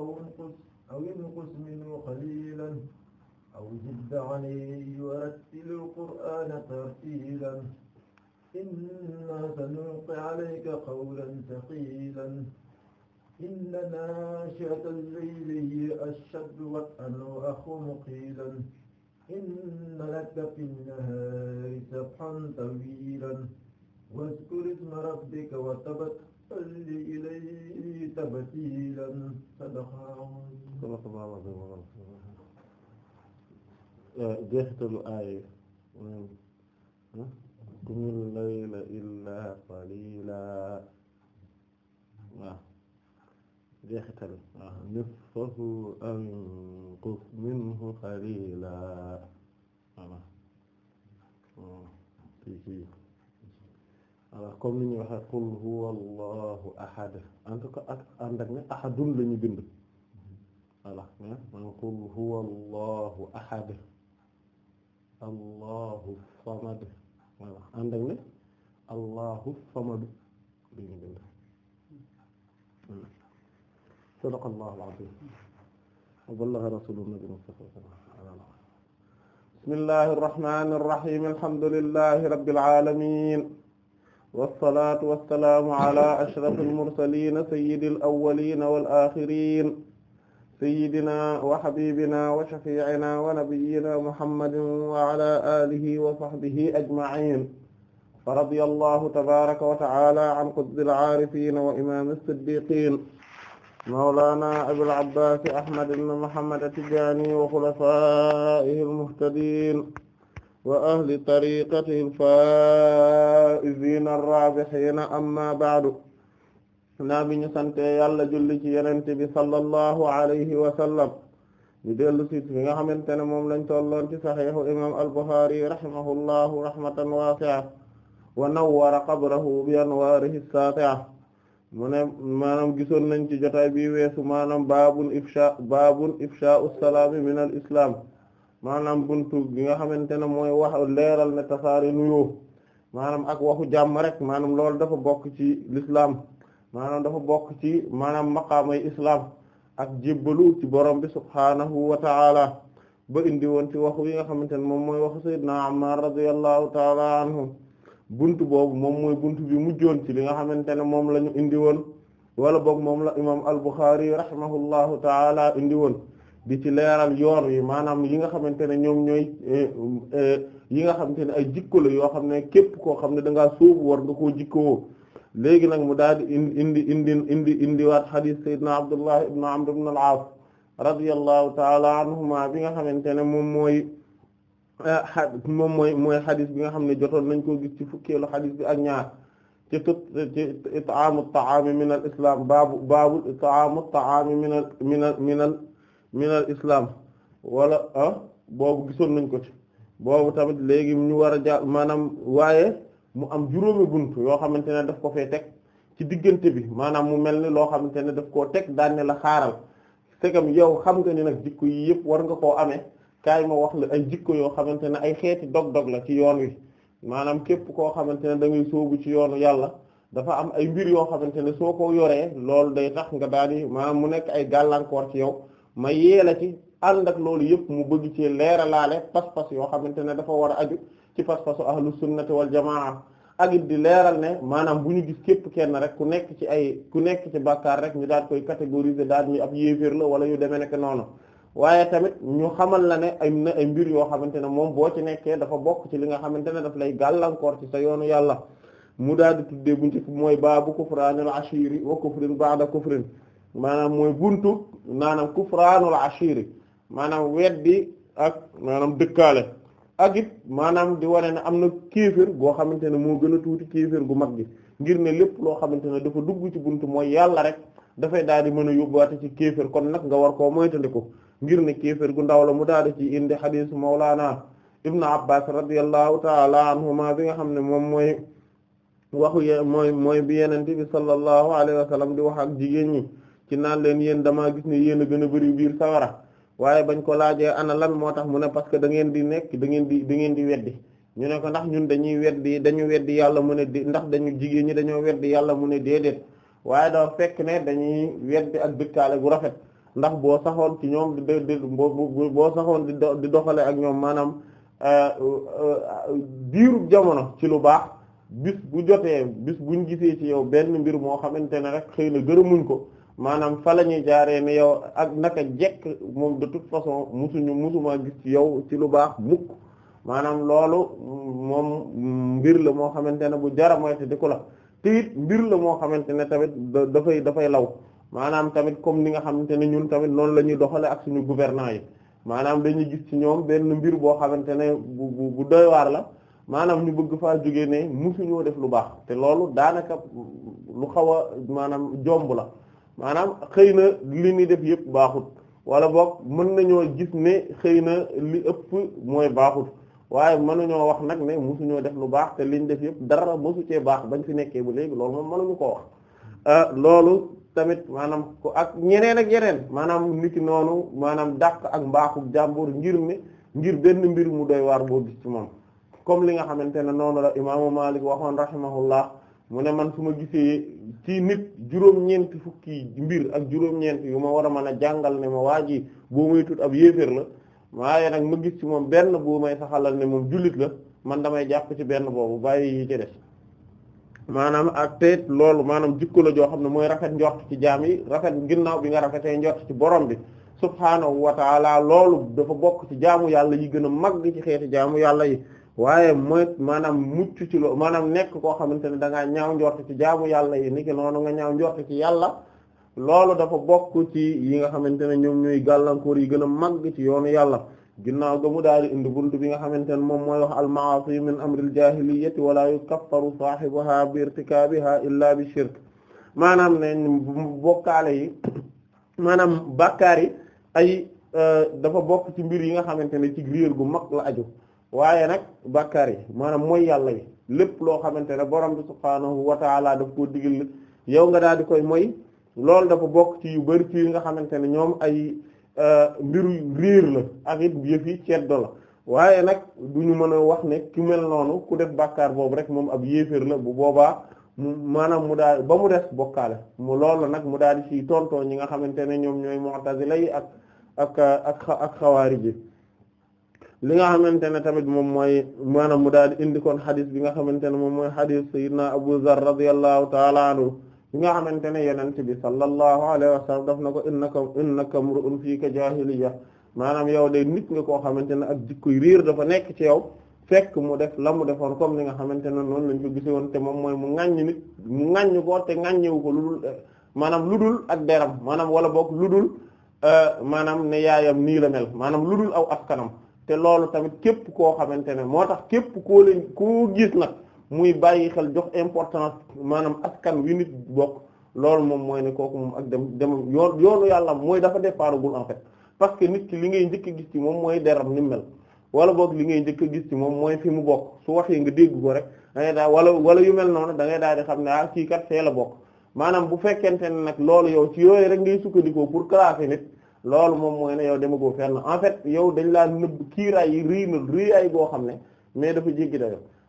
أو انقص أو ينقص منه قليلا أو زد عليه ورتل القرآن ترتيلا إنا سنلقي عليك قولا ثقيلا إن ناشئة الليل هي أشد وطئا وأخم قيلا إن لك في النهار سبحا طويلا واذكر اسم ربك وتبكر salli ilayhi tabtilan sadaqallahu jeexitalu aay qumil layla illaa qalila waaw jeexitalu waaw nisfahu aw inqus minhu qalila voilà euh, comme ni ñuy waxee qul huwa allahu ahad en tout cas ak ànd ak ne ahadun la ñu bind voilà man qul huwa allahu ahad allahu samad voilà ànd ak ne allahu samad la ñu bind sadaqa allahu al-azim wa ballaga rasulu nabi mustafa bismillahi arrahmani arrahim alhamdulillahi rabbil alamin والصلاة والسلام على أشرف المرسلين سيد الأولين والآخرين سيدنا وحبيبنا وشفيعنا ونبينا محمد وعلى آله وصحبه أجمعين فرضي الله تبارك وتعالى عن قطب العارفين وإمام الصديقين مولانا أبي العباس أحمد بن محمد التجاني وخلفائه المهتدين wa ahli tariqatihi al-faa'iziina ar-raabihiina amma ba'du naa bi ñu sante yàlla julli ci yenente bi sallallahu alayhi wa sallam ñu dellu si fi nga xamante ne moom lañ tolloon ci saxiixu imam al-Bukhari rahimahullahu rahmatan waasi'a wa nawwara qabrahu bi anwaarihi maanaam gisoon nañ ci jotaay bi weesu maanaam baabun ifsha baabun ifshaa'u salaami min al maanaam buntu bi nga xamante ne mooy wax leeral ne tasaare nuyoo maanaam ak waxu jàmm rek maanaam loolu dafa bokk ci l'islam maanaam dafa bokk ci maanaam maqaamay islaam ak jébbalu ci borom bi subhaanahu wa ta'ala ba indi woon ci waxu yi nga xamante ne moom mooy waxu sayyidina Ammar radiyallahu ta'ala anhu buntu boobu moom mooy bunt bi mujjoon ci li nga xamante ne moom la ñu indi woon wala boog moom la imam al-Bukhari rahimahullahu ta'ala indi woon di ci leeral yoon yi maanaam yi nga xamante ne ñoom ñooy eh, eh, yi nga xamante ne ay jikko la yoo xam ne képp koo xam ne da ngaa sóobu war nga koo jikkowoo léegi nag mu daal di indi indi indi indi waat xadiis sayyidina Abdullah ibn Amr ibn al-Aas radiyallahu taala anhuma bi nga xamante ne moom mooy eh, moom mooy mooy xadis bi nga xam ne jotoon nañ koo gis ci fukkeelu xadis bi ak ñaar ci tut ci it'aamu at-ta'aami min al islam baabu baabu minal islam wala ah boobu gisoon nañ ko ci boobu tamit léegi ñu war a jàll maanaam waaye mu am juróomi bunt yoo xamante ne daf ko fee teg ci diggante bi maanaam mu mel ni loo xamante ne daf koo teg daan ne la xaaral segam yow xam nga ni nag jikko yi yëpp war nga koo amee kaay ma wax la ay jikko yoo xamante ne ay xeeti dog-dog la ci yoon wi maanaam képp koo xamante ne da ngay ci yoonu yàlla dafa am ay mbir yoo xamante ne soo ko yoree loolu day tax nga daal di mu nekk ay gàllankoor ci yow ma yeela ci ànd ak loolu yëpp mu bëgg ci leeralaale pas-pas yoo xamante ne dafa war a aju ci pas-pasu ahlu sunnati wal jamaa ak it di leeral ne maanaam bu ñu gis képp kenn rek ku nekk ci ay ku nekk ci bàkkaar rek ñu daal koy catégoriser daal ñu ab yéeféer la wala yu demee nekk noonu waaye tamit ñu xamal la ne ay ay mbir yoo xamante ne moom boo ci nekkee dafa bokk ci li nga xamante ne daf lay gàllankoor ci sa yoonu yàlla mu daal di tuddee bu njëkk mooy baabu kufraanul ashiri wa kufrin ba'da kufrin maanaam mooy buntu maanaam kufraanul ashiri maanaam weddi ak maanaam dëkkaale ak it maanaam di wane na am na kéefër goo xamante ne moo gën a tuuti kéefër gu mag gi ngir ne lépp loo xamante ne dafa dugg ci bunt mooy yàlla rek dafay daal di mën a yóbbuwaate ci kéefër kon nag nga war koo moytandiku ngir ne kéefër gu ndaw la mu daal di ci indi xadiis Mawlaana Ibn Abbas radiyallahu taala anhuma bi nga xam ne moom mooy waxu ye mooy mooy bi yenente bi sallallahu di wax ak jigéen ñi ci naan leen yéen damaa gis ne yéen a gën a bëri biir sawara waaye bañ koo laajee ana lan moo tax mu ne parce que da ngeen di nekk dangeen ngeen di ngeen di weddi ñu ne ko ndax ñun dañuy weddi dañu weddi yàlla mu ne di ndax dañu jigéen ñi dañoo weddi yàlla mu ne déedéet waaye dafa fekk ne dañuy weddi ak dëkkaale gu rafet ndax boo saxoon ci ñoom di di boo saxoon di di doxale ak ñoom maanaam biiru euh, euh, jamono ci lu baax bis bu jotee bis buñ gisee ci yow benn mbir moo xamante ne rek xëy na gërëmuñ ko maanaam fa la ñuy jaaree ni yow ak naka jekk moom de toute façon musuñu musuma gis ci yow ci lu baax mukk maanaam loolu moom mbir la moo xamante ne bu jara moyte di ko la te mbir la moo xamante ne tamit dafay dafay law maanaam tamit comme ni nga xamante ne ñun tamit noonu la ñuy doxale ak suñu gouvernant yi maanaam dañuy gis ci ñoom benn mbir boo xamante ne bu bu doy waar la maanaam ñu bëgg faa jógee ne musuñoo def lu baax te loolu daanaka lu xaw a maanaam jomb la maanaam xëy na li ni def yëpp baaxut wala book mën nañoo gis ne xëy na li ëpp mooy baaxut waaye mënuñoo wax nag ne mosuñoo def lu baax te liñ def yëpp dara mosu cee baax bañ fi nekkee ba léegi loolu moom mënuñu ko wax euh, loolu tamit maanaam ko ak ñeneen ak yeneen maanaam ki noonu maanaam dàq ak mbaaxu jàmbur ngir ne ngir benn mbir mu doy waar boo gis ci moom comme li nga xamante ne noonu la imaamu Maalik waxoon rahimahullah mu ne man su ma gisee ci nit juróom-ñeent fukki mbir ak juróom-ñeent yu ma war a mën a jàngal ne ma waa ji boo muy tut ab yéeféer la waaye nag ma gis ci moom benn boo may saxalal ne moom jullit la man damay jàpp ci benn boobu bàyyi yi ci des maanaam ak teyit loolu maanaam jikko la joo xam ne mooy rafet njort ci jaam yi rafet ginnaaw bi nga rafetee njot ci borom bi subhaanahu wa taala loolu dafa bokk ci jaamu yàlla yi gën a mag ci xeeti jaamu yàlla yi waaye mooy maanaam mucc ci lo maanaam nekk koo xamante ne da ngaa ñaaw njort ci jaamu yàlla yi niki noonu nga ñaaw njort ci yàlla loolu dafa bokk ci yi nga xamante ne ñoom ñooy gàllankoor yi gën a màgg ci yoonu yàlla ginnaaw ga mu daal di indi buntu bi nga xamante ne moom mooy wax al-ma'asi min amril jahiliyyati wala yukaffaru sahibuha bi irtikabiha illa bi shirk maanaam ne bokkaale yi maanaam bàkkaar yi ay euh, dafa bokk ci mbir yi nga xamante ne ci réer gu mag la aju waaye nag bàkkaar yi maanaam mooy yàlla yi lépp loo xamante ne borom bi subhaanahu wa taala daf koo digal yow nga daal di koy moy loolu dafa bokk ci yu bari ci yi nga xamante ne ñoom ay euh, mbiru réer la ak it yëfi ceddo la waaye nag du ñu mën a wax ne ku mel ku def bàkkaar boobu rek moom ab yéeféer la bu boobaa mu maanaam mu daal ba mu des bokkaale mu loolu nag mu daal di ci tontoo ñi nga xamante ne ñoom ñooy mu'tazila yi ak ak ak ak xawaarij yi li nga xamante ne tamit moom mooy maanaam mu daal di indi kon xadis bi nga xamante ne moom mooy xadis sayyidina Abu Zarr radiyallahu ta'ala anhu bi nga xamante ne yonent bi sallallahu alayhi wa sallam daf na ko innaka innaka mru'un fiika jaahiliyya maanaam yow de nit nga koo xamante ne ak jikkoy réer dafa nekk ci yow fekk mu def la mu defoon comme li nga xamante ne noonu lañ ko gisee woon te moom mooy mu ŋaññi nit mu ŋaññi ko te ŋaññewu ko lu dul maanaam lu dul ak deram maanaam wala boog lu dul euh, maanaam ne yaayam nii la maanaam lu dul aw askanam te loolu tamit képp koo xamante ne moo tax képp koo leen koo gis nag muy bàyyi xel jox importance maanaam ak kan wi nit bokk loolu moom mooy ne kooku moom ak dem dem yoon yoonu yàlla mooy dafa départagul en fait parce que nit ki li ngay njëkk a gis ci moom mooy deram ni mel wala boog li ngay njëkk a gis ci moom mooy fi mu bokk su waxee nga dégg ko rek da ngay daal wala wala yu mel noonu da ngay daal di xam ne ah kii kat fee la bokk maanaam bu fekkente ne nag loolu yow ci yooyu rek ngay sukkandikoo pour classer nit loolu moom mooy ne yow demagoo fenn en fait yow dañ laa nëbb kiiraay yi rii na riyaay goo xam ne mais dafa jéggi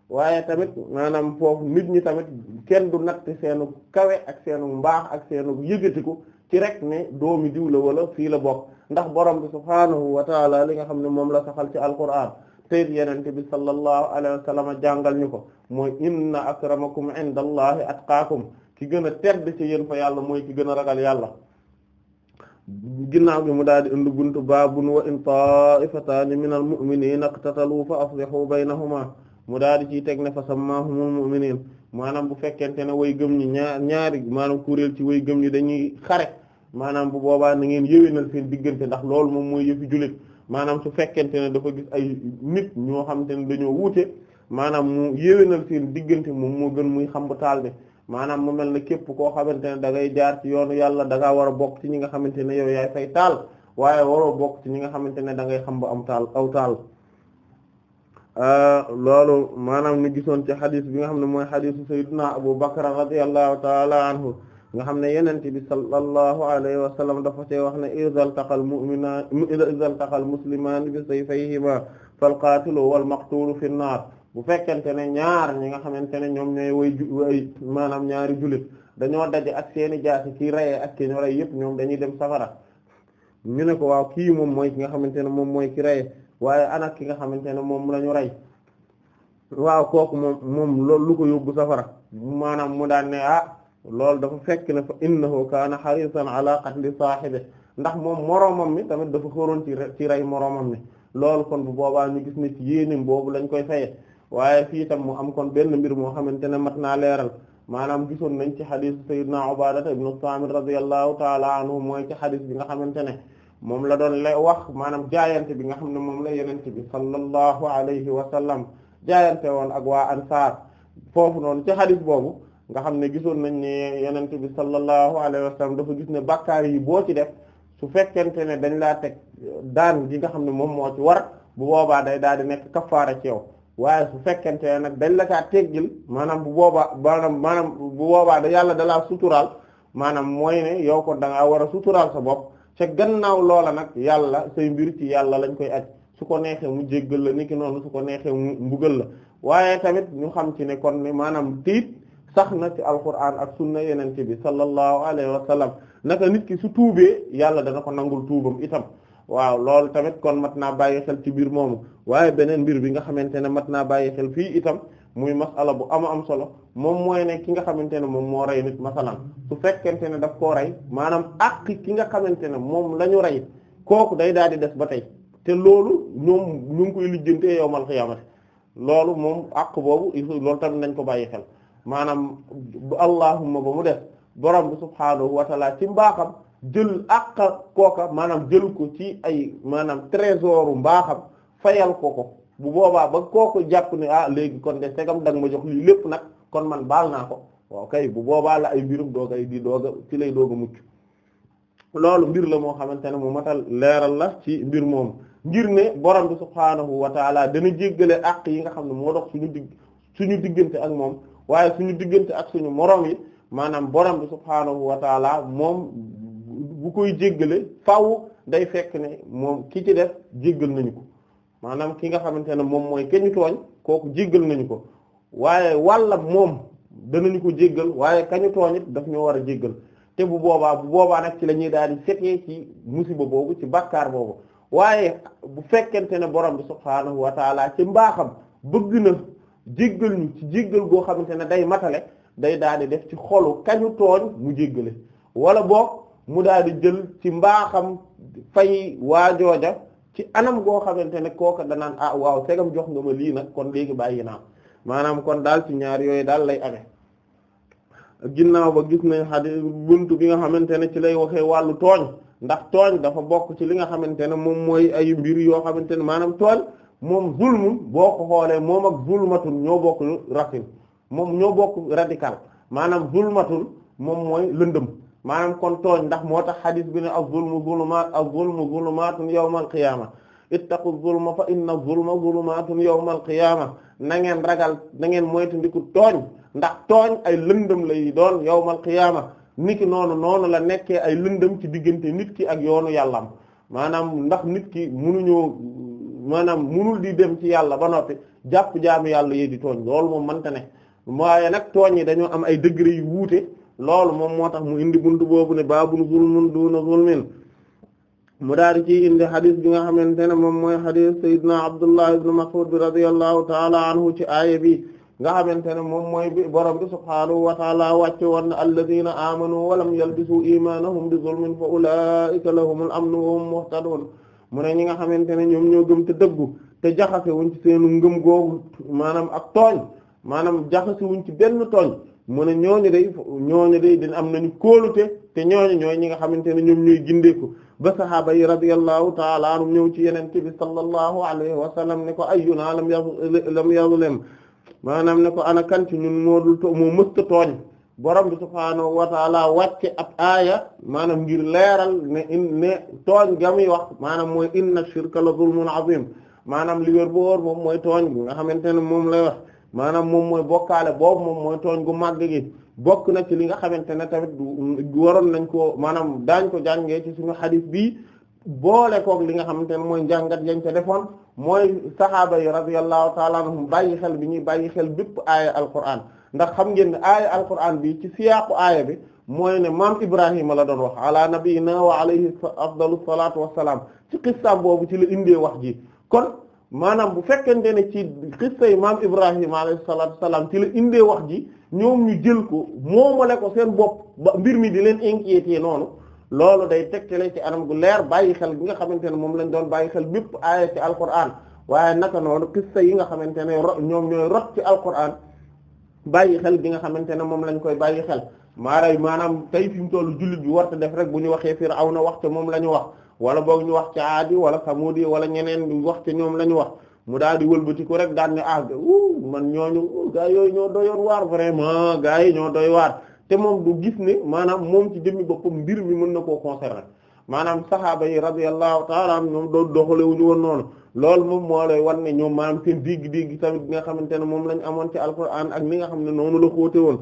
waaye tamit maanaam foofu nit ñi tamit kenn du natt seenu kawe ak seenu mbaax ak seenu yëgatiku ci rek ne doomi diw la wala fii la bokk ndax borom bi subhaanahu wa taala li nga xam ne moom la saxal ci alquran teyit yenente bi sallallahu alayhi wa sallam jàngal ñu ko mooy inna akramakum inda allahi atqaakum ki gën a tedd ci yéen fa yàlla mooy ki gën a ragal yàlla ginnaaw gi mu daal di indi buntu baabun wa in taa'ifataani minal mu'miniina iqtatalu fa aslihu baynahuma mu daal di ciy teg ne fa sammaahumul mu'miniin maanam bu fekkente ne way gëm ñi ñaar ñaari maanaam kuréel ci way gëm ñi dañuy xare maanaam bu boobaa na ngeen yéwénal seen diggante ndax loolu moom mooy yëfi julit maanaam su fekkente ne dafa gis ay nit ñoo xam te ne dañoo wuute maanaam mu yéwénal seen diggante moom moo gën muy xam bu taal maanaam mu mel na képp koo xamante ne da ngay jaar ci yoonu yàlla da war a bokk ci ñi nga xamante ne yow yaay fay taal waaye waroo bokk ci ñi nga xamante ne da ngay xam ba am taal aw taal euh, loolu maanaam ñu gisoon ci xadis bi nga xam ne mooy xadisu sayyidina Abu Bakr radiyallahu taala anhu nga xam ne yenente bi sallallahu alayhi wa sallam dafa ci wax ne idha iltaqal mu'minani idha iltaqal muslimani bi sayfayhima fal qatilu wal maqtulu fi an bu fekkente ne ñaar ñi nga xamante ne ñoom ñooy way way maanaam ñaari jullit dañoo daje ak seeni jaasi kii rayee ak ki ñu rey yëpp ñoom dañuy dem safara ñu ne ko waaw kii moom mooy ki nga xamante ne moom mooy ki waaye anak ki nga xamante ne moom la rey waaw kooku moom moom loolu lu ko yóbbu safara maanaam mu daan ne ah loolu dafa fekk ne fa innahu kaana harisan ala qatli saahibi ndax moom moroomam mi tamit dafa xoroon ci ci rey moroomam mi loolu kon bu boobaa ñu gis ne ci boobu lañ koy faye waaye fii tam mu am kon benn mbir moo xamante ne mat naa leeral maanaam gisoon nañ ci xadis sayyidina Ubaadata ibnu Saamit radiyallahu taala anhu mooy ci xadis bi nga xamante ne moom la doon lay wax maanaam jaayante bi nga xam ne moom la yenente bi sallallahu alayhi wa sallam jaayante woon ak waa ansaar foofu noonu ci boobu nga xam ne gisoon nañ ne yenente bi sallallahu alayhi wa sallam dafa gis ne bàkkaar yi boo ci def su fekkente ne dañ laa teg daan gi nga xam ne moom moo ci war bu boobaa day daal di nekk kafaara ci yow waaye su fekkente ne nag dañ la kaa teggil maanaam bu boobaa maanaam maanaam bu boobaa da yàlla dalaa suturaal maanaam mooy ne yow ko da war a suturaal sa bopp ca gannaaw loola nag yàlla say mbir ci yàlla lañ koy at su ko neexee mu jéggal la niki noonu su ko neexee mu mbugal la waaye tamit ñu xam ci ne kon ne maanaam tiit sax na ci alquran ak sunna yenente bi sallallahu alayhi wa sallam naka nit ki su tuubee yàlla dana ko nangul tuubam itam waaw loolu tamit kon mat naa bàyyi xel ci biir moomu waaye beneen mbir bi nga xamante ne mat naa bàyyi xel fii itam muy masala bu ama am solo moom mooy ne ki nga xamante ne moom moo rey nit masalan su fekkente ne daf koo rey maanaam ak ki nga xamante ne moom la ñu kooku day daal di des ba tey te loolu ñoom ñu ngi koy lijjantee yowmal xiyaamati loolu moom àq boobu loolu tamit nañ ko bàyyi xel maanaam allahumma ba mu def borom bi subhaanahu wa taala ci mbaaxam jël àq kooka maanaam jël ko ci ay maanaam trésoru mbaaxam fayal ko ko bu boobaa ba kooku jàpp ne ah léegi kon de segam da nga ma jox lii lépp nag kon man baal naa ko waaw bu boobaa la ay mbirum dooga di dooga ci lay doog mucc loolu mbir la moo xamante ne mu matal leeral la ci mbir moom ngir ne borom bi subhaanahu wa taala dana jéggale àq yi nga xam ne moo dox suñu digg suñu diggante ak moom waaye suñu diggante ak suñu moroom yi maanaam borom bi subhaanahu wa taala moom bu koy jéggale faw day fekk ne moom ki ci def jéggal nañu ko maanaam ki nga xamante ne moom mooy kenn tooñ kooku jéggal nañu ko waaye walla moom danañu ko jéggal waaye kañu tooñ daf ñoo war a jéggal te bu boobaa bu boobaa nag ci lañuy ñuy daal setee ci musiba boobu ci bàkkaar boobu waaye bu fekkente ne borom bi subhaanahu wa ci mbaaxam bëgg na jéggal ñu ci jéggal goo xamante ne day matale day daal di def ci xolu kañu tooñ mu jéggale wala boog mu daal di jël ci mbaaxam fay waajooja ci anam goo xamante ne kooka danaan ah waaw segam jox nga ma lii nag kon léegi bàyyi naa maanaam kon daal ci ñaar yooyu daal lay ame ginnaaw ba gis nañ xadis buntu bi nga xamante ne ci lay waxee wàllu tooñ ndax tooñ dafa bokk ci li nga xamante ne moom mooy ay mbir yoo xamante ne maanaam tooñ moom zulmum boo ko xoolee moom ak zulmatul ñoo bokk racine moom ñoo bokk radical maanaam zulmatul moom mooy lëndëm maanaam kon tooñ ndax moo tax xadis bi ne az-zulmu zulumaat a zulmu zulumaatun yawmal qiyaama ittaqu zulma fa inna zulma zulumaatun yawmal qiyaama na ngeen ragal na ngeen moytandiku tooñ ndax tooñ ay lëndëm lay doon yawmal qiyaama niki noonu noonu la nekkee ay lëndëm ci diggante nit ki ak yoonu yàllam maanaam ndax nit ki munuñoo maanaam munul di dem ci yàlla ba noppi jàpp jaamu yàlla yi di tooñ loolu moom mënta ne waaye nag tooñ yi dañoo am ay degré yu wuute. loolu moom moo tax mu indi buntu boobu ne baabun zulmun duuna zulmin mu daari ci indi xadis bi nga xamante ne moom mooy xadis sayyidina abdullah ibn mas'ud bi radiyallahu taala anhu ci aaya bi nga xamante ne moom mooy bi borom bi subhaanahu wa taala wàcce woon alladina amanu walam yalbisu imanahum bi zulmin fa ulaika lahumul amnu wa hum muhtadun mu ne ñi nga xamante ne ñoom ñoo gëm te dëggu te jaxase wuñ ci seenu ngëm maanaam ak tooñ maanaam jaxase wuñ ci benn tooñ mu ne ñooñu day ñooñu day dina am nañu kóolute te ñooñu ñooy ñi nga xamante ne ñoom ñooy gindeeku ba sahaaba yi radiyallahu ta'ala anhum ñëw ci yenente bi sallallahu alayhi wa sallam ne ko ayyuna lam lam yazlam maanaam ne ko ana kan ci ñun moo dul to moo mësta tooñ borom bi subhaanahu wa ta'ala wàcce ab aaya maanaam ngir leeral ne in ne tooñ ga muy wax maanaam mooy inna shirka la zulmun azim maanaam li wér bu wóor moom mooy tooñ bi nga xamante ne moom lay wax maanaam moom mooy bokkaale boobu moom mooy tooñ gu màgg gi bokk na ci li nga xamante ne tamit waroon nañ koo maanaam daañ ko jàngee ci suñu xadis bii boole koog li nga xamante ne mooy njàngat yañ ca defoon mooy saxaaba yi radiyallahu ta'ala anhum bàyyi xel bi ñuy bàyyi xel bépp aaya alquran ndax xam ngeen ne aaya alquran bi ci siyaaqu aaya bi mooy ne maam Ibrahima la doon wax ala nabiyina wa alayhi afdalu salaatu wassalaam ci xissaam boobu ci la indee wax ji maanaam bu fekkente ne ci xistay maam Ibrahima alayhi salaatu salaam ci la indee wax ji ñoom ñu jël ko moomale ko seen bopp ba mbir mi di leen inquiété noonu loolu day tegtale ci anam gu leer bàyyi xel bi nga xamante ne moom lañ doon bàyyi xel bépp aaya ci alquran waaye naka noonu xista yi nga xamante ne ro ñoom ñooy rot ci alquran bàyyi xel bi nga xamante ne moom lañ koy bàyyi xel maanaam maanaam tey fi mu toll jullit bi warta def rek bu ñu waxee Firawna wax ca moom la ñu wax wala boog ñu wax ca Aadi wala Samuudi wala ñeneen wax ca ñoom la ñu wax mu daal di ko rek daan ne ah man ñooñu gaa yooyu ñoo doyoon waar vraiment gaa yi ñoo doy waar te moom du gis ne maanaam moom ci jëmmi boppam mbir mi mën na koo concerner maanaam saxaaba yi radiyallahu ta'ala anhum ñoom doo doxalewuñu woon noonu loolu moom moo lay wan ne ñoom maanaam seen digg-digg tamit bi nga xamante ne moom lañ amoon ci alquran ak li nga xam ne noonu la xóote woon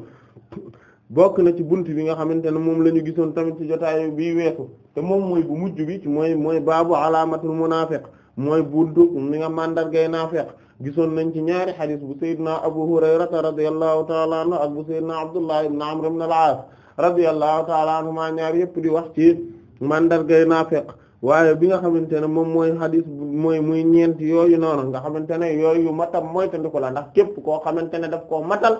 bokk na ci bunt bi nga xamante ne moom la ñu gisoon tamit ci jotaayu bii weesu te moom mooy bu mujj bi ci mooy mooy baabu alaamatul munaafiq mooy buntu mi nga màndargay naafiq gisoon nañ ci ñaari xadis bu sayyidina abu hurayrata radiyallahu taala anhu ak bu sayyidina abdullah ibn amr ibn al-aas radiyallahu ñaar yépp di wax ci màndargay naafiq waaye bi nga xamante ne moom mooy xadis muy ñeent yooyu noonu nga xamante ne yooyu matam mooy tandiku la ndax képp koo xamante ne daf koo matal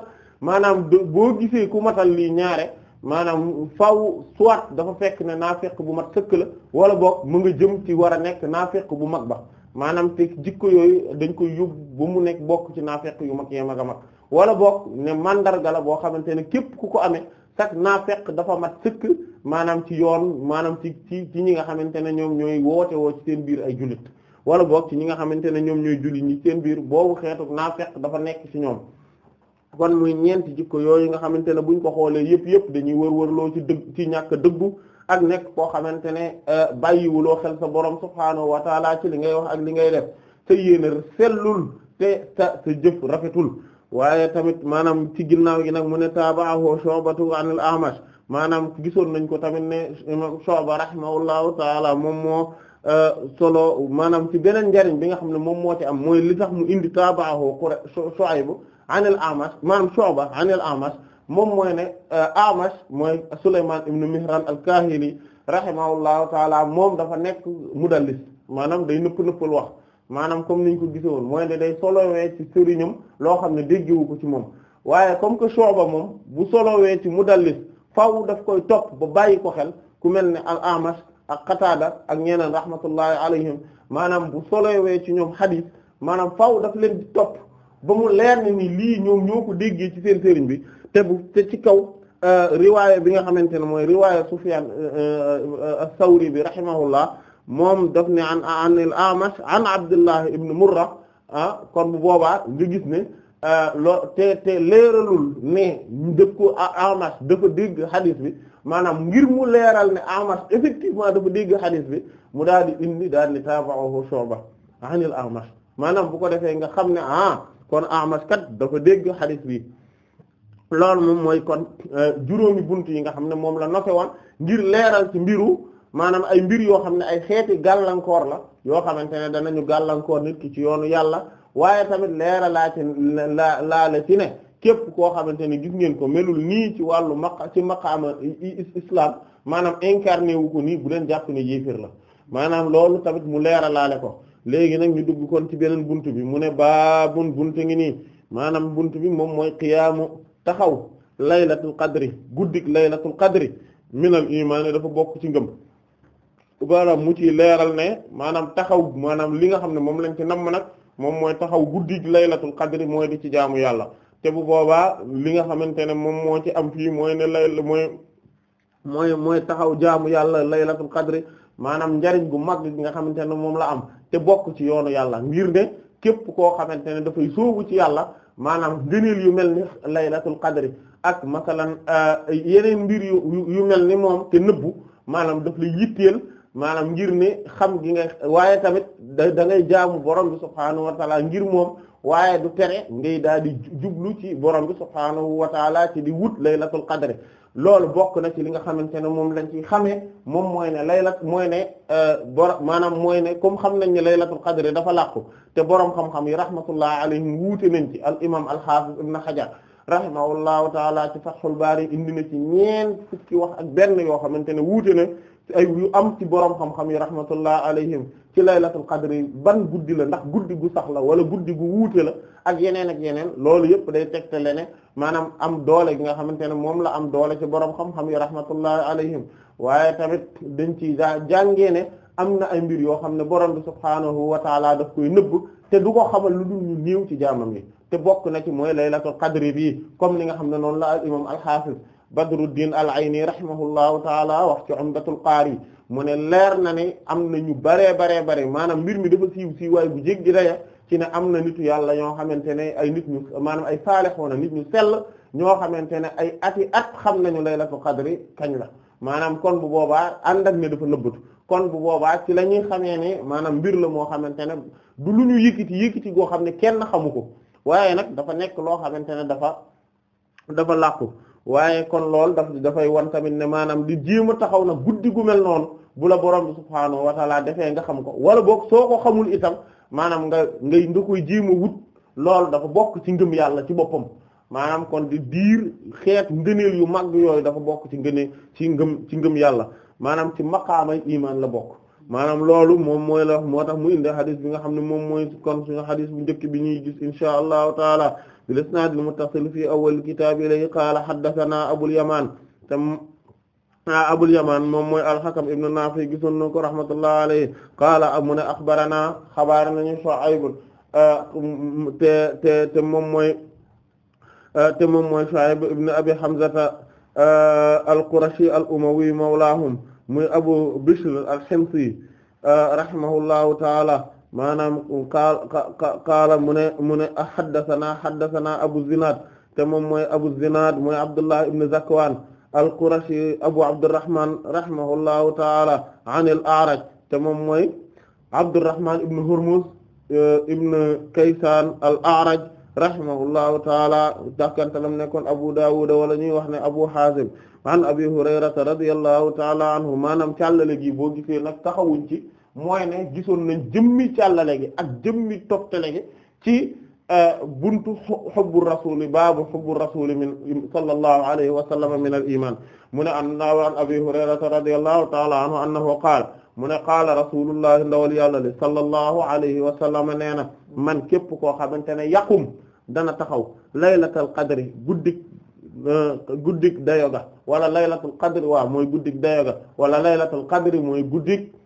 maanaam boo gisee ku matal lii ñaare maanaam faw soit dafa fekk ne naafeq bu mat sëkk la wala boog mu nga jëm ci war a nekk naafeq bu mag ba maanaam te jikko yooyu dañ koy yóbbu ba mu nekk bokk ci naa naafeq yu mag yee a mag wala boog ne màndarga la boo xamante ne képp ku ko amee sax naafeq dafa mat sëkk maanaam ci yoon maanaam ci ci ci ñi nga xamante ne ñoom ñooy woote woo ci seen biir ay jullit wala boog ci ñi nga xamante ne ñoom ñooy jullit ñi seen biir boobu xeetu naafeq dafa nekk ci ñoom kon muy ñeenti jikko yooyu nga xamante ne buñ ko xoolee yëpp yëpp dañuy wër wërloo ci dëgg ci ñàkk dëggu ak nekk koo xamante ne euh, bàyyiwuloo xel sa borom subhaanahu wa taala ci li ngay wax ak li ngay def te yéene sellul te sa jëf rafetul waaye tamit maanaam ci ginnaaw gi nag mu ne taabaahu Shu'batu anil A'mash maanaam gisoon nañ ko tamit ne sooba Shu'ba rahimahullahu taala moom moo euh, solo maanaam ci beneen njariñ bi nga xam ne moom moo ci am mooy li tax mu indi taabaahu Shu'aybu an al Amash maanaam Shu'ba an al moom mooy ne euh, Amash mooy Sulaymaan ibn Mihran al-Kaahili rahimahullahu taala moom dafa nekk mudallis maanaam day nëpp nëppal wax maanaam comme niñ ko gisoon mooy ne day solowee ci sëriñam loo xam ne déggewu ko ci moom waaye comme que Shu'ba moom bu solowee ci mudallis faw daf koy topp ba bàyyi ko xel ku mel ne al Amash ak Qataada ak ñeneen rahmatullahi alayhim maanaam bu solowee ci ñoom xadiis maanaam faw daf leen di topp ba mu leer ni lii ñoom ñoo ko déggee ci seen sëriñ bi te bu ci kaw euh, riwaaya bi nga xamante ne mooy riwaaya Sufyaan euh, euh, as-Sawri bi rahimahullah moom daf ne an an al-Amash an Abdullah ibn Murra ah kon bu boobaa nga gis ne loo te leeralul ne def ko Amash dafa dégg xadiis bi maanaam ngir mu leeral ne Amash effectivement dafa dégg xadiis bi mu daal di indi daal di taaba'ahu Shu'ba an amash maanaam bu ko defee nga xam ne ah kon Amash kat dafa dégg xadis bi loolu moom mooy kon euh, juróomi bunt yi nga xam ne moom la nofe woon ngir leeral ci mbiru maanaam ay mbir yoo xam ne ay xeeti gàllankoor la yoo xamante ne danañu gàllankoor nit ki ci yoonu yàlla waaye tamit leera laa ci ci ne képp koo xamante ne gis ngeen ko melul nii ci wàllu maq ci maqaama islam maanaam incarné wu ko nii bu leen jàpp ne yéefir la maanaam loolu tamit mu leera laale ko léegi nag ñu dugg koon ci beneen bunt bi mu ne baabun bunt ngi nii maanaam bunt bi moom mooy qiyaamu taxaw laylatul qadri guddik laylatul qadri minal imaani dafa bokk ci ngëm maanaam mu ci leeral ne maanaam taxaw maanaam li nga xam ne moom lañ ci namm nag moom mooy taxaw guddik laylatul qadri mooy di ci jaamu yàlla te bu boobaa li nga xamante ne moom moo ci am fii mooy lay mooy mooy mooy taxaw jaamu yàlla laylatul qadri maanaam njariñ gu mag gi nga xamante ne moom la am te bokk ci yoonu yàlla ngir ne képp koo xamante ne dafay sóobu ci yàlla maanaam ngëneel yu mel ni laylatul qadri ak masalan euh, yeneen mbir yu yu mel ni moom te nëbbu maanaam daf lay yitteel maanaam ngir ne xam gi nga waaye tamit da da ngay jaamu borom bi subhaanahu wa taala ngir moom waaye du tere ngay daal di jublu ci borom bi subhaanahu wa taala ci di wut laylatul qadri loolu bokk na ci li nga xamante ne moom lañ ci xamee moom mooy ne laylat mooy ne euh, bor maanaam mooy ne comme xam nañ ne laylatul qadr dafa làqu te borom xam-xam yi rahmatullah alayhim wuute nañ ci al imam al hafiz ibn hajar rahimahullahu taala ci fathul bari indi na ci ñeen fukki wax ak benn yoo xamante ne wuute na ay yu am ci borom xam-xam yi rahmatullah alayhim ci laylatul qadr ban guddi la ndax guddi gu sax la wala guddi gu wuute la ak yeneen ak yeneen loolu yëpp day tegtale ne maanaam am doole gi nga xamante ne moom la am doole ci borom xam-xam yi rahmatullahi alayhim waaye tamit dañ ci jàngee ne am na ay mbir yoo xam ne borom bi subhaanahu wa taala daf koy nëbb te du ko xamal lu dul ñu néew ci jaamam yi te bokk na ci mooy laylatul qadri bi comme ni nga xam ne noonu la al imam al-hafiz badruddin al ayni rahimahullahu taala wax ci umdatul qaari mo ne leer na ni am na ñu baree baree bare maanaam mbir mi dafa siiw siiwaay bu jéggi daya ci ne am na nitu yàlla ñoo xamante ne ay nit ñu maanaam ay saalihoona nit ñu sell ñoo xamante ne ay ati at xam nañu laylatul qadri kañ la maanaam kon bu boobaa ànd ak ne dafa nëbbatu kon bu boobaa ci la ñuy xamee ne maanaam mbir la moo xamante ne du lu ñu yëkkati yëkkati goo xam ne kenn xamu ko waaye nag dafa nekk loo xamante ne dafa dafa làqu waaye kon loolu daf dafay wan tamit ne maanaam di jéem a taxaw na guddi gu mel noonu bu la borom bi subhaanahu wa defee nga xam ko wala boog soo xamul itam maanaam nga ngay nga koy jéem a wut lool dafa bokk ci ngëm yàlla ci boppam maanaam kon di diir xeet ngëneel yu mag yooyu dafa bokk ci ngënee ci ngëm ci ngëm yàlla maanaam ci maqaamay imaan la bokk maanaam loolu moom mooy la moo tax mu indi xadis bi nga xam ne moom mooy kon suñu mu bu njëkk bi ñuy gis inshaa allahu taala bil isnaad al muttasil fi awwal kitaab ilayhi qaala haddathana abul yamaan tam Abul Yaman moom mooy al-Hakam ibn Nafi gisoon na ko rahmatullahi alayhi qaala mu ne axbarana xabaar nañu Shu'ayb te te te moom mooy te moom mooy Shu'ayb ibn Abi Hamzata al-Qurashi al-Umawi mawlaahum muy Abu Bishr al-Himsi rahimahullahu ta'ala maanaam qaala mu ne mu ne haddathana haddathana Abu Zinad te moom mooy Abu Zinad mooy Abdullah ibn Zakwan al-Qurashi Abu Abdurrahman rahimahullahu taala an al-A'raj te moom mooy Abdurrahman ibn Hurmuz eh, ibn Kaysan al-A'raj rahimahullahu taala dakkantalam nekkoon Abu Dawud wala ñuy wax ne Abu Hazim an Abi Hurayrata radiyallahu taala anhu maanaam càllale gi boo gisee nag taxawuñ ci mooy ne gisoon nañ jëmmi càllale gi ak jëmmi toftale gi ci buntu hubbu rasuli baabu hubbu rasuli min sallallahu alayhi wa sallam min al iman mu ne an naawaan abi hurayrata radiyallahu taala anhu annahu qaala mu ne qaala rasulullahi ndawal yàlla li sallallahu alayhi wa sallam nee na man képp koo xamante ne yaqum dana taxaw laylatul qadri guddik euh, guddik dayoga wala laylatul qadri waaw mooy guddik dayoga wala laylatul qadri mooy guddik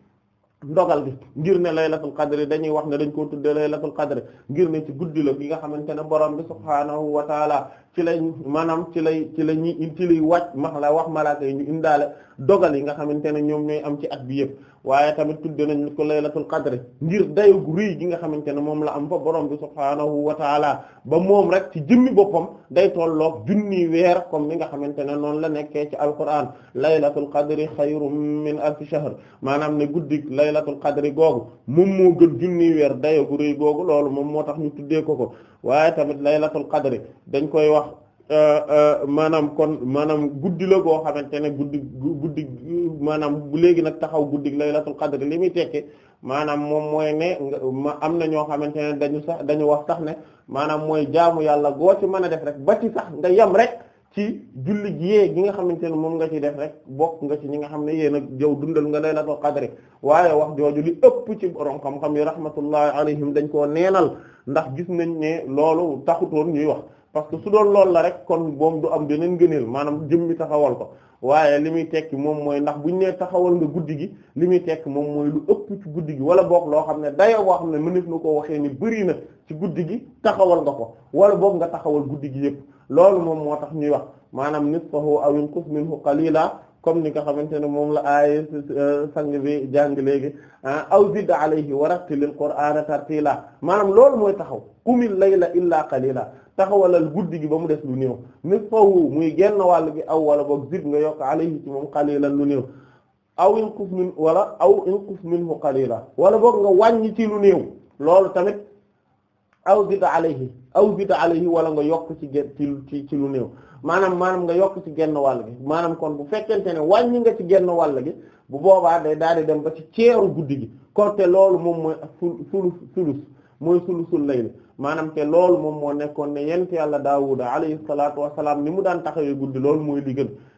ndogal gi ngir ne laylatul qadr dañuy wax ne dañ koo tudde laylatul qadr ngir ne ci guddi la gi nga xamante ne borom bi subhaanahu wa taala ci lay maanaam ci lay ci la ñuy ci lay max la wax malaaka ñu indaale dogal yi nga xamante ne ñoom ñooy am ci at bi yëpp waaye tamit tudde nañ ko laylatul qadr ngir dayu gu rëy gi nga xamante ne moom la am fa borom bi subhaanahu wa taala ba moom rek ci jëmmi boppam day tolloog junni weer comme ni nga xamante ne noonu la nekkee ci alquran laylatul qadri xayrun min alfi shahr maanaam ne guddik laylatul qadri googu moom moo gën junni weer dayu gu rëy googu loolu moom moo tax ñu tuddee ko ko waaye tamit laylatul qadri dañ koy wax Euh, euh, maanaam kon maanaam guddi la goo xamante ne guddi guddi maanaam bu léegi nag taxaw guddi laylatul qadr li muy tekki maanaam moom mooy ne ma am na ñoo xamante ne dañu sax dañu wax sax ne maanaam mooy jaamu yàlla goo ci mën a def rek ba ci sax nga yem rek ci julli yee gi nga xamante ne moom nga ci def rek bokk nga ci ñi nga xam ne yéen ak yow dundal nga laylatul qadr waaye wax jooju li ëpp ci borom xam-xam yi rahmatullahi alayhim dañ koo neenal ndax gis nañ ne loolu taxutoon ñuy wax parce que su doon loolu la rek kon moom du am beneen ngëneel maanaam mi taxawal ko waaye li muy tekki moom mooy ndax buñ nee taxawal nga guddi gi li muy tekki moom mooy lu ëpp ci guddi gi wala boog loo xam ne dayoo boo xam ne mëneef na koo waxee ni bëri na ci guddi gi taxawal nga ko wala boog nga taxawal guddi gi yëpp loolu moom moo tax ñuy wax maanaam nisfahu aw inqus minhu qalila comme ni nga xamante ne moom la ay euh, sang bi jàng léegi ah, aw zid alayhi wa rattilil qur'ana tartila maanaam loolu mooy taxaw qumil layla illa qalila taxawalal guddi gi ba mu des lu néew nisfahu muy genn wàll gi aw wala boog zid nga yokk alayhi ci moom qalilan lu néew aw inqus min wala aw inqus minhu qalila wala boog nga wàññi ci lu néew loolu tamit aw zid alayhi aw zid alayhi wala nga yokk ci gen ci ci lu néew maanaam maanaam nga yokk ci genn wàll gi maanaam kon bu fekkente ne wàññi nga ci genn wàll gi bu boobaa day daal di dem ba ci ceeru guddi gi kon te loolu moom mooy sulu sulus mooy sulusul layl maanaam te loolu moom moo nekkoon ne yent yàlla daawuda alayhi salaatu wassalaam ni mu daan taxawee guddi loolu mooy li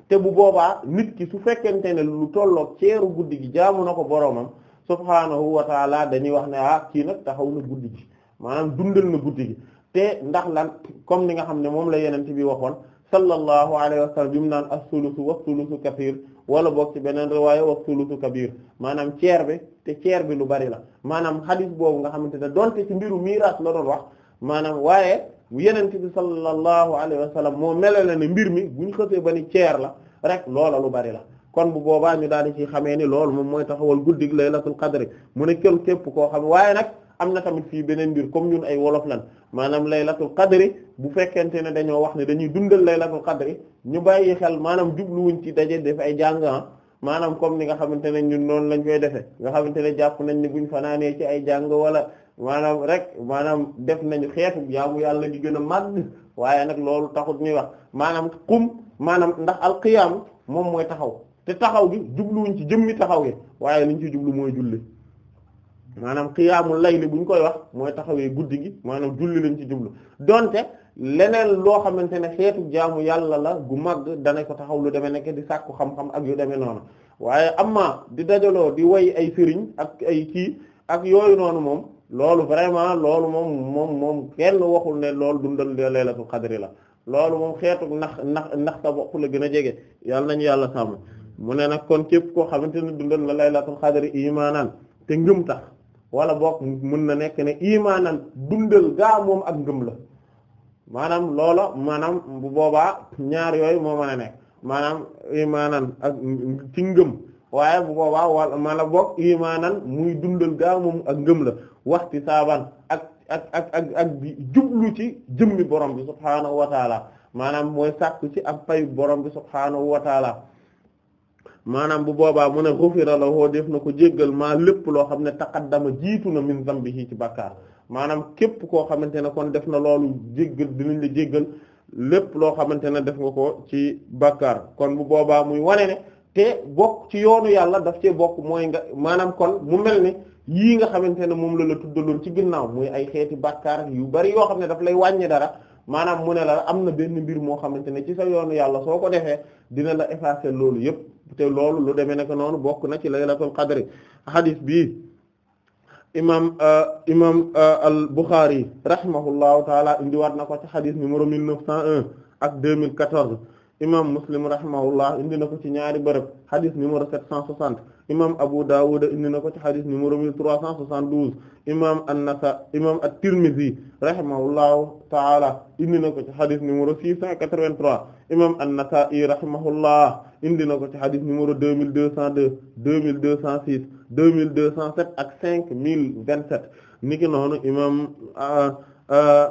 te bu boobaa nit ki su fekkente ne lu tolloog ceeru guddi gi jaamu na ko boroomam subhaanahu wa taala dañuy wax ne ah kii nag taxaw na guddi gi maanaam dundal na guddi gi te ndax lan comme ni nga xam ne moom la yeneen ci bi waxoon sallallahu alayhi wa sallam bi mu naan as-sulusu was-sulusu kasiir wala boog ci beneen riwaaya was-sulusu kabiir maanaam ceer bi te ceer bi lu bari la maanaam xadis boobu nga xamante ne donte ci mbiru miiraas la doon wax maanaam waaye yeneen bi sallallahu alayhi wa sallam moo melale ne mbir mi bu ñu xësee ba ni ceer la rek loola lu bari la. kon bu boobaa ñu daa di ci xamee ni loolu moom mooy taxawal guddig laylatul qadr mu ne képp koo xam waaye nag. am na tamit fii beneen mbir comme ñun ay wolof lan maanaam laylatul qadri bu fekkente ne dañoo wax ne dañuy dundal laylatul qadri ñu bàyyi xel maanaam jubluwuñ ci daje def ay jàngaan ah maanaam comme ni nga xamante ne ñun noonu lañ koy defee nga xamante ne jàpp nañ ne buñ fanaanee ci ay jàng walla maanaam rek maanaam def nañu xeetu jaamu yàlla di gën a màgg waaye nag loolu taxut ñuy wax maanaam qum maanaam ndax alqiyaam moom mooy taxaw te taxaw gi jubluwuñ ci jëmmi taxaw gi waaye liñ ci jublu mooy julli maanaam xiyaamul layli bu ñu koy wax mooy taxawee guddi gi maanaam julli lañ ci jublu donte leneen loo xamante ne xeetu jaamu yàlla la gu màgg dana ko taxaw lu demee nekk di sàkku xam-xam ak yu demee noonu waaye amaa di dajaloo di way ay sëriñ ak ay kii ak yooyu noonu moom loolu vraiment loolu moom moom moom kenn waxul ne loolu dundal laylatul qadri la loolu moom xeetu nax nax nax sa bopp la gën a jege yàlla nañu yàlla sàmm mu ne nag kon képp koo xamante ne dundal la laylatul qadri imaanan te wala bokk mën na nekk ne imaanan dundal gaa moom ak ngëm la maanaam loolo maanaam bu boobaa ñaar yooyu moo a nekk maanaam imaanan ak ci ngëm waaye bu boobaa wala mala boog imaanan muy dundal gaa moom ak ngëm la waxti saaban ak ak ak ak jublu ci jëmmi borom bi subhaanahu wa taala maanaam mooy sàkku ci ak payu borom bi subhaanahu wa taala maanaam bu boobaa mu ne la woo def na ko jéggal maa lépp loo xam ne taqaddama jiitu na min zambihi ci bàkkaar maanaam képp koo xamante ne kon def na loolu jéggal dinañ la jéggal lépp loo xamante ne def nga ko ci bàkkaar kon bu boobaa muy wane ne te bokk ci yoonu yàlla daf cee bokk mooy nga maanaam kon mu mel ne yii nga xamante ne moom la la tuddaloon ci ginnaaw muy ay xeeti bàkkaar yu bari yoo xam ne daf lay wàññi dara maanaam mu ne la am na benn mbir moo xamante ne ci sa yoonu yàlla soo ko defee dina la effacer loolu yépp te loolu lu demee nekk noonu bokk na ci laylatul qadr hadith bi imam euh, imam euh, al Bukhari rahimahullahu taala indiwaat na ko ci hadith numéro 1901 ak 2014 imam Muslim rahimahullah indi na ko ci ñaari bërëb hadith numéro 760 imam Abu Dawud indi na ko ci xadis numéro 1372 imam An-Nasa imam At-Tirmidhi rahimahullahu taala indi na ko ci xadis numéro 683 imam An-Nasa'i rahimahullah indi na ko ci xadis numéro 2202 2206 2207 ak 5027 niki noonu imam euh, euh,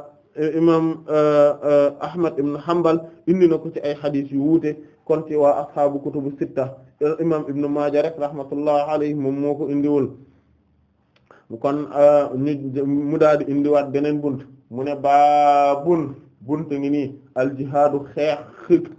imam euh, Ahmad ibn Hanbal indi na ko ci ay xadis yu wuute kon ci waa ashaabu kutubu sitta imam ibnu maaja rek rahmatullah alayhi moom moo ko indiwul kon uh, mu daal di indiwaat beneen bunt mu ne baabun bunt ngi nii aljihaadu xeex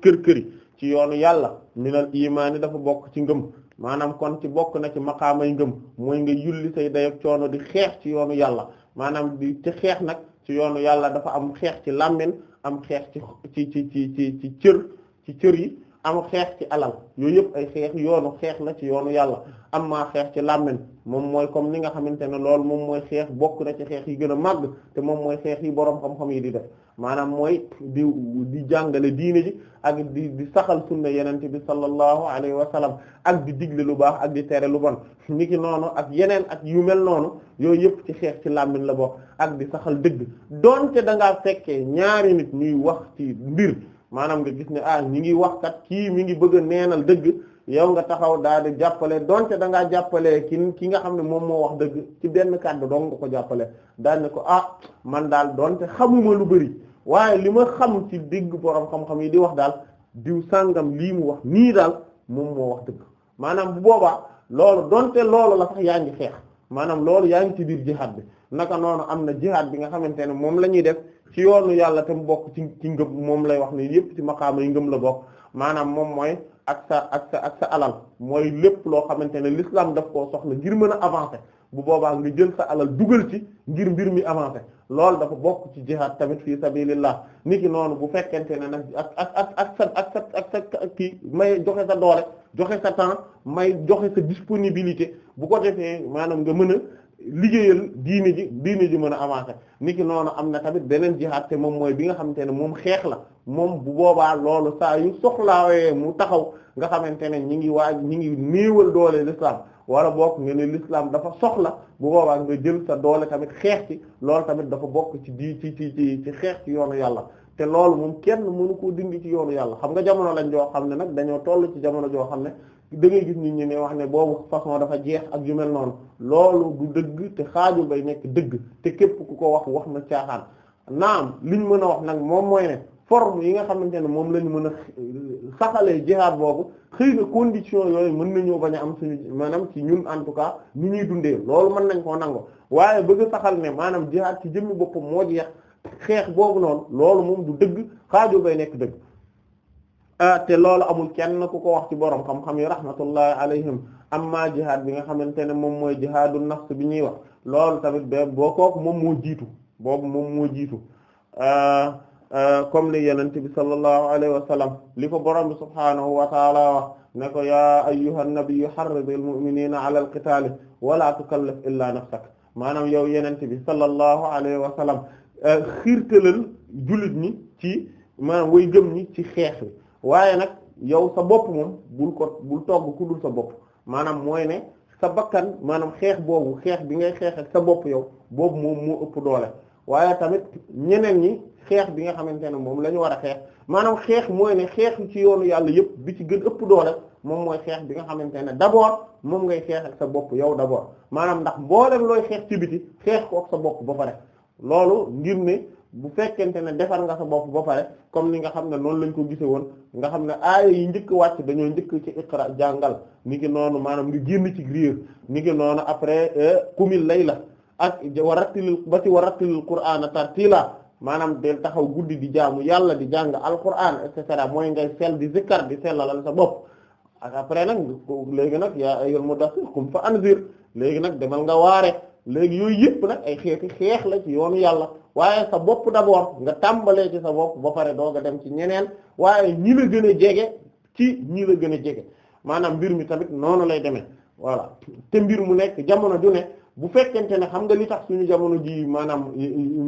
kër-këri ci yoonu yàlla minal imaani dafa bokk ci ngëm maanaam kon ci bokk na ci maqaamay ngëm mooy nga yulli say dayob coono di xeex ci yoonu yàlla maanaam di xeex nag ci yoonu yàlla dafa am xeex ci làmmiñ am xeex ci ci ci ci ci cër ci cër yi am xeex ci alal yooyu yépp ay xeex yoonu xeex la ci yoonu yàlla am maa xeex ci làmmiñ moom mooy comme ni nga xamante ne loolu moom mooy xeex bokk na ci xeex yi gën a màgg te moom mooy xeex yi boroom xam-xam yi di def maanaam mooy di di jàngale diine ji ak di di saxal sunna yeneen bi sallallahu alayhi wa sallam ak di digle lu baax ak di tere lu bon niki noonu ak yeneen ak yu mel noonu yooyu yëpp ci xeex ci làmmiñ la bokk ak di saxal dëgg donte da ngaa fekkee ñaari nit ñuy wax ci mbir maanaam nga gis ne ah ñi ngi wax kat kii mi ngi bëgg a neenal dëgg yow nga taxaw daal di jàppale donte da ngaa jàppale ki ki nga xam ne moom moo wax dëgg ci benn kàddu dong nga ko jàppale daal ne ko ah man daal donte xamuma lu bari waaye li ma xam ci digg borom xam-xam yi di wax daal diw sàngam lii mu wax nii daal moom moo wax dëgg maanaam bu boobaa loolu donte loolu la sax yaa ngi xeex maanaam loolu yaa ngi ci biir jihad bi naka noonu am na jihad bi nga xamante ne moom la ñuy def ci yoonu yàlla te mu bokk ci ci ngëm moom lay wax ne yépp ci maqaama yi ngëm la bokk maanaam moom mooy ak sa ak sa ak sa alal mooy lépp loo xamante ne l'islam daf koo soxla ngir mën a avancer bu boobaa nga jël sa alal dugal ci ngir mbir mi avancer loolu dafa bokk ci jihaad tamit fii sabilillah niki noonu bu fekkente ne nag ak ak ak ak sa ak sa ak sa kii may joxe sa doole joxe sa temps may joxe sa disponibilité bu ko defee maanaam nga mën a liggéeyal diini ji diini ji mën a avancer ki noonu am na tamit beneen jihaad te moom mooy bi nga xamante ne moom xeex la moom bu boobaa loolu saa yu soxlaawee mu taxaw nga xamante ne ñi ngi waaj ñi ngi néewal doole l'islam wala bokk nga ne l'islam dafa soxla bu boobaa nga jël sa doole tamit xeex ci loolu tamit dafa bokk ci di ci ci xeex ci yoonu yàlla te loolu moom kenn mënu koo dindi ci yoonu yàlla xam nga jamono lañ joo xam ne nag dañoo toll ci jamono joo xam ne da ngay gis ñu ñi ne wax ne boobu façon dafa jeex ak yu mel noonu loolu du dëgg te xaajul bay nekk dëgg te képp ku ko wax wax na caaxaan naam ñu mën a wax nag moom mooy ne forme yi nga xamante ne moom lañ mën a saxalee jihaad boobu xëy na condition yooyu mën nañoo bañ a am suñu maanaam ci ñun en tout cas ñu ñuy dundee loolu mën nañ koo nango waaye bëgg saxal ne maanaam jihaad ci jëmmi boppam moo jeex xeex boobu noonu loolu moom du dëgg xaajul bay nekk dëgg Ah, te loolu amul kenn ku ko wax ci borom xam-xam yi rahmatullahi alayhim amma jihaad bi nga xamante ne moom mooy jihaadu nafs bi ñuy wax loolu tamit ba boo kooku moom moo jiitu boobu moom jiitu ah, ah, comme li yenente bi sallallahu alayhi wa sallam li ko borom ne ko yaa ayyuha nabiyyu harridil mu'minina illa nafsak maanaam yow yenente bi sallallahu alayhi wa sallam xiirtalal jullit ci maanaam way ci xeex waaye nag yow sa bopp moom bul ko bul togg ku dul sa bopp maanaam mooy ne sa bakkan maanaam xeex boobu xeex bi ngay xeex ak sa bopp yow boobu moom moo ëpp doole waaye tamit ñeneen ñi xeex bi nga xamante ne moom la ñu war a xeex maanaam xeex mooy ne xeex ci yoonu yàlla yëpp bi ci gën ëpp doole moom mooy xeex bi nga xamante ne d'abord moom ngay xeex ak sa bopp yow d'abord maanaam ndax mboolem looy xeex ci biti xeex kook sa bopp ba pare loolu ngir ne bu fekkente ne defar nga sa bopp ba comme ni nga xam ne noonu lañ ko gise woon nga xam ne aaya yi njëkk wàcc dañoo njëkk ci iqra jàngal ni ki noonu maanaam nga génn ci riir ni ki noonu après kumil euh, layla ak warattilil ba ci warattilil qur'ana tartila maanaam del taxaw guddi di jaamu yàlla di jàng alquran et cetera mooy ngay sel di zikkar di sellalal sa bopp ak après nag léegi nag yaa ayyul mudaththir qum fa anzir léegi nag demal nga waare léegi yooyu yëpp nag ay xeeti xeex la ci yoonu yàlla waaye sa bopp d'abord nga tàmbalee ci sa bopp ba pare doog a dem ci ñeneen waaye ñi la gën a jege ci ñi la gën a jege maanaam mbir mi tamit noonu lay demee voilà te mbir mu nekk jamono ju ne bu fekkente ne xam nga li tax suñu jamono ji maanaam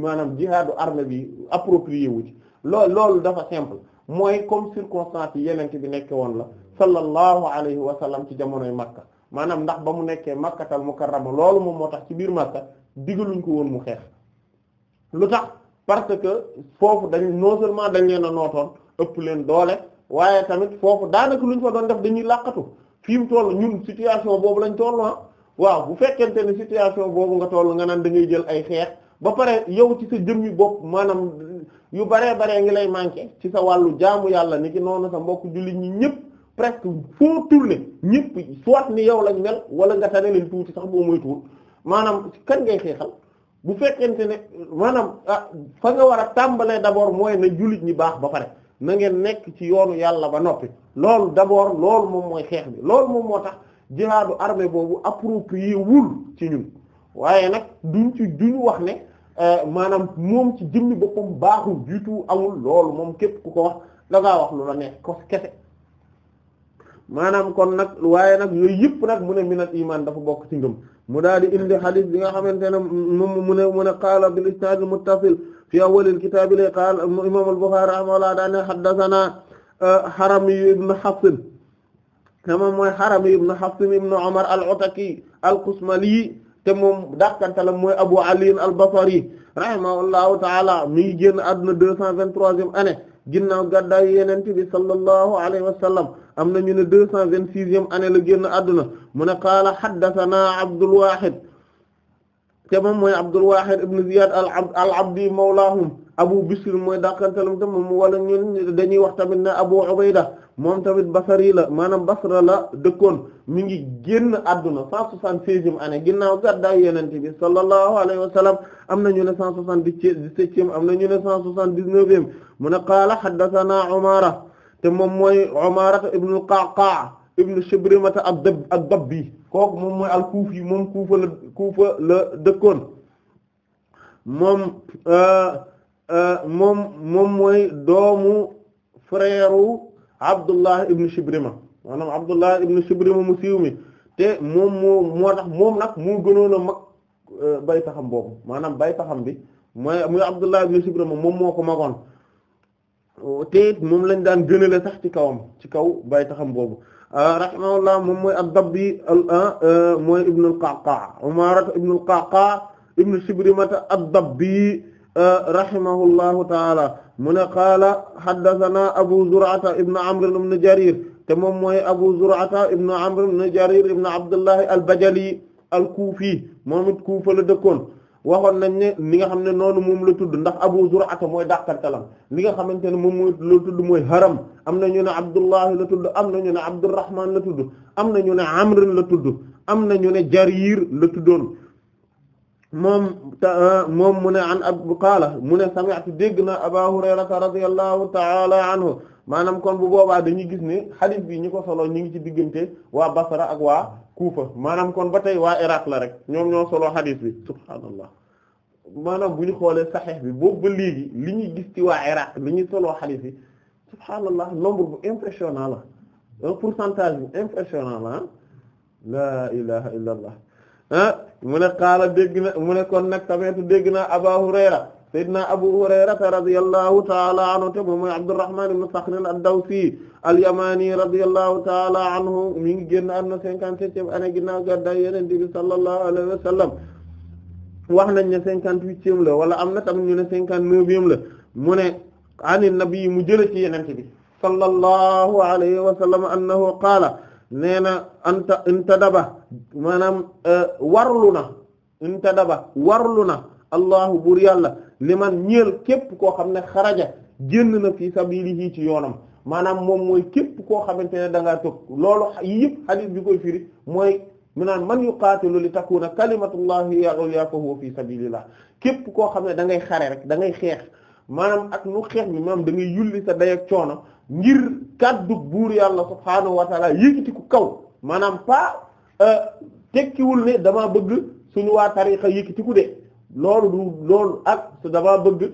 maanaam jihaadu arme bi approprié wu ci lool loolu dafa simple mooy comme circonstance yi yeneen bi nekkee woon la sallallahu alayhi wa sallam ci jamonoy Makka maanaam ndax ba mu nekkee Makkatal Mukarrama loolu moom moo tax ci biir Makka digaluñ ko woon mu xeex lu tax parce que foofu dañ non seulement dañ leen a nootoon ëpp leen doole waaye tamit foofu daanaka lu ñu fa doon def dañuy làqatu fii mu toll ñun situation boobu lañ toll ah waaw bu fekkente ne situation boobu nga toll nga naan da ngay jël ay xeex ba pare yow ci sa jëmmi bopp maanaam yu baree baree ngi lay manqué ci sa wàllu jaamu yàlla ni ki noonu sa mbokk jullit ñi ñëpp presque foo tourné ñëpp soit ni yow lañ mel wala nga tane leen tuuti sax boo moy tuur maanaam kañ ngay xeexal bu fekkente ne maanaam ah fa nga war a tàmbalee d'abord mooy na jullit ñi baax ba pare na ngeen nekk ci yoonu yàlla ba noppi loolu d'abord loolu moom mooy xeex bi loolu moom moo tax jihaadu armée boobu approprié wul ci ñun waaye nag duñ ci duñu wax ne eh, maanaam moom ci jëmmi boppam baaxul du tout amul loolu moom képp ku ko wax da ngaa wax lu la neex ko kese maanaam kon nag waaye nag yooyu yëpp nag mu ne minal iman dafa bokk ci ngëm mu daal di indi xadis bi nga xamante ne moom mu ne mu ne qaala bil isnaad al muttasil fi awwalil kitaab li qaala imam al Bukhari rahimahullah daa ne haddathana euh, Harami ibn Hafs te moom mooy Harami ibn Hafs ibn Umar al Ataki al Qusmali te moom dàqantalam mooy Abu Ali al Basri rahimahullahu ta'ala mi ngi génn àdduna deux cent vingt-troisième année ginnaaw gàddaay yonent bi sallallahu alayhi wa sallam am na ñu ne deux cent vingt sixième année la génn àdduna mu ne qaala haddathana Abdul Wahid te moom mooy Abdul Wahid ibn Ziyad al abdi mawlahum Abu Bishr mooy dàqantalam tam moom wala ñun dañuy wax tamit ne Abu Ubayda moom tamit Basri la maanaam Basra la dëkkoon mi ngi génn àdduna 176e année ginnaaw gàddaay Yonent bi sallallahu alayhi wa am na ñu ne am na ñu ne 179e mu ne qaala haddathana Umaara te moom mooy Umaara ibn al-Qa'qa' ibn Shibrimata ad-Dabbi kooku moom mooy al-Kufi moom Kufa la Kufa la dëkkoon moom. Euh, Euh, moom moom mooy doomu frère Abdullah ibn Shibrima maanaam Abdullah ibn Shibrima mu siiw mi te moom moo tax moom nag mu gënoon a mag euh, bay taxam boobu maanaam bay taxam bi mooy muy Abdullah ibn Shibrima moom moo ko magon te moom lañ daan gënale sax ci kawam ci kaw bay taxam boobu euh, rahimahullah moom mooy ad-Dabbi mooy Ibn al-Qa'qa' Umaara Ibn al-Qa'qa' Ibn Shibrimata ad rahimahullahu taala mu ne qaala haddathana abu zur'ata ibn amr ibn jarir te moom mooy abu zur'ata ibn amr ibn jarir ibn abdullahi al-bajali al-kufi moom it kuufa la dëkkoon waxoon nañ ne li nga xam ne noonu moom la tudd ndax abu zur'ata mooy dàqantalam li nga xamante ne moom mooy la tudd mooy haram am na ñu ne abdullahi la tudd am na ñu ne abdurrahman la tudd am na ñu ne amr la tudd am na ñu ne jarir la tuddoon moom ah, moom mu ne an ab qaala mu ne sami'tu dégg na Aba Hurayrata radiyallahu ta'ala anhu maanaam kon bu boobaa dañuy gis ni hadith bi ñu ko solo ñu ngi ci diggante waa Basra ak waa Kufa maanaam kon ba tey waa Iraq la rek ñoom ñoo solo hadith bi subhaanallah maanaam bu ñu xoolee saxiix bi boobu ba léegi li ñuy gis ci waa Iraq li ñuy solo hadith bi subhaanallah nombre bu impressionnant la un pourcentage bu impressionnant la ah. la Ah, mu ne qaala dégg na mu ne kon nag sami'tu dégg naa Aba Hurayra sayyidina Abu Hurayra radiyallahu ta'ala anhu te moom mooy Abdurrahman ibn Sakhr al-Dawsi al-Yamani radiyallahu ta'ala anhu mi ngi génn am na cinquante-septième année ginnaaw gàddaay Yonent bi sallallahu alayhi wa sallam wax nañ ne cinquante-huitième la wala am na tam ñu ne cinquante-neuvième la mu ne an mu jële ci Yonent bi sallallahu alayhi wa sallam annahu qaala nee na anta intadaba maanaam e, warlu na intadaba warlu na allahu bur yàlla liman ñeel képp koo xam ne xaraja génn na fi sabilihi ci yoonam maanaam moom mooy képp koo xamante ne da ngaa toog loolu yëpp bi koy firi mooy mu naan man yuqaatilu li takuna kalimatullahi hiya al-ulya fa huwa fi sabilillah képp koo xam ne da ngay xare rek dangay xeex maanaam ak nu xeex mi maanaam da ngay yulli sa day ak coono ngir kàddu buur yàlla subhaanahu wa taala yëkkati ko kaw maanaam pas euh, tekkiwul ne damaa bëgg suñu waa tarixa yëkkati ku de loolu du loolu ak damaa bëgg euh,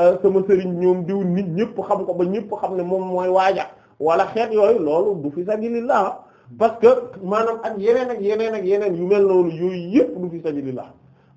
euh, sama sëriñ ñoom diw nit ñëpp xam ko ba ñëpp xam ne moom mooy waaja wala xeet yooyu loolu du fi sabilillah parce que maanaam ak yeneen ak yeneen ak yeneen yu mel noonu yooyu yëpp du fi sabilillah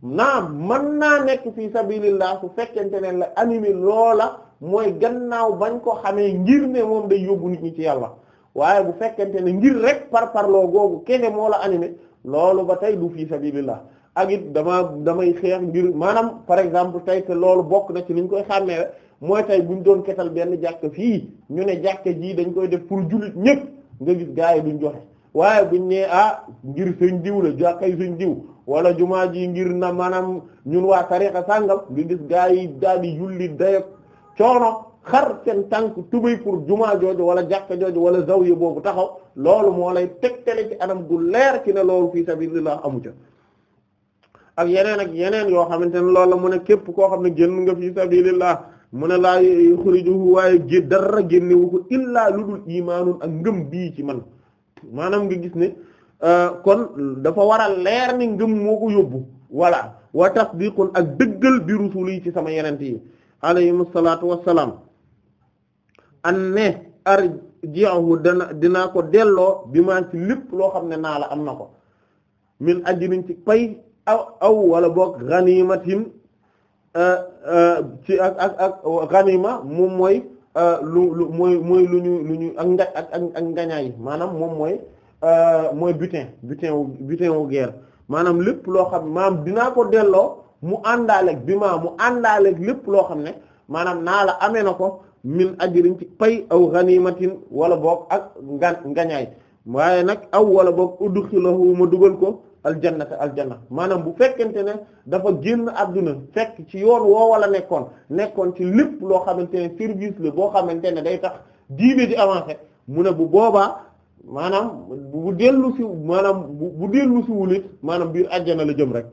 naa mën naa nekk fii sabilillah su fekkente ne la animé loola mooy gannaaw bañ ko xamee ngir ne moom day yóbbu nit ñi ci yàlla waaye bu fekkente ne ngir rek par parloo googu kene moo la animé loolu ba tey du fii sabilillah ak it damaa damay xeex ngir maanaam par exemple tey te loolu bokk na ci li koy xàmmee mooy tey buñ doon ketal benn jàkk fii ñu ne jàkk jii dañ koy def pour jullit ñëpp nga gis gaa yi duñ joxe waaye buñ nee ah ngir sëñ diw la jàkkay sëñ diw wala jumaa ji ngir na maanaam ñun waa tariqa sàngam ngi gis gaa yi daal di yulli dayog coono xar seen tànk tubay pour jumaa jooju wala jàkka jooju wala zawiya boobu taxaw loolu moo lay tegtale ci anam gu leer ci ne loolu fii sabilillah amu ca ak yeneen ak yeneen yoo xamante ne loolu la mu ne képp koo xam ne génn nga fii sabilillah mu ne laa yuxrijuhu waaye gé dara génnewu ko illaa lu dul imaanun ak ngëm bii ci man maanaam nga gis ne Euh, kon dafa war a leer ni ngëm moo ko yóbbu voilà wa tasdiqun ak dëggal bi rusul yi ci sama yenent yi alayhim salaatu wassalaam an ne ar jiahu dana dinaa ko delloo bi maa ci lépp loo xam ne naa la am na ko min ajrin ci pay aw aw wala boog ganimatin euh, euh, ci ak ak ak ganima moom mooy lu lu mooy lu ñu lu ñu ak nga ak ak ngañaay maanaam moom mooy Euh, mooy butin butin wu butin wu guerre maanaam lépp loo xam maanaam dinaa ko delloo mu àndaaleeg bi ma mu àndaaleeg lépp loo xam ne maanaam naa la amee na ko min ajrin ci pay aw ganimatin wala boo ak ngan ngañaay waaye nag aw wala boog udxilahu ma dugal ko aljannata aljanna maanaam bu fekkente ne dafa génn adduna fekk ci yoon woo wala nekkoon nekkoon ci lépp loo xamante ne service la boo xamante ne day tax diine di avancé mu ne bu boobaa maanaam bu dellu si maanaam bu dellu si wulit maanaam biir àjjana la jëm rek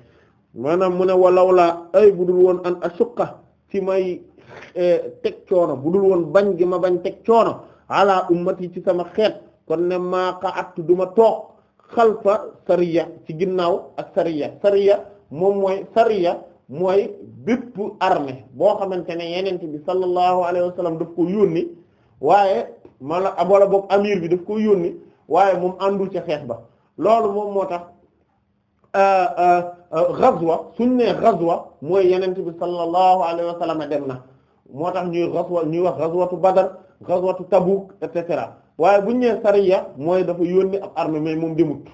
maanaam mu ne walawlaa ay bu dul woon an asuqa ci may e, teg coono bu dul woon bañ gi ma bañ teg coono ala ummati ci sama xeet kon ne maa ka attu duma toog xalfa sariya ci ginnaaw ak sariya sariya moom mooy sariya mooy bépp armée boo xamante ne yenente bi sallallahu alayhi wa sallam daf ko yónni waaye mala wala boog amir bi daf ko yónni waaye moom àndul ci xeex ba loolu moom moo tax euh, euh, ghazwa suñ ne ghazwa mooy yenente bi sallallahu alayhi wa sallam dem na moo tax ñuy ghazwa ñuy wax ghazwatu Badr ghazwatu Tabuk et cetera waaye buñ nee sariya mooy dafa yónni ab armée mais moom demut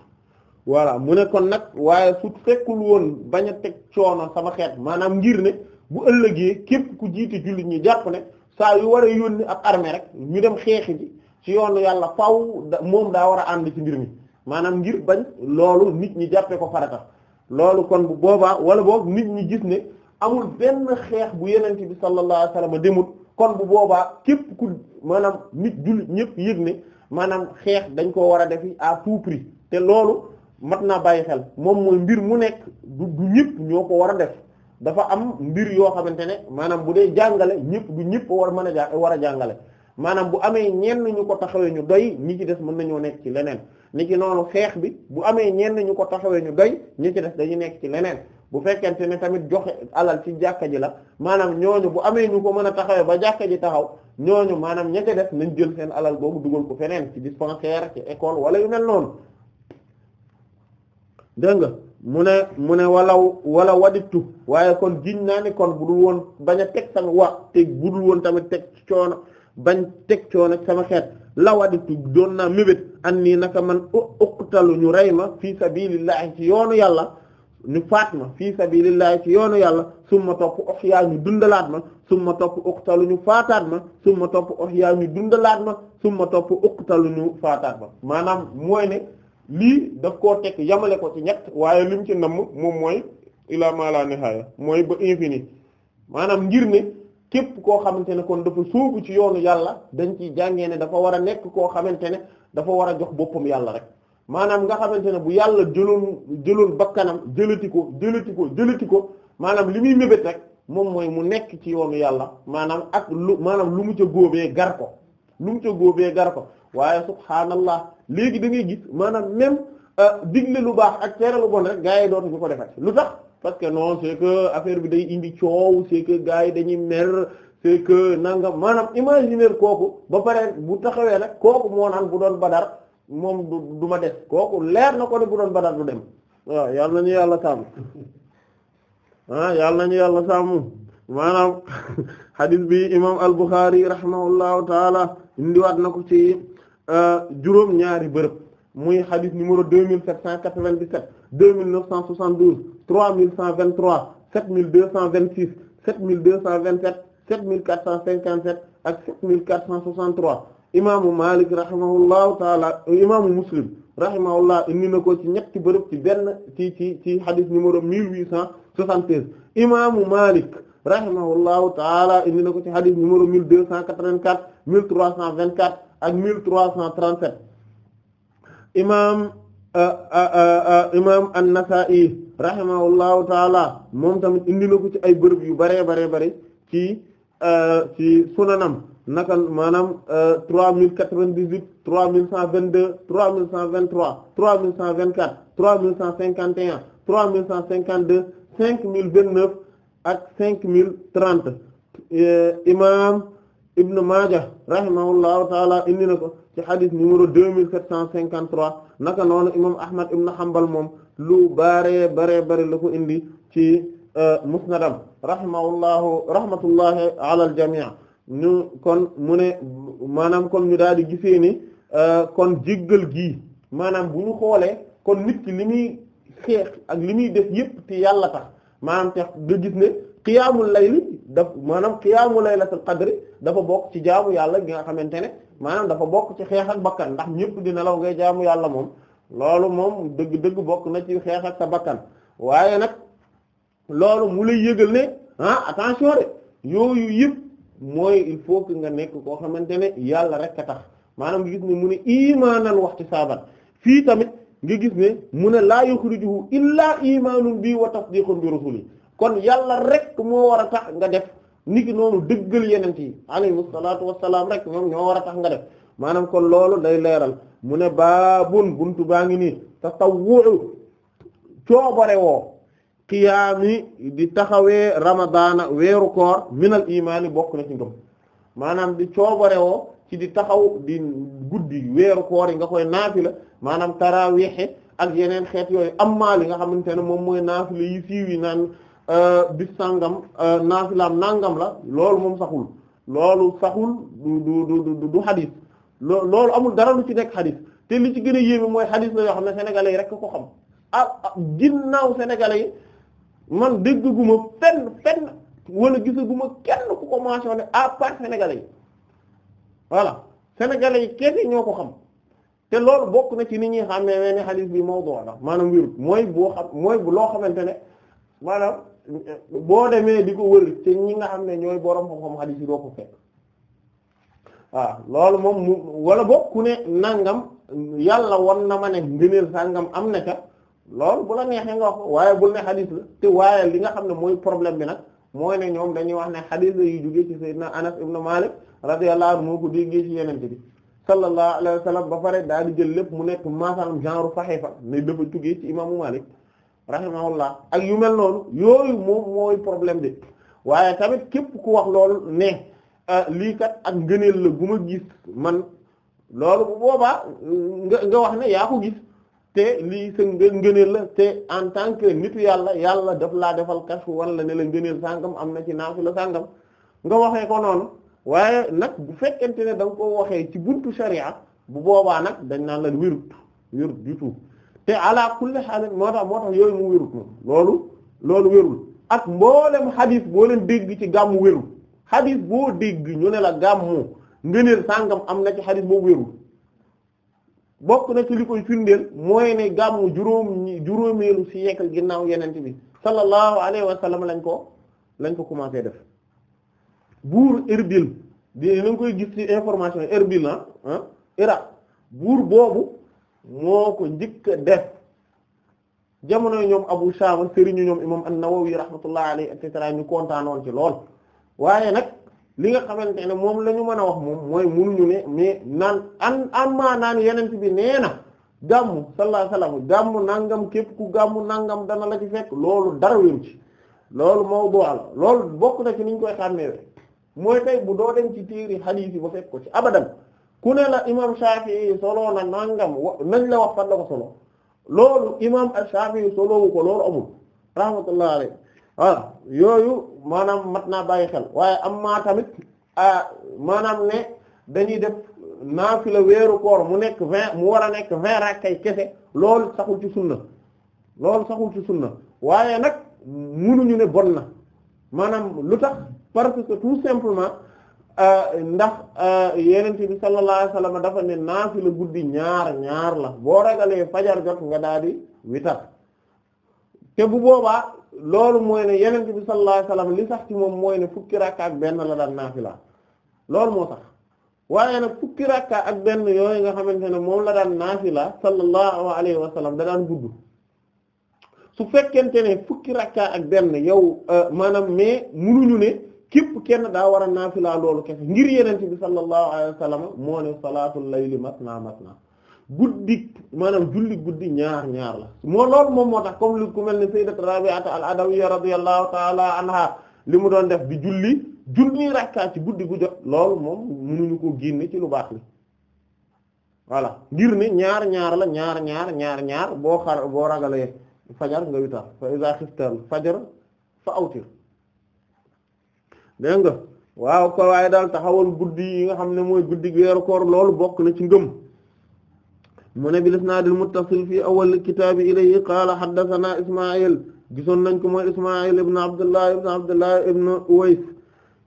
voilà mu ne kon nag waaye su fekkul woon bañ a teg coono sama xeet maanaam ngir ne bu ëllëgee képp ku jiite jullit ñi jàpp ne saa yu war a yónni ab armée rek ñu dem xeexi ji ci yoonu yàlla faw moom daa war a ànd ci mbir mi maanaam ngir bañ loolu nit ñi jàppee ko farata loolu kon bu boobaa wala boog nit ñi gis ne amul benn xeex bu yenente bi sallallahu alayhi wasallam demut kon bu boobaa képp ku maanaam nit jullit ñëpp yëg ne maanaam xeex dañ koo war a defi à tout prix te loolu mat naa bàyyi xel moom mooy mbir mu nekk du du ñëpp ñoo ko war a def dafa am mbir yoo xamante ne maanaam bu dee jàngale ñëpp du ñëpp war a mën a ja war a jàngale maanaam bu amee ñenn ñu ko taxawee ñu doy ñi ci des mën nañoo nekk ci leneen ni ki noonu xeex bi bu amee ñenn ñu ko taxawee ñu doy ñu ci des dañu nekk ci leneen bu fekkente ne tamit joxe alal ci jàkka ji la maanaam ñooñu bu amee ñu ko mën a taxawee ba jàkka ji taxaw ñooñu maanaam ña ca def nañ jël seen alal boobu dugal ko feneen ci dispensaire ci école wala yu noonu dégg nga mu ne mu ne walaw wala waditu waaye kon giñ naa ni kon bu dul woon bañ a teg sama wa teg bu dul woon tamit teg coono bañ teg coono sama xeet la waditu doon naa mébét an nii naka man uqtalu ñu rey ma fii sabilillahi ci yoonu yàlla ñu faat ma fii sabilillahi ci yoonu yàlla summa topp uhya ñu dundalaat ma summa topp uqtalu ñu faataat ma summa topp uhya ñu dundalaat ma summa topp uqtalu ñu faataat ma maanaam mooy ne lii daf koo tekk yamale ko ci ñett waaye li mu ci namm moom mooy ila ma la nihaaya mooy ba infini maanaam ngir ne képp koo xamante ne kon dafa sóobu ci yoonu yàlla dañ ci jàngee ne dafa war a nekk koo xamante ne dafa war a jox boppam yàlla rek maanaam nga xamante ne bu yàlla jëloon jëloon bakkanam jëlati ko jëlati ko jëlati ko maanaam li muy mébét rek moom mooy mu nekk ci yoonu yàlla maanaam ak lu maanaam lu mu ca góobee gar ko lu mu ca góobee gar ko waaye subhaanallah léegi da ngay gis maanaam même euh, digle lu baax ak tere lu bon rek gaa yi doon ñu ko defat lu tax parce que c'est que affaire bi day indi coow c'est que gaa yi dañuy mer c'est que nanga maanaam imaginer kooku ba pare bu taxawee nag kooku moo naan bu doon badar moom du ma des kooku leer na ko ne bu doon badar du dem waaw yàlla na ñu yàlla sàmm ah, yàlla na ñu yàlla sàmm maanaam hadith bi imam al-Bukhari rahimahullahu taala indiwaat na ko ci. Euh, juróom ñaari bërëb muy xadis numéro deux mille sept cent quatre-vingt-dix-sept deux mille neuf cent soixante-douze trois mille cent vingt-trois sept mille deux cent vingt-six sept mille deux cent quatre cent cinquante-sept ak sept mille quatre cent soixante-trois imaamu Maalik rahimahullahu taala imaamu Muslim rahimahullah indi na ko ci ñetti bërëb ci benn ci ci ci xadis numéro mille huit cent soixante-seize imaamu Maalik rahimahullahu taala indi na ko ci xadis numéro mille deux cent quatre ak mille trois cent trente-sept imaam euh, euh, euh, imaam an-Nasa'i rahimahullahu taala moom tamit indi na ko ci ay bërëb yu bare bare bare ci ci sunanam naka maanaam trois mille quatre-vingt-dix-huit trois mille cent vingt-deux trois mille cent vingt-trois trois mille cent vingt-quatre trois mille cent cinquante et un trois mille cent cinquante-deux cinq mille vingt-neuf ak cinq mille trente imaam Ibn Maaja rahimahullahu taala indi na ko ci xadis numéro deux mille sept cent cinquante naka noonu imam Ahmad ibn Hanbal moom lu bare bare bare la ko indi ci euh, musnadam rahimahullahu rahmatullahi ala al jamii ñu kon mu ne maanaam kon ñu daal di gisee ni euh, kon jéggal gi maanaam bu ñu xoolee kon nit ki li muy xeex ak li muy def yépp te yàlla tax maanaam tax nga gis qiyaamul layli daf maanaam qiyaamu laylatul qadri dafa bokk ci jaamu yàlla gi nga xamante ne maanaam dafa bokk ci xeex ak bakkan ndax ñëpp di nelaw ngay jaamu yàlla moom loolu moom dëgg-dëgg bokk na ci xeexak sa bakkan waaye nag loolu mu lay yëgal ne ah attention de yooyu yëpp mooy il faut que nga nekk koo xamante ne yàlla rek a tax maanaam nga gis ne mu ne wax ci saaban fii tamit nga gis ne mu ne laa yuxrijuhu illaa imaanun bi wa tasdiqun kon yàlla rek moo war a tax nga def niki noonu dëggal yeneen yi alayhi salaatu wassalaam rek ñoom ñoo war a tax nga def maanaam kon loolu day leeral mu ne baa baabun buntu baa ngi nii tatawwu coobare woo qiyaami di taxawee ramadaana weeru koor minal imaani bokk na ci ngëm maanaam di coobare woo ci di taxaw di guddi weeru koor yi nga koy naafila maanaam taraawiixe ak yeneen xeet yooyu amma li nga xamante ne moom mooy naafila yi siiw naan Euh, bis sàngam euh, naafilaam nangam la loolu moom saxul loolu saxul du du du du xadis loo loolu amul dara lu ci nekk xadis te li ci gën a yéeme mooy xadis la yoo xam ne sénégalais yi ko xam ah ginnaaw sénégalais yi man déggaguma fenn fenn wala gisaguma kenn ku ko mentionné à part sénégalais yi voilà sénégalais yi kese ñoo ko xam te loolu bokk na ci ni ñuy xàmmee ne xadis bi mawdu la maanaam wérut mooy boo xam mooy loo xamante ne maanaam. boo demee di ko wër ci ñi nga xam ne ñooy borom xam-xam xadiis yi doo ko waaw loolu moom mu wala boog ku ne nangam yàlla won na ma ne ngëneel sàngam am na ca loolu bu la neexee nga wax waaye bul ne xadiis la te waaye li nga xam ne mooy problème bi nag mooy ne ñoom dañuy wax ne xadiis la yu jógee ci Seydina Anas ibn Malik radiyallahu anhu moo ko déggee ci yenente bi sallallahu alayhi wa ba pare daal di jël lépp mu nekk masalam genre faxiifa ne dafa jógee ci imaamu rahimahullah ak yu mel noonu yooyu moom mooy problème bi waaye tamit képp ku wax loolu ne ah, lii kat ak ngëneel la gu ma gis man loolu bu boobaa nga nga wax ne yaa ko gis te lii sa ngëneel la te en tant que nitu yàlla yàlla daf laa defal kas wan la ne la ngëneel sàngam am na ci la sàngam nga waxee ko noonu waaye nag bu fekkente ne da ko waxee ci buntu sharia bu boobaa nag dañ naan la wérut wérut du tout te ala kulli xaal moo tax moo tax yooyu mu wérut moom loolu loolu wérul ak mboolem xadis boo leen dégg ci gàmmu wérul xadis boo dégg ñu ne la gàmmu ngëneel sàngam am na ci xadis boobu wérul bokk na ci li koy firndeel mooy ne gàmmu juróom juróomeelu siècle ginnaaw yenente bi sallallahu alayhi wa lañ ko lañ ko commencé def buur Erbil di nañ koy gis ci information Erbil ah, ah buur boobu moo ko njëkk a def jamono ñoom Abu Shama sëriñu ñoom imam an-Nawawi rahmatullah alayhi et cetera ñu kontaanoon ci lool waaye nag li nga xamante ne moom lañu ñu mën a wax moom mooy munuñu ne mais nan an amma naan yeneen bi nee na gàmmu sallallahu alayhi wasallam gàmmu nangam képp ku gàmmu nangam dana la ci fekk loolu dara wéru ci loolu mawdu la loolu bokk na ci niñ koy xàmmee mooy tey bu doo dem ci tiiri hadith yi ba fekk ko ci abadan ku ne la imam Shafi'i solo na nangam wa nañ la wax fan la ko solo loolu imam Shafi'i solowu ko loolu amul rahmatullahi alayhi voilà yooyu maanaam mat naa bàyyi xel waaye amma tamit maanaam ne dañuy def naafila weeru koor mu nekk vingt mu war a nekk vingt rakkay kese loolu saxul ci sunna loolu saxul ci na waaye nag ñu ne bon na maanaam lu tax parce que tout simplement Euh, ndax euh, yenent bi sallallahu alayhi wasallam dafa ne naafila guddi ñaar ñaar la boo ragalee fajar jot nga daal di witar te bu boobaa loolu mooy ne yenent bi sallallahu alayhi wasallam li sax ci moom mooy ne fukki rakka ak benn la daan naafila loolu moo nag fukki rakka ak benn yooyu nga xamante ne moom la daan naafila sallallahu alayhi wasallam da daan gudd su fekkente ne fukki rakka ak benn yow euh, maanaam mais munuñu ne képp kenn daa war a naafila loolu kese ngir yenente bi sallallahu alayhi wa moo ne salaatul layli matna matna guddi maanaam julli guddi ñaar ñaar la moo loolu moom moo tax comme li ku mel ni sayyidat Rabi'ata al-Adawiyya radiyallahu ta'ala anha li mu doon def bi julli julli rakka ci guddi gu jot loolu moom mënuñu ko génne ci lu baax li voilà ngir ne ñaar ñaar la ñaar ñaar ñaar ñaar boo ragalee fajar nga witar fajar fa awtir dégg nga waaw ko waaye daal taxawal guddi yi nga xam ne mooy guddi weeru koor loolu bokk na ci ngëm mu ne bil isnaadil muttasil fii awal kitaabi ilayhi qaala haddathana ismail gisoon nañ ko mooy ismail abdullah ibn abdullah ibn uways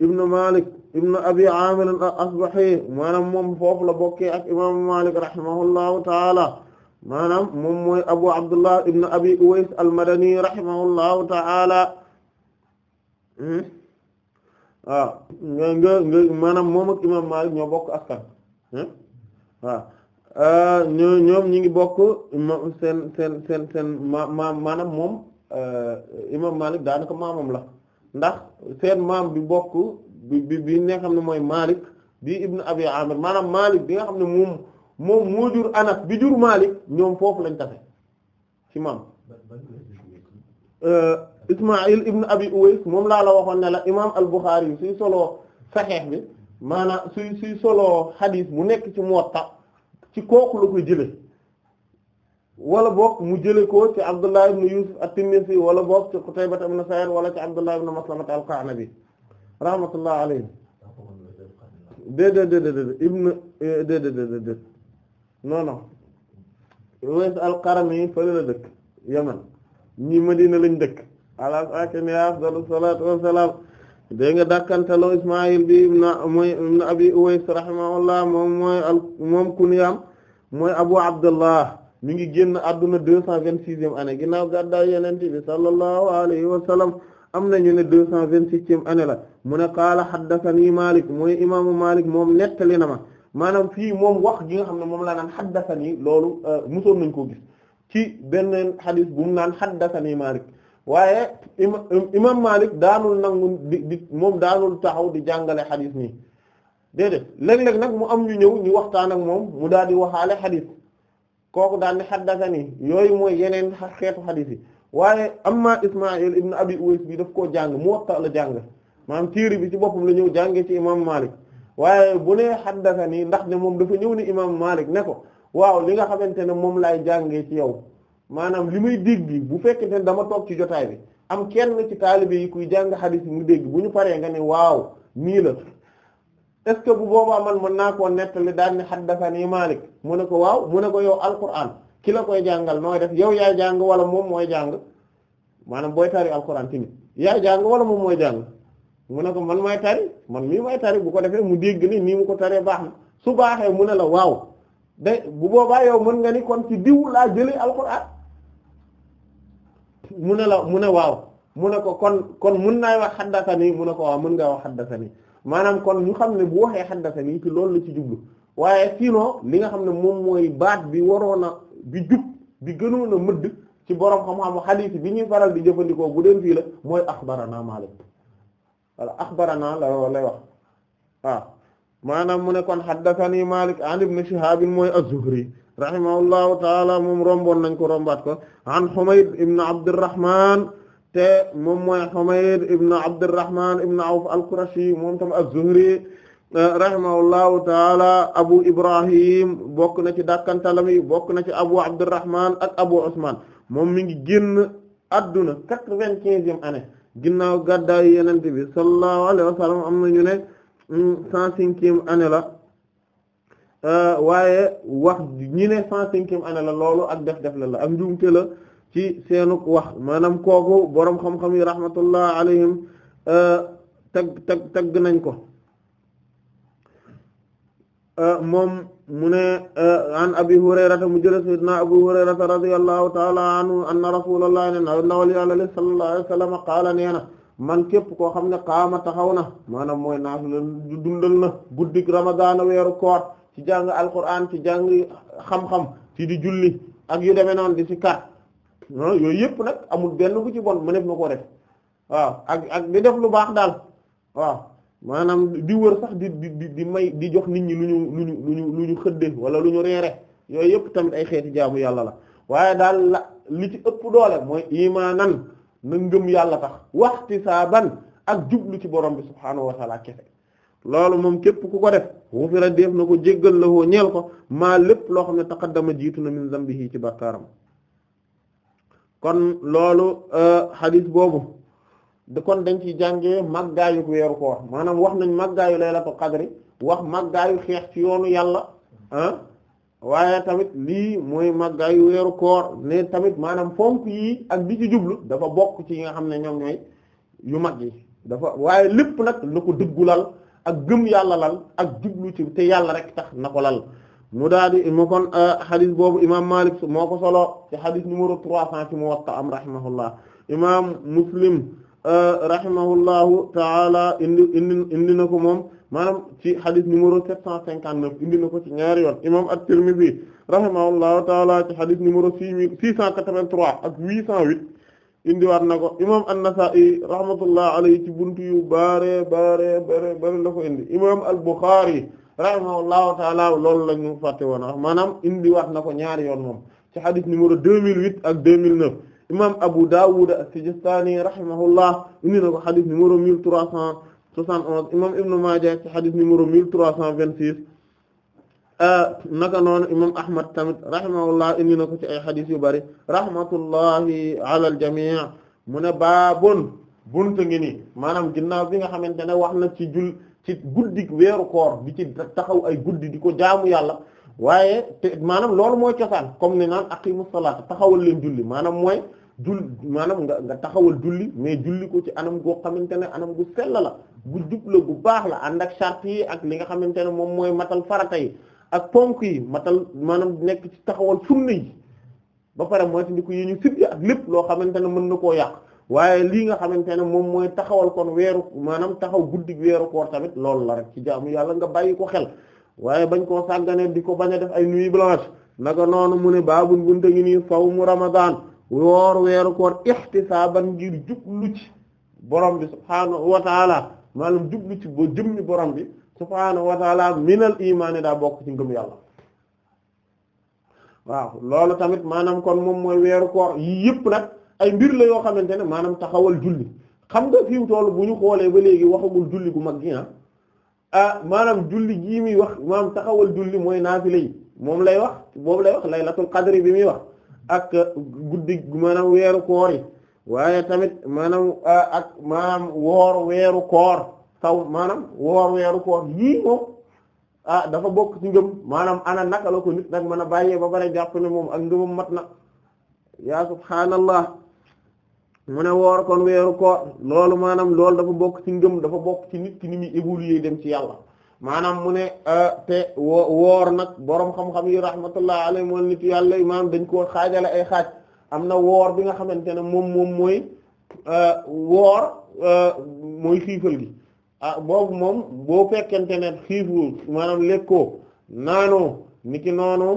ibn malik ibn abi amir asbahi maanaam moom foofu la bokkee ak imaamu malik rahimahullahu taala maanaam moom mooy abu abdullah ibn abi uways al madani rahimahullahu taala hmm? waaw nga maanaam moom ak imam Malik ñoo bokk askan waaw ñoo ñoom ñi ngi bokk seen seen seen seen ma maanaam moom imam Malik daanaka maamam la ndax seen maam bi bokk bi bi bi nga xam ne mooy Malik bi ibn Abi Amir maanaam Malik bi nga xam ne moom moom moo jur Anas bi jur Malik ñoom foofu lañ tafe ci maam Ismaïl ibn Abi Uways moom laa la waxoon ne la imaam al-Bukhari yi suy soloo saxeex bi maanaam suy suy soloo xadiis bu nekk ci Muwatta ci kooku la ko jële wala boog mu jële ko ci Abdullah ibn Yusuf at-Tinnisi wala boog ci Qutayba ibn Sa'id wala ci Abdullah ibn Maslama al-Qa'nabi rahmatullah alayhi déedéet déedéet ibn eh, déedéet déedéet non non Uways al-Qarni fële la dëkk Yaman ñi Madina lañ dëkk ala sakiniha afdalu salaatu wassalaam dégg nga dakkantaloo Ismaïl bi mooy ibn Abi Uways rahimahullah moom mooy al moom kuniyam mooy Abu Abdullah mi ngi génn adduna deux cent vingt-sixième année ginnaaw gàddaay Yonent bi sallallahu alayhi wa sallam am nañu ne deux cent vingt-septième année la mu ne qaala haddathanii Maalik mooy imaamu Maalik moom nettali na ma maanaam fii moom wax gi nga xam ne moom laa naan haddathanii loolu euh, mosoon nañ ko gis ci benn xadis bu mu naan haddathanii Maalik waaye imam Malik daanul nangu di di moom daanul taxaw di jàngale xadis nii déedéet léeg-léeg nag mu am ñu ñëw ñu waxtaan ak moom mu daal di waxaale xadis kooku daal di xaddasani yooyu mooy yeneen xeetu xadis yi waaye amma Ismaïl ibn Abi Uwais bi daf koo jàng mu Muwatta la jàng maanaam tiiri bi ci boppam la ñëw jàngee ci imam Malik waaye bu nee xaddasani ndax ne moom dafa ñëw ni imam Malik ne ko waaw li nga xamante ne moom laay jàngee ci yow maanaam li may dégg bu fekkente ne dama toog ci jotaay bi am kenn ci taalibe yi kuy jàng xadis mu dégg bu ñu paree nga ne waaw nii la est ce bu boobaa man mën naa koo nettali daal ne xaddasani Maalik mu ne ko waaw mu ne ko yow Alquran ki la koy jàngal nooy def yow yaay jàng wala moom mooy jàng maanaam booy tari Alquran tamit yaay jàng wala moom mooy jàng mu ne ko man may tari man mii may tari bu ko defee mu dégg ni nii mu ko taree baax na su baaxee mu ne la waaw day bu boobaa yow mën nga ni kon ci diw laa jëlee Alquran. mu ne la mu ne waaw mu ne ko kon kon mun naa wax xaddasani mu ne ko waaw mën ngaa wax xaddasani maanaam kon ñu xam ne bu waxee xaddasani ci loolu la ci jublu waaye sinon li nga xam ne moom mooy baat bi waroon a bi jub bi gënoon a mëdd ci borom xam-xamu xadiis bi ñuy faral di jëfandikoo bu deen fii la mooy axbarana Maalik walla axbarana la lay wax waaw maanaam mu ne kon xaddasani Maalik an ibn Shihaab mooy az-Zuhri rahimahullahu taala moom romboon nañ ko rombat ko an Humayd ibn Abdurrahman te moom mooy Humayd ibn Abdurrahman ibn Awf al-Qurashi moom tam az-Zuhri rahimahullahu taala Abu Ibrahim bokk na ci dàkkantalam bokk na ci Abu Abdurrahman ak Abu Usman moom mi ngi génn adduna quatre-vingt-quinzième année ginnaaw gàddaayu Yonent bi sallallahu alayhi wa sallam am na ñu ne mm, cent cinquième la Euh, waaye wax ñi ne cent cinquième année la loolu ak def-def la la ak njuumte la ci seenu wax maanaam kooku boroom xam-xam yi rahmatullah alayhim euh, tag tag tagg nañ ko euh, moom mu ne an abi hurayrata mu jële sayyidina abu hurayrata radiyallahu ta'ala anhu anna rasulullah ne na ndawal yàllale alayhi wasallam qaala nee na man képp koo xam ne qaama taxaw na maanaam mooy naafila dundal na guddik ramadaana weeru koot ci jàng alquran ci jàng xam-xam ci di julli ak yu demee noonu di ci kat yooyu yëpp nag amul benn bu ci bon ma nekk na ko def waaw ak ak di def lu baax daal waaw maanaam di wër sax di di may di jox nit ñi lu ñu lu ñu lu ñu wala lu ñu reere yooyu yëpp tamit ay xeeti jaamu yàlla la waaye daal la li ci ëpp doole mooy imaanan na ngëm yàlla tax waxti saa ban ak jublu ci borom bi subhaanahu wa taala loolu moom képp ku ko def xufira def na ko jéggal la woo ñeel ko maa lépp loo xam ne taqaddama jiitu na min zambihi ci bàkkaaram kon loolu hadith euh, boobu kon dañ ci jàngee màggaayu weeru koor maanaam wax nañ màggaayu laylatul qadri wax màggaayu xeex ci yoonu yàlla waaye tamit lii mooy màggaayu weeru koor ne tamit maanaam fonk yi ak di ci jublu dafa bokk ci yi nga xam ne ñoom ñooy yu mag yi dafa waaye lépp nag la ko dëggulal ak gëm yàlla lal ak jublu ci te yàlla rek tax na ko lal mu daal di mu kon euh, xadis boobu imaam Maalik moo ko solo ci xadis numéro 300 ci Muwatta am rahimahullah imaam Muslim euh, rahimahullahu taala indi indi indi na ko moom maanaam ci xadis numéro 759 indi na ko ci ñaari yoon imaam at-Tirmidhi rahimahullahu taala ci xadis numéro 6 683 ak 808. indiwaat na ko imam an-Nasa'i rahmatullah alayhi ci buntu yu baare baare bare bare na ko indi imam al-Bukhari rahimahullahu taala loolu la ñu fàtte woon wax maanaam indiwaat na ko ñaari yoon moom ci hadith numéro 2008 ak 2009 imam Abu Dawud as-Sijistani rahimahullah indi na ko hadith numéro 1371 imam Ibn Majah ci hadith numéro 1326 Eh, naka noonu imam ahmad tamit rahimahullah indi na ko ci ay xadis yu bari rahmatullahi ala al jamii mu ne baabon buntu ngi nii maanaam ginnaaw bi nga xamante ne wax na ci jul ci guddi weeru koor bi ci taxaw ay guddi di ko jaamu yàlla waaye te maanaam loolu mooy cosaan comme ni naan aqimu salaata taxawal leen julli maanaam mooy jul nga nga taxawal julli mais julli ko ci anam goo xamante ne anam gu sell la gu jub la gu baax la ànd ak charte yi ak li nga xamante ne moom mooy matal farata yi ak ponk yi matal maanaam nekk ci taxawal sunna yi ba pare mooy tandiku yi ñu sib ak lépp loo xamante ne mën na koo yàq waaye lii nga xamante ne moom mooy taxawal kon weeru maanaam taxaw guddi weeru koor tamit loolu la rek ci jaamu yàlla nga bàyyi ko xel waaye bañ koo sàgganee di ko bañ a def ay nuit blanche naka noonu mu ne baabul bunte ngi nii sawmu ramadan woor weeru koor ihtisaaban ngir jublu ci borom bi subhaanahu wa taala maanaam jublu ci ba borom bi subhaanahu wa taala minal imaani daa bokk ci ngëm yàlla waaw loolu tamit maanaam kon moom mooy weeru koor yii yëpp nag ay mbir la yoo xamante ne maanaam taxawal julli xam nga fi mu bu ñu xoolee ba léegi waxagul julli gu mag gi ah. ah maanaam julli gii muy wax maanaam taxawal julli mooy naafila yi moom lay wax boobu lay wax laylatul qadri bi muy wax ak guddi maanaam weeru koor waaye tamit maanaam ah, ak maanaam woor weeru koor saw maanaam woor weeru koor yii moom ah dafa bokk ci ngëm maanaam ana naka la ko nit nag mën a bàyyee ba bare jàpp ne moom ak mat na yaa subhaanallah mu ne woor kon weeru koor loolu maanaam loolu dafa bokk ci ngëm dafa bokk ci nit ki ni muy évoluer dem ci yàlla maanaam mu ne ah, te woo nag boroom xam-xam yi rahmatullah alayhi nit yàlla maanaam dañ koo xaajale ay xaaj am na woor bi nga xamante ne moom moom mooy ah, woor ah, mooy xiifal gi ah boobu moom boo fekkente ne xiifu maanaam lekkoo naanoo niki noonu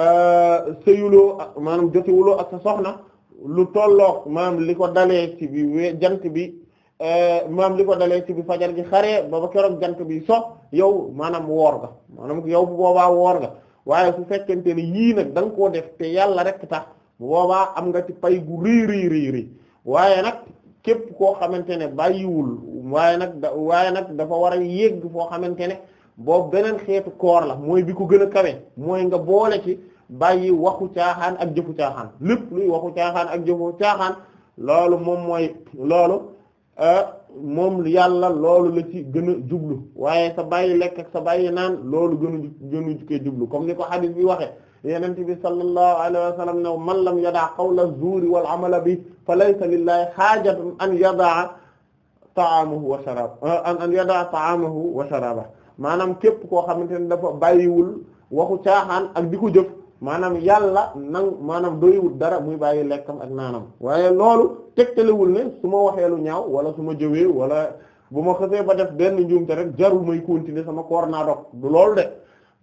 euh, sëyuloo maanaam jotewuloo ak sa soxna lu tollook maanaam li ko dalee ci bi jant bi euh, maanaam li ko dalee ci bi fajar gi xaree ba ba keroog jant bi so yow maanaam woor nga maanaam yow bu boobaa woor nga waaye su fekkente ne yii nag da nga koo def te yàlla rek tax bu am nga ci pay gu rii rii waaye nag képp koo xamante ne bàyyiwul waaye nag da waaye nag dafa war a yegg foo xamante ne boobu beneen xeetu koor la mooy bi ko gën a kawe mooy nga boole ci bàyyi waxu caaxaan ak jëfu caaxaan lépp luy waxu caaxaan ak jëfu caaxaan loolu moom mooy loolu euh, moom yàlla loolu la ci gën a jublu waaye sa bàyyi lekk sa bàyyi naan loolu gënu gënu jugee jublu comme ni ko hadith bi waxe yenente bi sallallahu alayhi wa sallam ne man lam yadaa qawla zuuri wal amala bi fa laysa lillahi xaajatun an yadaa taamahu wa sharabahu an yadaa taamahu wa sharabahu maanaam képp koo xamante ne dafa bàyyiwul waxu caaxaan ak di ko jëf maanaam yàlla nang maanaam doyiwul dara muy bàyyi lekkam ak naanam waaye loolu tegtalewul ne su ma waxee lu ñaaw wala su ma jëwee wala bu ma xësee ba def benn njuumte rek jarul may sama koor naa dog du de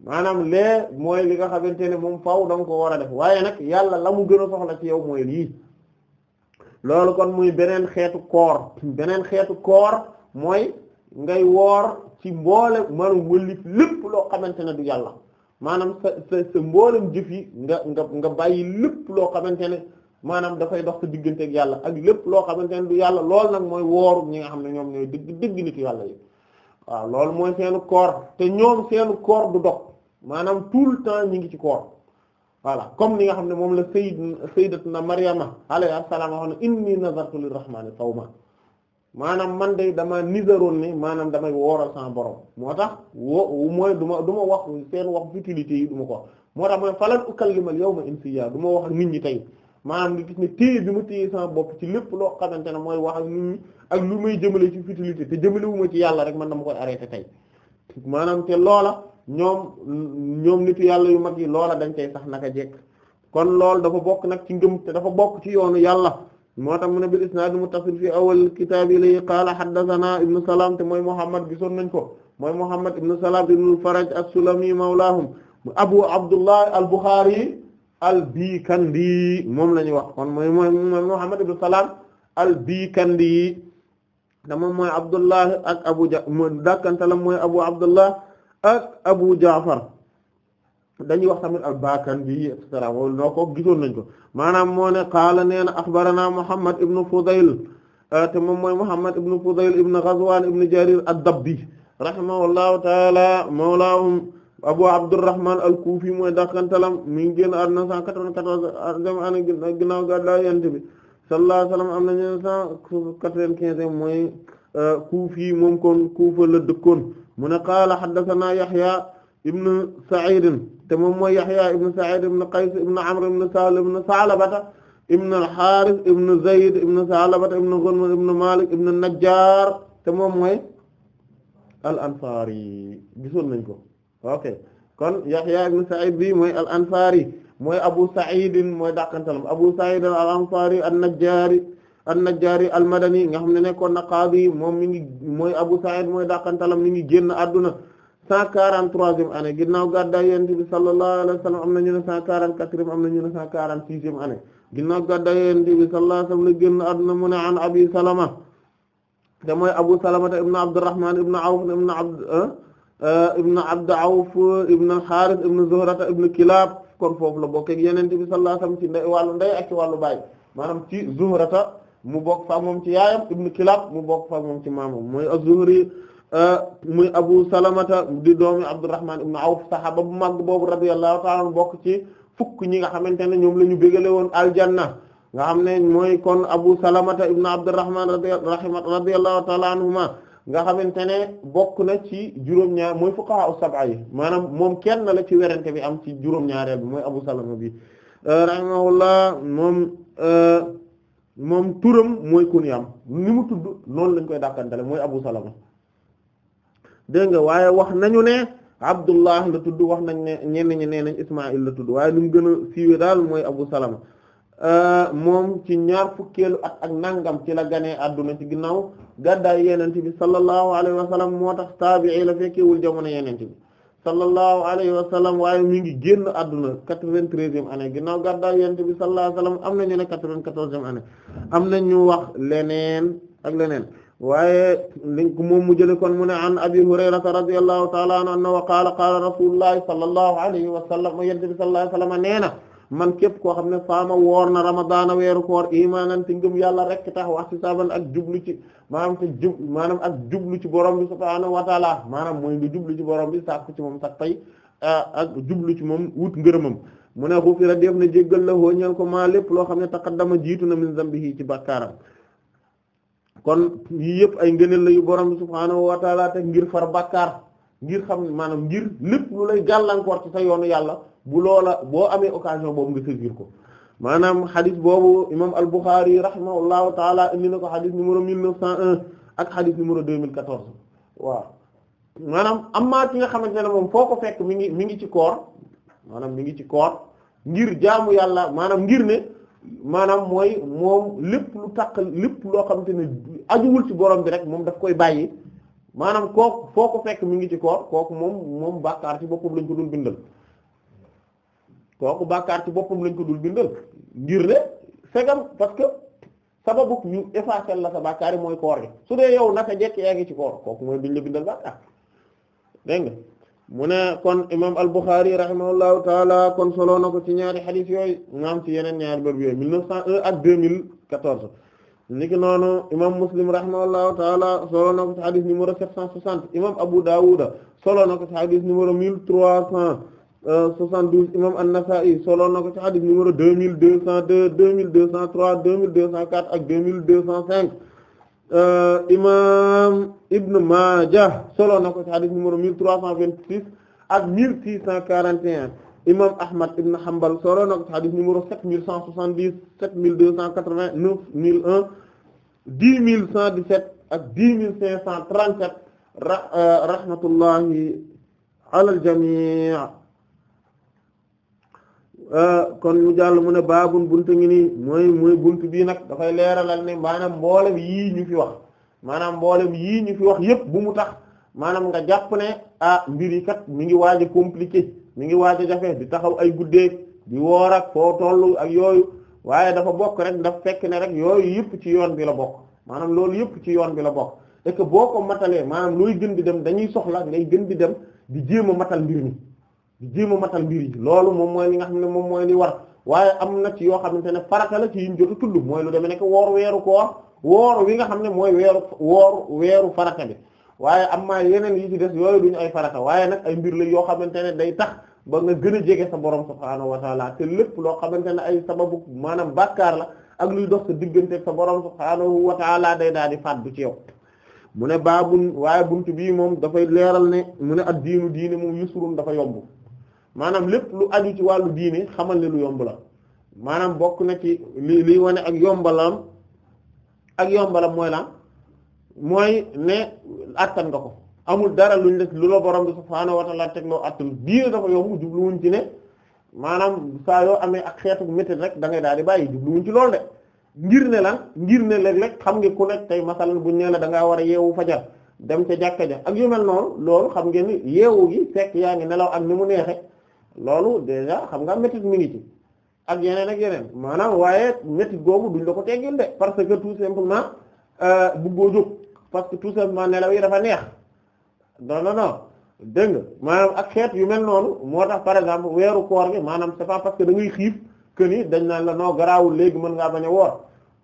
maanaam lee mooy li nga xamante ne moom faw da ko war a def waaye nag yàlla la mu gën a soxla ci yow mooy lii loolu kon muy beneen xeetu koor beneen xeetu koor mooy ngay woor ci mboole maanaam wëlif lépp loo xamante ne du yàlla maanaam sa sa sa mboolem jëf yi nga nga nga bàyyi lépp loo xamante ne maanaam dafay dox sa diggante ak yàlla ak lépp loo xamante ne du yàlla loolu nag mooy wooru ñi nga xam ne ñoom ñooy digg dëgg nit yàlla yi waaw loolu mooy seenu te ñoom koor du dox maanaam tout le temps ñi ngi ci koor voilà comme ni nga xam ne moom la sayyid sayyidatuna Maryama alayha salaam wax ne inni nazartu lirrahmani sawma maanaam man de dama nizaroon ni maanaam damay wooral sama borom moo tax wo mooy du ma du ma wax seen wax futilité yi du ma ko moo tax mooy falan ukallimal yawma insiya du ma wax ak nit ñi tey maanaam li gis ne téye bi ma téye sama bopp ci lépp loo xamante ne mooy wax ak nit ñi ak lu may jëmale ci futilité te jëmale wu ma ci yàlla rek man dama koy arrêté tey maanaam te loola ñoom ñoom nitu yàlla yu mag yi loola dañ cay sax naka jekk kon loolu dafa bokk nag ci ngëm te dafa bokk ci yoonu yàlla moo tax mu ne bil isnaad muttasil fi awal kitaab ilay qaala haddathana ibnu salaam te mooy muhammad gisoon nañ ko mooy muhammad ibnu salaam ibnu faraj as-sulami mawlaahum abu abdullah al buxaari al bikandi moom la ñuy wax kon mooy mooy muhammad ibnu salaam al bii bikandi te moom mooy abdullah ak abu ja mooy dàkkanta la mooy abu abdullah ak Abu Jaafar dañuy wax tamit al-Baakanbi et cetera wala noo ko gisoon nañ ko maanaam moo ne qaala nee na axbarana Muhammad ibn Fudayl te moom mooy Muhammad ibn Fudayl ibn Ghazwan ibn Jarir ad-Dabbi rahimahullahu taala mawlaahum Abu Abdurrahman al-Kufi mooy dakantalam mi ngi génn àdduna 194 dem ana ginnaaw gàddaay Yonent bi sallallahu alayhi wa sallam am na 195 mooy euh, Kufi moom kon Kufa la dëkkoon mu ne qaala haddathana Yahya ibn Sa'id te moom mooy Yahya ibn Sa'id ibn Qays ibn Amr ibn Salim ibn Sa'labata ibn al-Harith ibn Zayd ibn Sa'labata ibn Ghunm ibn Malik ibn an-Najjar te moom mooy al-Ansari gisoon nañ ko ok kon Yahya ibn Sa'id bi mooy al-Ansari mooy Abu Sa'id mooy dàqantalam Abu Sa'id al-Ansari an-Najjari an-Najjaari al-Madani nga xam ne nekkoon na qaadi moom mi ngi mooy Abu Sa'id mooy dàqantalam mi ngi génn àdduna cent quarante-troisième année ginnaaw gàddaay Yonent bi sallallahu alayhi wa sallam am na ñu ne cent na ñu ne cent quarante la génn àdduna mu ne an Abi Salama te mooy Abu Salama ibn Abdurrahman ibn Awf ibn Abd ah, ah, ibn Abd Awf ibn al-Harith ibn Zuhrata ibn Kilab kon foofu la bokk ak Yonent bi sallallahu alayhi wa ndey wàllu ndey ak ci wàllu baay maanaam Zuhrata mu bokk fa moom ci yaayam ibnu Kilab mu bokk fa moom ci maamam mooy az-Zuhri euh, muy Abu Salamata di doomi Abdurrahman ibnu Awf saxaaba bu mag boobu radiyallahu ta'ala bokk ci fukk ñi nga xamante ne ñoom lañu ñu bégale woon aljanna nga xam ne mooy kon Abu Salamata ibnu Abdurrahman radiyallahu ta'ala anhuma nga xamante ne bokk na ci juróom-ñaar mooy fuqaha as-sab'a maanaam moom kenn la ci werante bi am ci juróom-ñaareel bi mooy Abu Salama bi euh, rahimahullah moom euh, moom turam mooy kunyaam ni mu tudd noonu lañ koy dàkkantale mooy Abu Salama dégg nga waaye wax nañu ne Abdullah la tudd wax nañ ne ñenn ñi nee nañ Ismaïl la tudd waaye nu mu siiwee daal mooy Abu Salama euh, moom ci ñaar fukkeelu at ak nangam ci la ganee adduna ci ginnaaw gàddaay yenente bi sallallahu alayhi wa sallam moo tax taabi'i la fekkewul jamono yenente bi sallallahu alayhi wa sallam waaye mi ngi génn àdduna quatre-vingt-treizième année ginnaaw gàddaay yonent bi sallallahu alayhi wa sallam am na ñu ne quatre-vingt-quatorzième année am na ñu wax leneen ak leneen waaye li moom mu jële kon mu ne an abi hurayrata radiyallahu ta'ala anhu wa qaala qaala rasulullahi sallallahu alayhi wa sallam yonent bi sallallahu alayhi wa sallam nee na man képp koo xam ne faama woor na ramadaana weeru koor imaanan te ngëm yàlla rek tax waxti saban ak jublu ci maanaam maanaam ak jublu ci borom bi subhaanahu wa taala maanaam mooy nga jublu ci borom bi sàkku ci moom sax pay ak jublu ci moom wut ngërëmam mu ne xufira def na jéggal la hoo ñeel ko maa lépp loo xam ne dama jiitu na min zambihi ci bàkkaaram kon yii yëpp ay ngëneel la yu borom bi subhaanahu wa taala te ngir far bàkkaar ngir xam maanaam ngir lépp lu lay gàllankoor ci sa yoonu yàlla bu loola boo amee occasion boobu nga saisir ko maanaam xadis boobu imam al-Bukhari rahimahullahu taala indi na ko xadis numéro 1901 ak xadis numéro 2014 waaw maanaam amaa ki nga xamante ne moom foo ko fekk mi ngi mi ngi ci koor maanaam mi ngi ci koor ngir jaamu yàlla maanaam ngir ne maanaam mooy moom lépp lu takk lépp loo xamante ne ajuwul ci borom bi moom daf koy bàyyi maanaam kooku foo ko fekk mi ngi ci koor kooku moom moom bàkkaar ci boppam lañ ko doon bindal kooku bàkkaar ci boppam lañ ko dul bindal ngir ne segam parce que sababu ñu effacer la sa bàkkaar mooy koor gi su dee yow naka jekk yaa ngi ci koor kooku mooy la bindal bàkkaar dégg nga mu ne kon imam al-Bukhari rahimahullahu taala kon solo na ci ñaari xadis yooyu maam ci yeneen ñaari bërëb yooyu 1901 ak 2014 niki noonu imam Muslim rahimahullahu taala solo na ko ci xadis numéro 760 imam Abu Dawud solo na ko ci xadis numéro Euh, a 72 imam an-Nasa'i solo na ko ci hadith numéro 2202 2203 2204 ak 2205 euh, imam Ibn Majah solo na ko ci hadith numéro 1326 ak 1641 imam Ahmad ibn Hanbal solo na ko ci hadith numéro 7170 7280 9001 10117 ak 10537 euh, rahmatullahi alal jamii Ah, kon mu jàll mu ne baabun bunt ngi nii mooy mooy buntu bii nag dafay leeralal ne maanaam mboolem yii ñu fi wax maanaam mboolem yii ñu fi wax yépp bu mu tax maanaam nga jàpp ne ah mbir yi kat mu ngi waaj a compliqué mi ngi waaj jafe di taxaw ay guddeeg di woor ak foo toll ak yooyu waaye dafa bokk rek daf fekk ne rek yooyu yépp ci yoon bi la bokk maanaam loolu yépp ci yoon bi la bokk et que boo ko matalee maanaam looy gën di dem dañuy soxla ngay gën di dem di jéem a matal mbir mi. di jéem a matal mbir yi loolu moom mooy li nga xam ne moom mooy li war waaye am na ci yoo xamante ne farata la ci yiñ jot a mooy lu demee nekk woor weeru koor woor wi nga xam ne mooy weeru woor weeru farata bi waaye am maa yeneen yi ci des yooyu duñu ay farata waaye nag ay mbir la yoo xamante ne day tax ba nga gën a jege sa borom subhaanahu wa taala te lépp loo xamante ne ay sababu maanaam bàkkaar la ak luy dox sa diggante sa borom subhaanahu wa taala day daal di fàddu ci yow mu ne baabun waaye buntu bii moom dafay leeral ne mu ne ad diinu diine moom yusrun dafa yomb maanaam lépp lu aju ci wàllu diine xamal ne lu yombu la maanaam bokk na ci li liy wane ak yombalam ak yombalam mooy la mooy ne attan nga ko amul dara luñ def lu la borom bi subhaanahu wa ta'ala teg loo attan diine dafa yomb jubluwuñ ci ne maanaam saa yoo amee ak xeetu métti rek dangay ngay daal di bàyyi jubluwuñ ci lool de ngir ne lan ngir ne léeg-léeg xam nga ku nekk tey masalan buñ nee la da ngaa war a yeewu fajar dem ca jàkka ja ak yu noonu loolu xam ngeen ni yeewu gi fekk yaa ngi nelaw ak ni mu neexe loolu déjà xam nga métit mi ngi ci ak yeneen ak yeneen maanaam waaye métit googu duñ la ko teggil de parce que tout simplement euh, bëggoo jóg parce que tout simplement nelaw yi dafa neex non non non dégg nga maanaam ak xeet yu mel noonu moo tax par exemple weeru koor gi maanaam c'est pas parce que da ngay xiif que ni dañ naan la noo garaawul léegi mën ngaa bañ a woor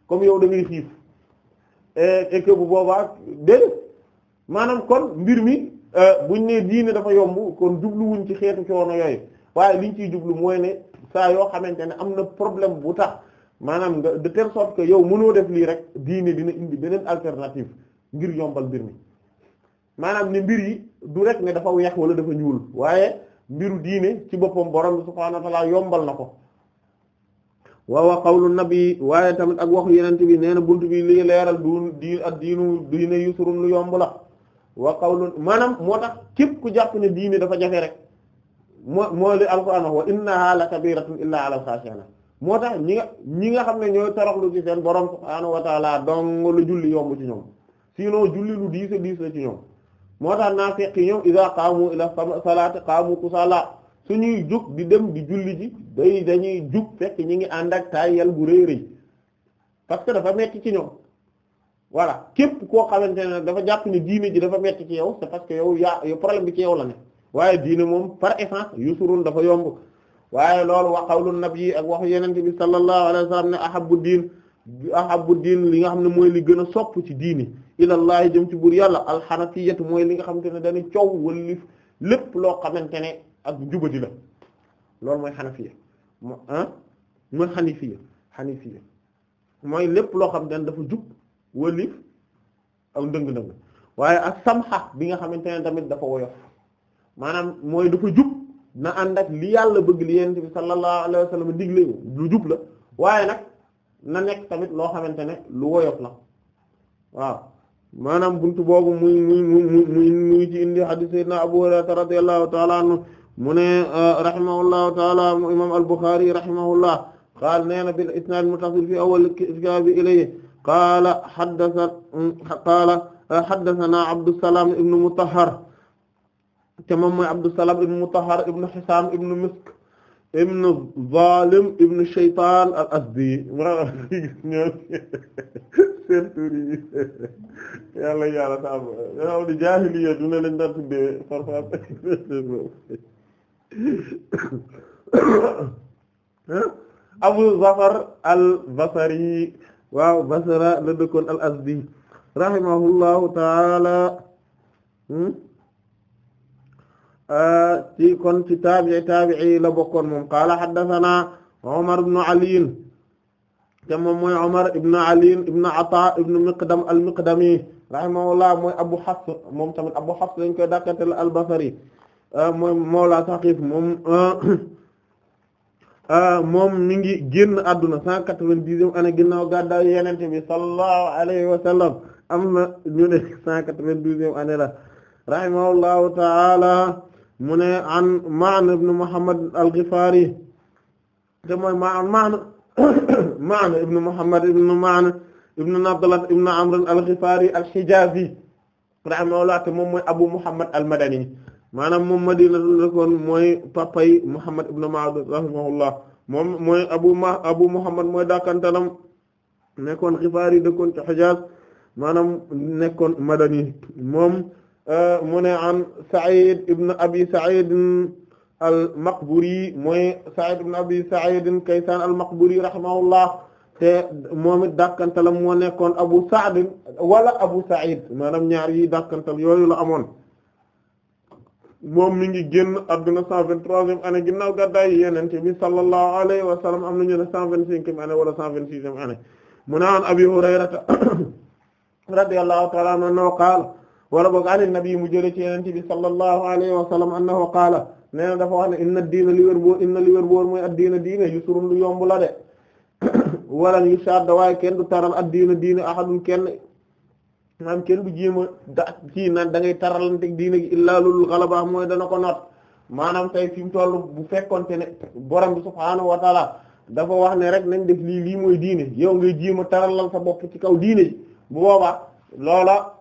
comme yow da ngay xiif et que bu boobaa dégg maanaam kon mbir mi euh, buñ ne diine dafa yomb kon jubluwuñ ci xeetu coono yooyu waaye liñ ciy jublu mooy ne saa yoo xamante ne am na problème bu tax maanaam nga de telle yow mënoo def lii rek diine dina indi beneen alternative ngir yombal mbir mi maanaam ne mbir yi du rek dafa weex wala dafa ñuul waaye mbiru diine ci boppam borom wa yombal na ko waawa xawlu nabi waaye tamit ak waxu yenente bi nee na leeral di ak diinu diine lu yomb la wa xawlu maanaam moo tax képp ku jàpp ne diine dafa jafe rek moo moo li alquran wax wa innaha la kabiratun illa ala khashiina moo tax ñi nga ñi nga xam ne ñooy toroxlu ci seen borom subhaanahu wa taala dong lu julli yomb ci ñoom sinon julli lu diis a diis la ci ñoom moo tax naafiq yi ñoom iza qaamu ila salaati qaamu kusala suñuy jug di dem di julli ji day dañuy jug fekk ñi ngi ànd ak taayal bu rëy rëy parce que dafa metti ci ñoom voilà képp koo xamante ne dafa jàpp ne diine ji dafa metti ci yow c'est yow yaa problème bi ci yow waaye diine moom par essence yusurun dafa yomb waaye loolu wa qawlu nabi ak waxu yenente bi sallallahu alayhi wa sallam ne ahabbu diin ahabbu diin li nga xam ne mooy li gën a sopp ci diini ilallahi jëm ci buur yàlla alxanafiyatu mooy li nga xamante ne dañu coow wallif lépp loo xamante ne ak jubadi la mooy xanafiya mo ah mooy lépp loo xam ne dafa jub wallif ak ndëng-ndëng waaye ak samxa bi nga xamante ne tamit dafa woyof maanaam mooy dafa jub na ànd ak li yàlla bëgg li yonent bi sallallahu alayhi wa sallam digle lu jub la waaye nag na nekk tamit loo xamante ne lu woyof la waaw maanaam buntu boobu muy muy muy muy muy ci indi hadith sayyidina Abu Hurayra radiyallahu ta'ala anhu mu ne uh, rahimahullahu ta'ala imam al-Bukhari rahimahullah qaala nee na bil isnad muttasil fi awwal kitabi ilayhi qaala haddatha qaala uh, haddathana Abdussalam ibn Mutahhar te moom mooy Abdussalam ibn Mutahhar ibn Hisam ibn Misk ibn Zalim ibn Shaytan al-Azdi ma gis ñoom seen tur yi yàlla yàlla taam yow di jaahiliya du ne lañ daan tuddee parfois Abu Zafar al-Basri waaw Basra la dëkkoon al-Azdi rahimahullahu ta'ala hmm? ci kon ci taabi'i taabi'i la bokkoon moom qaala haddathana Omar ibn Ali te moom mooy Omar ibn Ali ibn Ata ibn Miqdam al-Miqdami rahimahullah mooy Abu Hafs moom tamit Abu Hafs lañ koy dàkkantal al-Basri mooy mawla Saqif moom moom mi ngi génn àdduna cent quatre-vingt-dixième année ginnaaw gàddaay Yonent bi sallallahu alayhi wa sallam am na ñu ne cent quatre-vingt-douzième année la rahimahullahu ta'ala mu ne an Ma'n ibn Muhammad al-Ghifari te mooy Ma'n Ma'n Ma'n ibn Muhammad ibn Ma'n ibn Nadlat al-Ghifari al-Hijazi rahimahullah te moom mooy Abu Muhammad al-Madani maanaam moom Madina la kon mooy papay Muhammad ibn Ma'bad rahimahullah moom mooy Abu Muhammad mooy dakantalam nekkoon Ghifari dëkkoon ci Hijaz maanaam nekkoon Madani moom Euh, mu ne an Sa'id ibn Abi Sa'id al-Maqburi mooy Sa'id ibn Abi Sa'id Kaysan al-Maqburi rahimahullah te moom it dàkkantalam moo nekkoon Abu Sa'd wala Abu Sa'id maanaam ñaari yi dàkkantal yooyu la amoon moom mi ngi génn adduna cent vingt-troisième année ginnaaw gàddaay Yonent bi sallallahu alayhi wa sallam am nañu ne cent vingt-cinquième année wala cent vingt-sixième année mu ne an Abi Hurayrata radiyallahu ta'ala anhu qaala wala boog an nabi mu jëlee ci yenente bi sallallahu alayhi wa sallam annahu qaala nee na dafa wax ne inna diina li wér boo inna li wér boor mooy addiina diine yusrun lu yomb la de walan yu shadda waaye kenn du taral addiina diine ahadun kenn maanaam kenn du jéem a da kii naan da ngay taralante diine gi illaa lul xalaba mooy dana ko not maanaam tey fi mu toll bu fekkonte ne borom bi subhaanahu wa taala dafa wax ne rek nañ def lii lii mooy diine yow ngay taral a taralal sa bopp ci kaw diine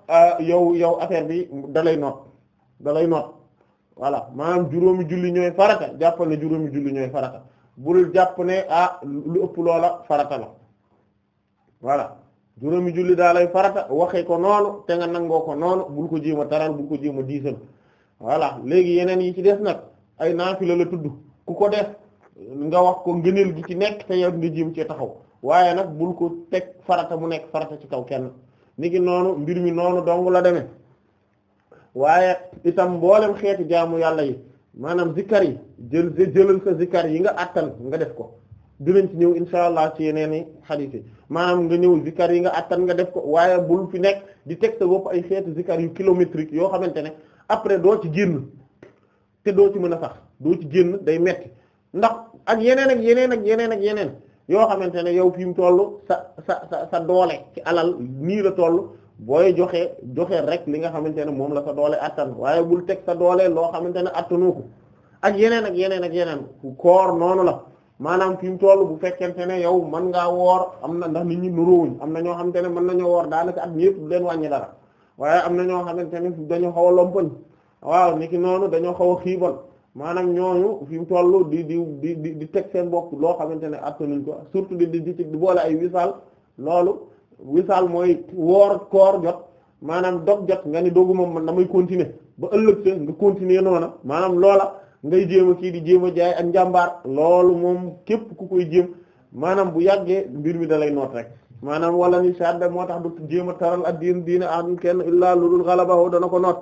Ah, yow yow affaire bi dalay noot dalay noot voilà maanaam juróomi julli ñooy farata jàppale ne juróomi julli ñooy farata bul jàpp ne ah lu ëpp loola farata la voilà juróomi julli daa lay farata waxee ko noonu te nga nangoo ko noonu bul ko jéem a taral bul ko jéem a diisal voilà léegi yeneen yi ci des nag ay naafila la tudd ku ko def nga wax ko ngëneel gi ci nekk te yow nga jéem cee taxaw waaye nag bul ko teg farata mu nekk farata ci kaw kenn ni ki noonu mbir mi noonu dong la demee waaye itam mboolem xeeti jaamu yàlla yi maanaam zikkar yi jël jëlal sa zikkar yi nga attan nga def ko dinañ ci ñëw insha allah ci yeneen i xadiis yi maanaam nga ñëw zikkar yi nga attan nga def ko waaye bul fi nekk di teg sa bopp ay xeeti zikkar yu kilométrique yoo xamante ne après doo ci génn te doo ci mën a sax doo ci génn day metti ndax ak yeneen ak yeneen ak yeneen ak yeneen yoo xamante ne yow fi mu toll sa sa sa sa doole ci alal nii la toll booy joxe joxee rek li nga xamante ne moom la sa doole attan waaye bul teg sa doole loo xamante ne attanu ko ak yeneen ak yeneen ak yeneen koor noonu la maanaam fi mu toll bu fekkente ne yow mën ngaa woor am na ndax nit ñi nuróowuñ am na ñoo xamante ne mën nañoo woor daanaka at mi yëpp leen wàññi dara waaye am na ñoo xamante ne dañoo xaw a lompoñ waaw niki noonu dañoo xaw a xiibon maanaam ñooñu fi mu toll di di di di teg seen bopp loo xamante ne attanuñ ko surtout di di di boole ay wisaal loolu wisaal mooy woor koor jot maanaam dog jot nga ni dooguma man damay continuer ba ëllëg sa nga continuer noona maanaam loola ngay jéem a kii di jéem a jaay ak njàmbaar loolu moom képp ku koy jéem maanaam bu yàggee mbir mi dalay noot rek maanaam wala ni sadda moo tax du jéem a taral ak diin diina am kenn illaa lu dul xalabahu dana ko noot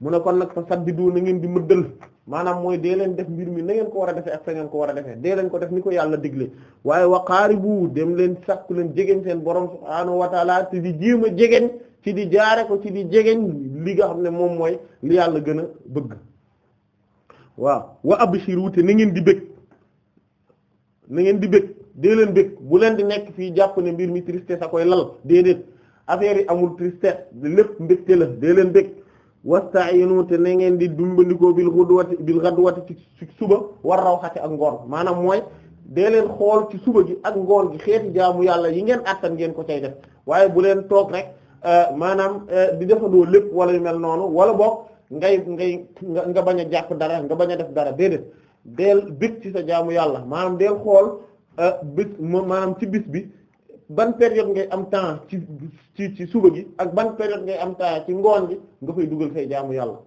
mu ne kon nag fa saddidu na ngeen di mëddal maanaam mooy dee leen def mbir mi nangeen ko war a defee ak fa ngeen ko war a defee dee leen ko def ni ko yàlla digle waaye waqaaribu dem leen sàkku leen jegeñ seen borom subhaanahu wa taala te di jéem a jegeñ ci di jaare ko ci di jegeñ li nga xam ne moom mooy li yàlla gën a bëgg waaw wa abshiru te na ngeen di bëgg na ngeen di bëgg dee leen bëgg bu leen di nekk fii jàpp ne mbir mi tristesse a koy lal déedéet affaire yi amul tristesse lépp la dee leen bëgg wasta'inu te na ngeen di dumbandikoo bil ghadwati bil ghadwati ci suba war rawxati ak ngoon maanaam mooy dee leen xool ci suba gi ak ngoon gi xeeti jaamu yàlla yi ngeen attan ngeen ko cey def waaye bu leen toog rek euh, maanaam euh, di defandoo lépp wala yu mel noonu wala boog ngay ngay nga bañ a jàpp dara nga bañ a def dara déedéet deel bit ci sa jaamu yàlla maanaam deel xool euh, bés maanaam ci bis bi ban période ngay am temps ci ci ci suba gi ak ban période ngay am temps ci ngoon gi nga fay dugal say jaamu yàlla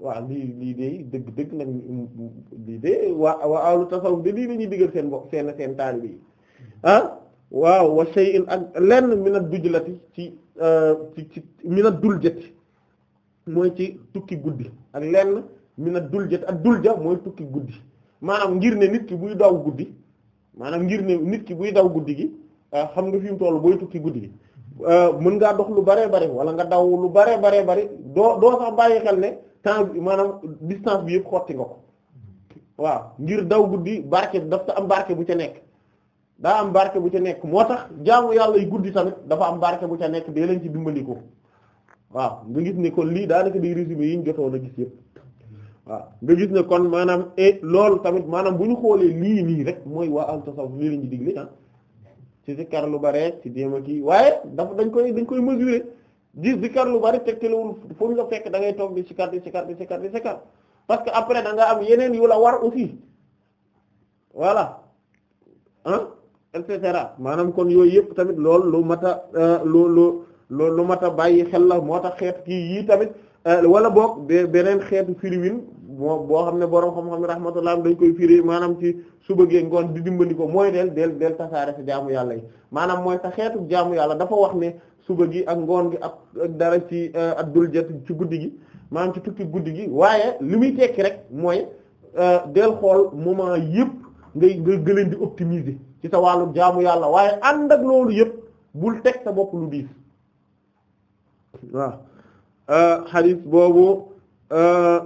waaw lii lii de dëgg dëgg nag lii de waa waa ahlu tasawuf de lii la ñuy digal seen bopp seen seen taalibe yi ah waaw wa shay'in ak lenn mina dujlati euh, ci ci ci mina jët mooy ci tukki guddi ak lenn mina duljati ak dul ja mooy tukki guddi maanaam ngir ne nit ki buy daw guddi maanaam ngir ne nit ki buy daw guddi gi Ah, xam nga fi mu toll booy tukki guddi gi ah, mën ngaa dox lu baree bari wala nga daw lu baree baree bari doo doo sax bàyyi xel ne temps maanaam distance bi yëpp xotti nga ko waaw ngir daw guddi barke daf ta am barke bu ca nekk daa am barke bu ca nekk moo tax jaamu yàlla yu guddi tamit dafa am barke bu ca nekk dee leen ci dimbali ko waaw nga gis ne kon lii daanaka day résumé yi ñu jotoon a gis yëpp waaw nga gis ne kon maanaam et loolu tamit maanaam bu ñu xoolee lii nii rek mooy waa am tasawuf lii la ñu digle ah ci zikkar lu baree ci jéem a waaye dafa dañ koy dañ koy mesurer di zikkar lu bare tegtalewul foofu nga fekk da ngay toog di zikkar di zikkar di zikkar di zikkar parce que après danga am yeneen yu la war aussi voilà ah et cetera maanaam kon yooyu yëpp tamit lool lu mat a euh, lu lu lu mat a bàyyi xel la moo tax xeet kii yii tamit. Euh, wala boog beneen xeetu firiwin moo boo xam ne borom xam-xam rahmatullah dañ koy firi maanaam ci suba gee ngoon di dimbali ko mooy del del del tasaare sa jaamu yàlla yi maanaam mooy sa xeetu jaamu yàlla dafa wax ne suba gi ak ngoon gi ak dara ci euh, ak dul jet ci guddi gi maanaam ci tukki guddi gi waaye li muy tekki rek mooy euh, del xool moment yëpp ngay nga gëleen di optimiser ci sa wàllu jaamu yàlla waaye ànd ak loolu yëpp bul teg sa bopp lu diis xadis euh, boobu euh,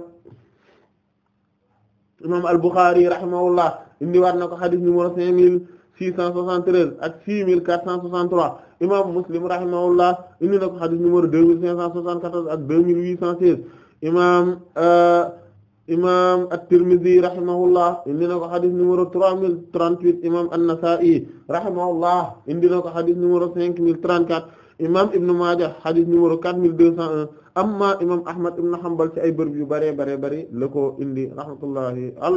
imam al-Bukhari rahimahullah indiwaat na ko xadis numéro cinq mille six cent soixante-treize ak six mille quatre cent soixante-trois imam Muslim rahimahullah indi na ko xadis numéro deux mille cinq cent soixante-quatorze ak deux mille huit cent seize imam euh, imam at-Tirmidhi rahimahullah indi na ko xadis numéro trois mille trente-huit imam an-Nasa'i rahimahullah indi na ko xadis numéro cinq mille trente-quatre imam Ibn Majah xadis numéro quatre mille deux cent un amma imam ahmad ibn hanbal ci ay bërëb yu bare bare bari la ko indi rahmatullahi al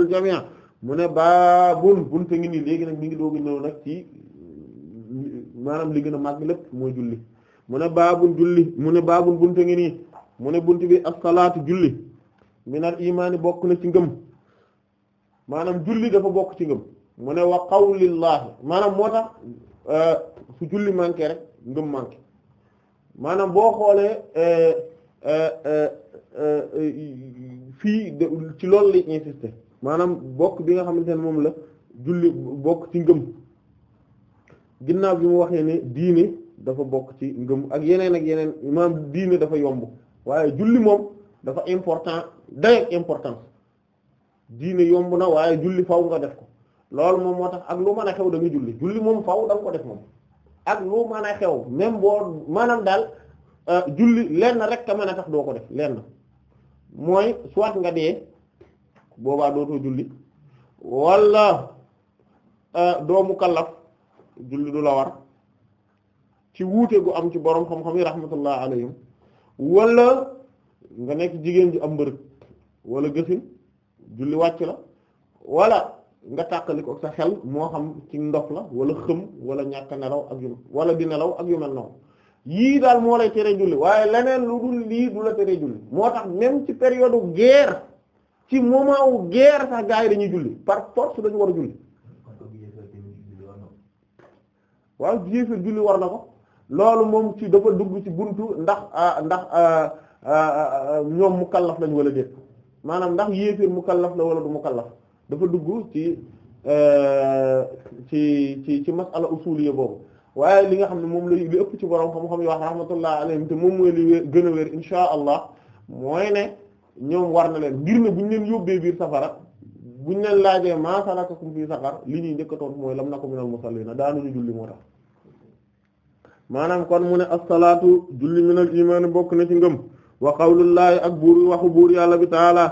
mu ne baabul bunte ngi nii léegi na mi ngi doogu ñëw na ci maanaam li gën a màgg lépp mooy julli mu ne baabul julli mu ne baabul bunte ngi ni mu ne bunt bi as-salaatu julli minal imaani bokk na ci ngëm maanaam julli dafa bokk ci ngëm mu ne wa qawlillaahi maanaam moo tax euh, su julli manqué rek ngëm manqué maanaam boo xoolee euh, Euh, euh, euh, fii ci loolu lañ insister maanaam bokk bi nga xamante ne moom la julli bokk ci ngëm ginnaaw bi mu waxee ni diine dafa bokk ci ngëm ak yeneen ak yeneen maanaam diine dafa yomb waaye julli moom dafa important day important diine yomb na waaye julli faw nga def ko loolu moom moo tax ak lu mën a xew da nga julli julli moom faw da ko def moom ak lu mën a xew même maanaam daal Euh, julli lenn rek ka mën tax doo ko def lenn mooy soit nga dee boobaa dootoo julli wala euh, doomu mukallaf julli du la war ci wuute gu am ci borom xam-xam yi rahmatullah alayhim wala nga nekk jigéen ji am mbërëg wala gësin julli wàcc la walla nga tàqali ko sa xel moo xam ci ndox la wala xëm wala ñàkk nelaw ak yu wala di nelaw ak yu mel noonu yii daal moo lay tere julli waaye leneen lu dul lii du la tere julli moo tax même ci période guerre ci moment wu guerre sax gars dañuy julli par force dañu war a julli waaw jéefar julli war na ko loolu moom ci dafa dugg ci buntu ndax ah, ndax ah, ah, ñoom mu kallaf lañ wala déet maanaam ndax yéefar mu kallaf la wala du mu kallaf dafa dugg ci euh, ci ci ci masala usuliyya boobu waaye li nga xam ne moom la li ëpp ci borom xam-xam yi te moom mooy li gën a wér insha allah mooy ne ñoom war na leen ngir ne buñ leen yóbbee biir safara buñ leen laajee ma salakakum fii li ñuy njëkk a tontu mooy lam naku minal musallina daanuñu julli moo tax maanaam kon mu ne as-salaatu julli minal imaan bokk na ci ngëm wa qawlullaahi ak buur waxu buur yàlla bi taala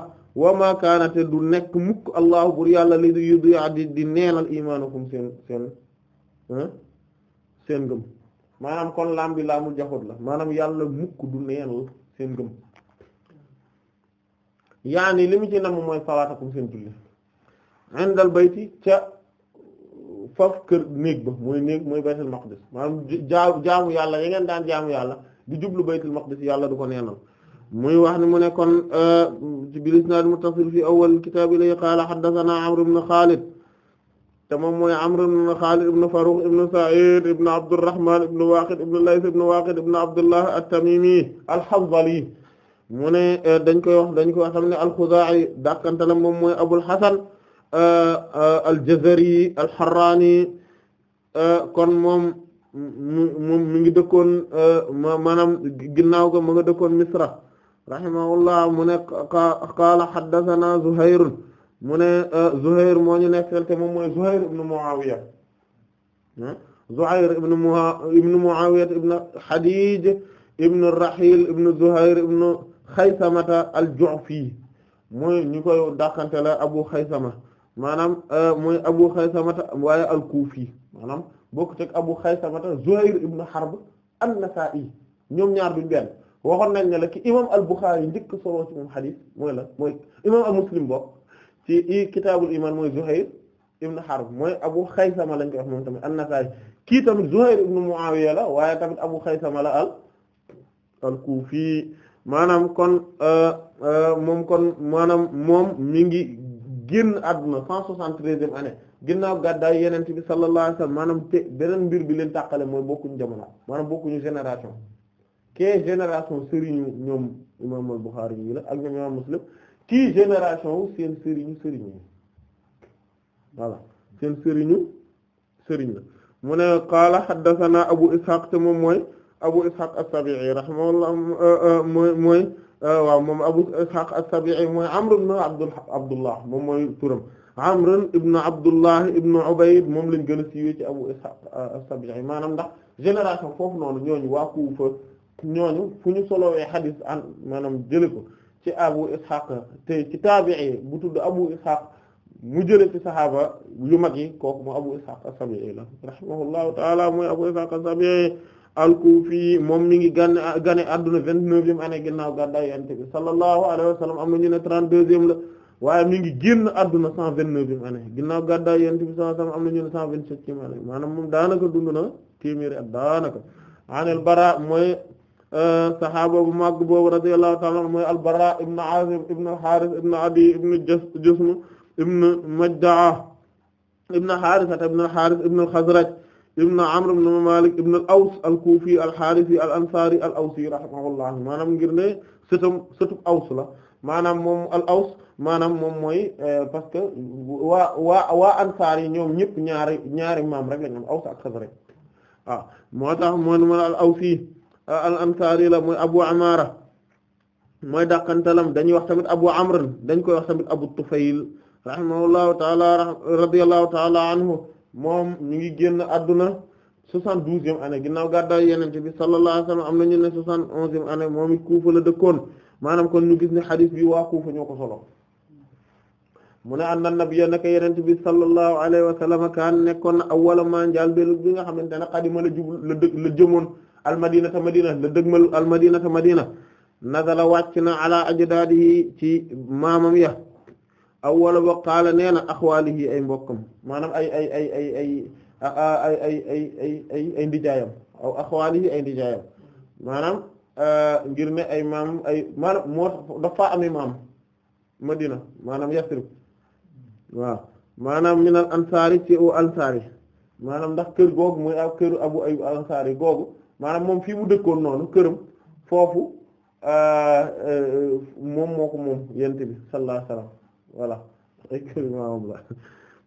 wa ma kaana te du nekk mukk allahu buur yàlla li di yudi'a di seen ngëm maanaam kon laam bi laamul jaxut la maanaam yàlla mukk du neenal seen ngëm yaani li mu ci nam mooy salaatakum seen julli indal bayti ca faf kër néeg ba mooy néeg mooy baytul maqdis jaamu yàlla ya ngeen daan jaamu yàlla di jublu baytul maqdis yàlla du ko neenal muy wax ni mu ne kon euh, ci bilisnaad muttasil fi awwal kitaab ilay qaala xaddasanaa amru ibn xaalid te moom mooy Amr ibn Khalid ibn Farrukh ibn Sa'id ibn Abdurrahman ibn Waqid ibn Layth ibn Waqid ibn Abdullah at-Tamimi al-Hanzali mu ne eh, dañ koy wax dañ koy wax xam ne al-Khuza'i dàqante la moom mooy Abul Hasan eh, eh, al-Jazari al-Harrani kon moom moom mi ngi dëkkoon maanaam ginnaaw ko mu nga dëkkoon Misra rahimahullah mu ne qaala haddathana Zuhayrun mu ne euh, Zuhair moo ñu nekkal te moom mooy Zuhair ibn Muawiya hmm? Zuhair ibn Muawiya ibn Hadij ibn Rahil ibn Zuhair ibn Khaysamata al-Ju'fi mooy ñu koy dàqante la Abu Khaysama maanaam euh, mooy Abu Khaysamata waaye al-Kufi maanaam bokk ci Abu Khaysamata Zuhair ibn Harb an-Nasa'i ñoom ñaar duñ benn waxoon nañ ne la ki imam al-Bukhari njëkk solo ci moom xadis mooy la mooy imam al-Muslim bokk ci kitaabul iman mooy Zuhayr ibn Harb mooy Abu Xaysama lañ koy wax moom tamit an-Nasaa'i kii tamit Zuhayr ibn Muawiya la waaye tamit Abu Xaysama la al al-Kufi maanaam kon euh, euh, moom kon maanaam moom mi ngi génn àdduna cent soixante-treizième année ginnaaw gàddaay yeneen bi sallallahu alayhi maanaam te beneen mbir bi leen tàqale mooy bokkuñu jamono maanaam bokkuñu génération kee génération sëriñu ñoom imam al-Bukhari yi la ak ñoom imam ci génération wu seen sëriñu sëriñ la voilà seen sëriñu sëriñ la mu abu ishaq te moom mooy abu ishaq as-sabi'i rahimahullah mooy mooy waaw moom abu ishaq as-sabi'i mooy amr ibn abdullah moom mooy turam amr ibn abdullah ibn ubayd moom lañ gën a siiwee ci abu ishaq as-sabi'i maanaam ndax génération foofu noonu ñooñu waa Kufa ñooñu fu ñu solowee xadis an maanaam jële ko ci abu ishaq te ci taabi'i bu tudd abu ishaq mu jële ci saxaaba yu mag yi kooku mu abu ishaq as-sabi'i la rahimahullahu ta'ala mooy abu ishaq as-sabi'i al-kufi moom mi ngi gane gane adduna vingt-neuvième année ginnaaw gàddaay yonent bi sallallahu alayhi wa am na ñu ne trente-deuxième la waaye mi ngi génn adduna cent vingt-neuvième année ginnaaw gàddaay yonent bi sallallahu alayhi am na ñu ne cent vingt-septième année maanaam moom daanaka dund na téeméeri at daanaka bara mooy Euh, saxaaba bu màgg boobu radiyallahu ta'ala anhu mooy al-Bara ibn Azib ibn al-Harith ibn Majda'a ibn Haritha ibn al-Harith ibn al-Khazraj ibn Amr ibn Malik ibn al-Aws al-Kufi al maanaam ngir ne Aws la maanaam moom al-Aws maanaam moom mooy euh, parce que waa yi ñoom ñëpp ñaari ñaari maam rek ñoom Aws ak Khazraj ah moo tax al-Awsi al ansaari la mooy abu amara mooy dàqantalam dañuy wax tamit abu amr dañ koy wax tamit abu tufayl rahimahullahu taala radiyallahu taala moom ñu ngi génn adduna soixante-douzième année ginnaaw gàddaay yonent bi sallallahu alayhi wasallam am na ñu ne soixante moom it Kuufa la dëkkoon maanaam gis ne xadis bi waa Kuufa ñoo ko solo mu ne anna nabiyya naka yonent bi sallallahu alayhi wasallam kaan nekkoon na awwala ma njaal bi nga xamante ne xadima la jublu almadinata madina da dëgmal almadinata madina nazala wàcc na ala ajdaadihi ci maamam ya awwala ba qaala nee na axwaalihi ay mbokkam maanaam ay ay ay ay ay ay ay ay ay ay ay aw axwaalihi ay ndijaayam maanaam ngir ne ay maam ay maanaam moo dafa amee madina maanaam yasrib waaw maanaam min al ci u ansaari maanaam ndax kër googu mooy ak këru abu ayub al googu maanaam moom fii mu dëkkoon noonu këram foofu euh, euh, moom moo ko moom yent bi sallallahu alayhi wasallam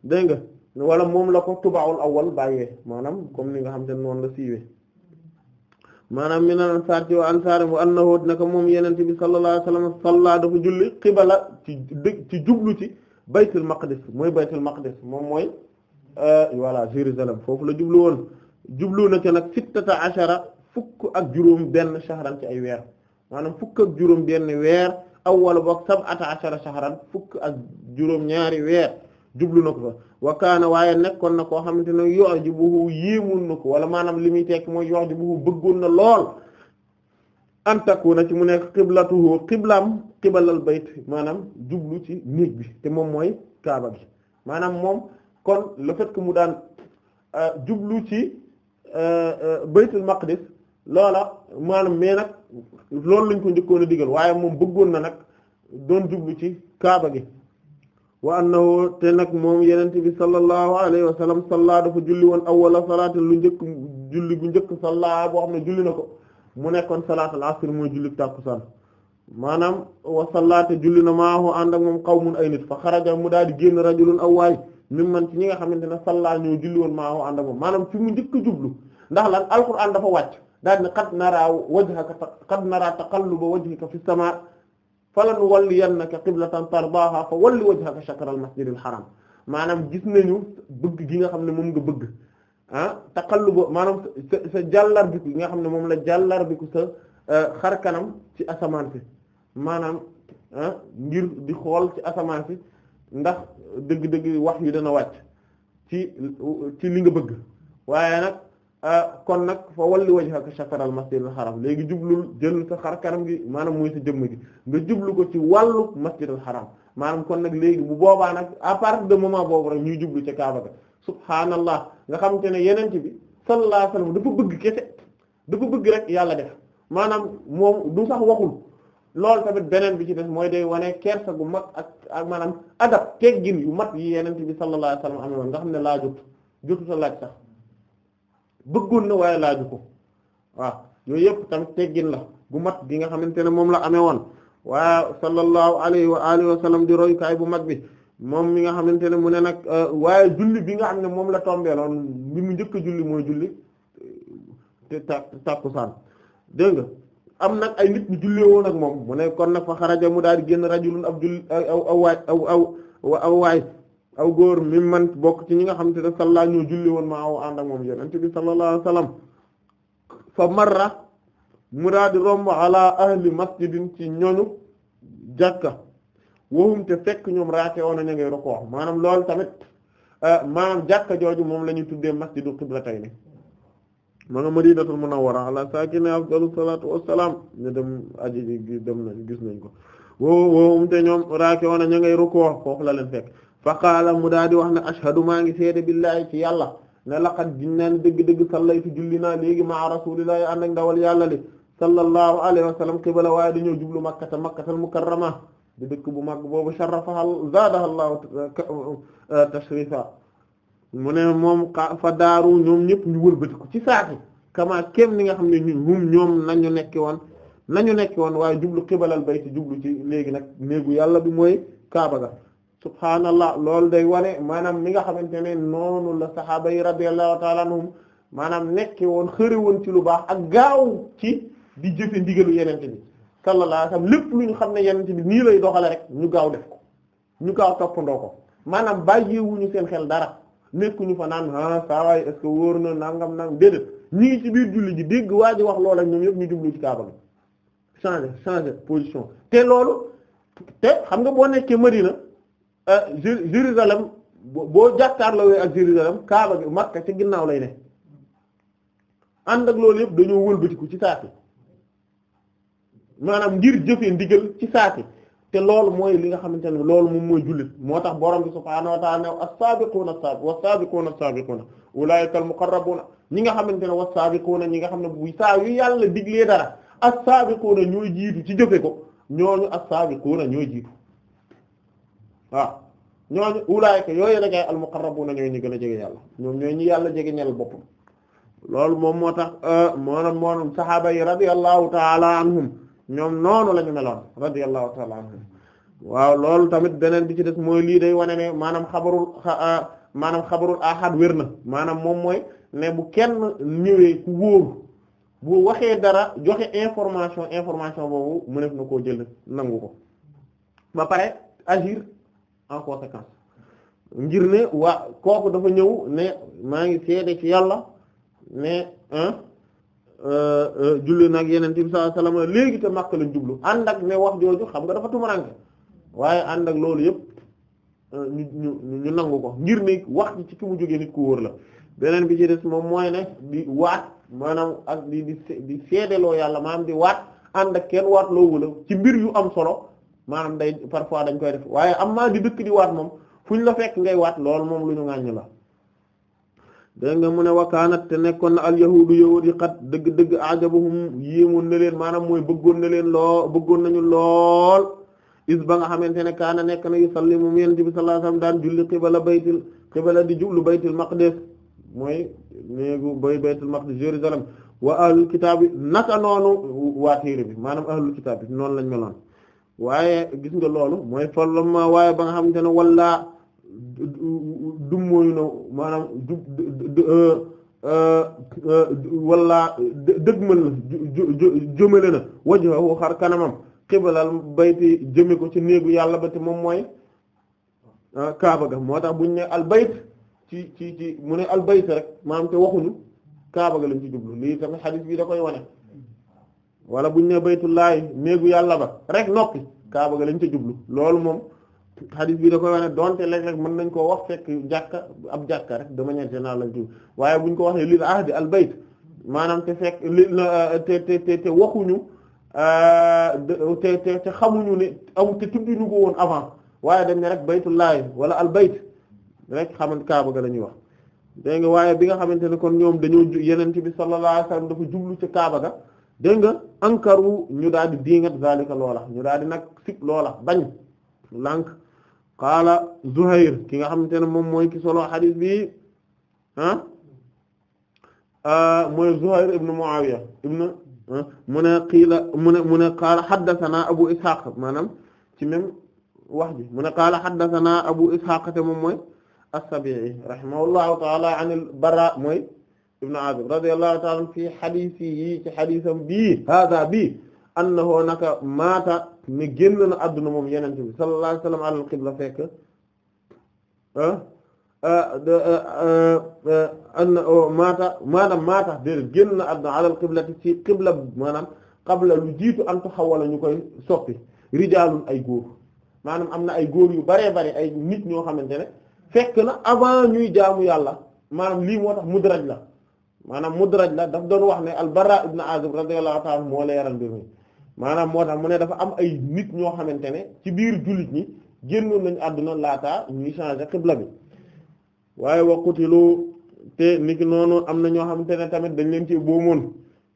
voilà moom nga wala moom la ko tubaawul awal bàyyee maanaam comme ni nga xam te noonu la siiwee maanaam min al ansar ci wa ansar wa annahu naka moom yonent bi sallallahu alayhi wasallam salla dafa julli qibala ci dëgg ci jublu ci baytul maqdis mooy baytul maqdis moom mooy euh, voilà Jérusalem foofu la jublu woon jublu na ci nag sittata ashara fukk ak juróom benn shahran ci ay weer maanaam fukk ak juróom benn weer aw wala boog sab'ata ashara shahran fukk ak juróom ñaari weer jublu na ko fa wa waaye nekkoon na koo xamante ne yu'jibuhu yéemoon na ko wala maanaam li muy tekk mooy yu'jibuhu bëggoon na lool an takuna ci mu nekk qiblatuhu qiblam qibalal bayt maanaam jublu ci néeg bi te moom mooy kaaba gi maanaam moom kon le fait mu daan euh, jublu ci Euh, euh, baytul maqdis loola maanaam mais nag loolu lañ ko njëkkoon a digal waaye moom bëggoon na nag doon jublu ci kaaba gi wa annahu te nag moom yenente bi sallallahu alayhi wa sallam salla dafa julli woon awwala salaati lu njëkk julli gu njëkk salla boo xam ne julli na ko mu nekkoon salaatul asr mooy julli tàkkusaan maanaam wa sallaate julli na maahu ànd ak moom qawmun ay nit fa xaraja mu daal di génn rajulun aw waay mi man ci ñi nga xamante ne sallaa ñoo julli woon maa woo ànd moom maanaam fi mu njëkk a jublu ndax lan alquran dafa wàcc daal ne qad naraa wajhaka qad naraa taqalluba wajhika fi samaa falanuwalliyannaka qiblatan tardaaha fa walli wajhaka shatral masjidil haram maanaam gis nañu bëgg gi nga xam ne moom nga bëgg ah taqalluba maanaam sa sa jàllar nga xam ne moom la jàllar bi ko sa eh, kanam ci asamaan si maanaam ah ngir di xool ci asamaan si ndax dëgg-dëgg wax yu dana wàcc ci ci li nga bëgg waaye nag ah, kon nag fa walli wajhaka shatr al masjid al haram léegi jublul jël sa xar kanam gi maanaam muy sa jëmm gi nga jublu ko ci wàllu masjid al haram maanaam kon nag léegi bu boobaa nag à partir de moment boobu rek ñuy jublu ca Kaaba ga subhaanallah nga xam te ne yeneen ci bi sallallahu alayhi wasallam dafa bëgg kese dafa bëgg rek yàlla def maanaam moom du sax waxul loolu tamit beneen bi ci des mooy day wane kersa gu mag ak ak maanaam adab teggin yu mat yi yeneen bi sallallahu alayhi wasallam amoon nga xam ne laaj sax bëggoon na waaye laaju ko waaw yooyu yëpp tamit teggin la gu mat gi nga xamante ne moom la amee woon waaye sallallahu alayhi wa alihi wa sallam di royukaay bu mag bi moom mi nga xamante ne mu ne nag euh, waaye julli bi nga xam ne moom la tombeeloon bi mu njëkk julli mooy julli euh, te ta takkusaan dégg am nag ay nit ñu jullee woon moom mu ne kon nag fa xaraja mu daal di génn rajulun ab jull aw aw waay aw aw aw waay aw góor mi man bokk ci ñi nga xam te ne sallaa ñoo julli woon ma aw ànd ak moom yonent bi sallallahu alayhi wasallam fa marra mu daal di romb ala ahli masjidin ci ñoñu jàkka waxum te fekk ñoom raake woon ña ngay rokoox maanaam lool tamit ah, maanaam jàkka jooju moom la ñuy tuddee masjidu qiblatayn ma nga madinatul munawwara ala saakine afdalu salatu wassalaam ñu dem aji dem nañ gis nañ ko woo wowum te ñoom raake woon ñu ngay rukkoo fekk fa qaala mu daa di wax ne ashhadu maa ngi seede billaahi ci yàlla ne laqad gin naa ni dëgg-dëgg sallaytu julli naa léegi maa rasuulillaahi ànd ak ndawal yàlla li sallallahu alayhi wa sallam qibala waaye dañoo jublu makkata makkatal mukarrama di dëkk bu mag boobu sharafaha zaadaha allahu tashrifa mu ne moom fa daaru ñoom ñëpp ñu ko ci saati kama kem ni nga xam ne ñu hum ñoom nañu nekki woon nañu nekki woon waaye jublu xibalal bayti jublu ci léegi nag néegu yàlla bi mooy kaaba ga subhaanallah lool day wane maanaam mi nga xamante ne noonu la sahaaba yi radiyallahu ta'ala anhum maanaam nekki woon xëre woon ci lu baax ak gaaw ci di jëfe ndigalu yenente bi sallallahu alayhi lépp lu ñu xam ne yenente bi nii lay doxale rek ñu gaaw def ko ñu gaaw toppandoo ko maanaam xel dara nekkuñu fa naan ah saa waay est ce na nangam nangam déedéet ñi ngi ci biir julli ji dégg waa ji wax loolu ak ñoom yëpp ñu jublu ci kaaba gi changer changer position te loolu te xam nga boo nekkee Madina euh, Jérusalem boo jàkkaarloo ak Jérusalem kaaba gi Makka ci ginnaaw lay ne ànd ak loolu yëpp dañoo wëlbatiku ci saati maanaam ngir jëfee ndigal ci saati. te loolu mooy li nga xamante ne loolu moom mooy jullit moo tax borom bi subhaanahu wa ta'ala as-saabiquuna as-saabiquuna was-saabiquuna as-saabiquuna ulaa'ika al-muqarrabuuna ñi nga xamante ne was-saabiquuna ñi nga xam ne bu saa yu yàlla diglee dara as-saabiquuna ñooy jiitu ci jëfe ko ñooñu as-saabiquuna ñooy jiitu waaw ñooñu ulaa'ika yooyu la ngay al-muqarrabuuna ñooy ñi gën a jege yàlla ñoom ñooy ñi yàlla jege ñal boppam loolu moom moo tax maanaam euh, maanaam saxaaba yi radiyallahu ta'ala anhum ñoom noonu lañu meloon radiyallahu ta'ala waaw loolu tamit beneen bi ci des mooy lii day wane ne maanaam xabarul ah, maanam xabarul ahad wér na maanaam moom mooy ne bu kenn ñëwee ku wóoru bu waxee dara joxe information information boobu mu nekk na koo jël nangu ko ba pare agir en conséquence ngir ne waa kooku dafa ñëw ne maa ngi seede ci yàlla ne Euh, euh, julli nag yeneen bi sallallahu alayhi léegi te Makka lañ jublu ànd ak ne wax jooju xam nga dafa tumuranke waaye ànd ak loolu yëpp euh, ñu ñu nangu ko ngir ne wax ci ki mu jógee nit ku wóor la beneen bi ci des moom mooy ne di waat maanaam ak di di di seedeloo yàlla maanaam di waat ànd ak kenn waat loo ci mbir yu am solo maanaam day parfois dañ koy def waaye am maa di dëkk di waat moom fu ñu la fekk ngay waat loolu moom lu ñu ŋàññ la dégg nga mu ne wakaanat te nekkoon na alyahudu yahud yi xat dëgg-dëgg ajabahum yéemoon na leen maanaam mooy bëggoon na leen loo bëggoon nañu lool is ba nga xamante ne kaana nekk na yusallimu mu yenente bi sallallahu alayhi wasallam daan julli xibala baytil xibala di jublu baytil maqdis mooy néegu bay baytul maqdis Jérusalem wa ahlul kitaab yi naka noonu waa téere bi maanaam ahlul kitaab bi noonu lañ meloon waaye gis nga loolu mooy fol waaye ba nga xamante ne walla dum mooyu na maanaam ju euh, euh, euh, wala dëgmal na jëmale na wajhahu xar kanamam xibalal bayti jëme ko ci néegu yàlla ba te moom mooy ah, kaaba ga moo tax buñ ne al bayt ci ci ci mu ne al bayt rek maanaam te waxuñu kaaba ga lañ ci jublu lii tamit xadiis bi da koy wane wala buñ ne baytullaahi néegu yàlla ba rek noppi kaaba ga lañ ci jublu loolu moom xadis bii da koy wane donte léeg mën nañ koo wax fekk jàkka ab jàkka rek de manière générale lañ tudd waaye buñ ko waxee lil ahdi al bayt maanaam te fekk te te te waxuñu euh, te te xamuñu ne am te ko woon avant waaye dañ ne rek baytullahi wala al bayt rek xamant kaaba ga la wax dégg nga waaye bi nga xamante ne kon ñoom dañoo yeneen ci bi sallallahu alayhi wasallam dafa jublu ci kaaba ga dégg nga ankaru ñu daal di diingat zalika loola ñu daal di nag sib loola bañ lànk qaala Zuhair ki nga xamante ne moom mooy ki solo xadis bi ah, ah mooy Zuhair ibn Muawiya ibn ah, mu ne qiila mu ne mu ne qaala xaddasanaa Abu Ishaq maanaam ci même wax bi mu ne qaala xaddasanaa Abu Ishaq te moom mooy as-Sabi'i rahimahullahu ta'ala an al-Bara mooy ibn Azib radiyallahu ta'ala fi xadisi yi ci xadisam bii haaza bii annahu naka maata. ne génn na àdduna moom yenente bi sallallahu alayhi wasallam alal qibla fekk ah, ah, ah, anna oh, maata maanaam maata déedéet génn na àdduna alal qiblati ci qibla maanaam qabla lu jiitu an taxawala ñu koy soppi rijaalun ay góor maanaam am na ay góor yu bare bare ay nit ñoo xamante ne fekk na avant ñuy jaamu yàlla maanaam lii moo tax mudraj la maanaam mudraj la daf doon wax ne al Barra ibn Azib radiyallahu ta'ala moo leeral mbir mi maanaam moo tax mu ne dafa am ay nit ñoo xamante ne ci biir jullit ñi génnoon nañu àdduna laataa ñuy changer xibla bi waaye waqutilu te niki noonu am na ñoo xam ne tamit dañ leen ci boomoon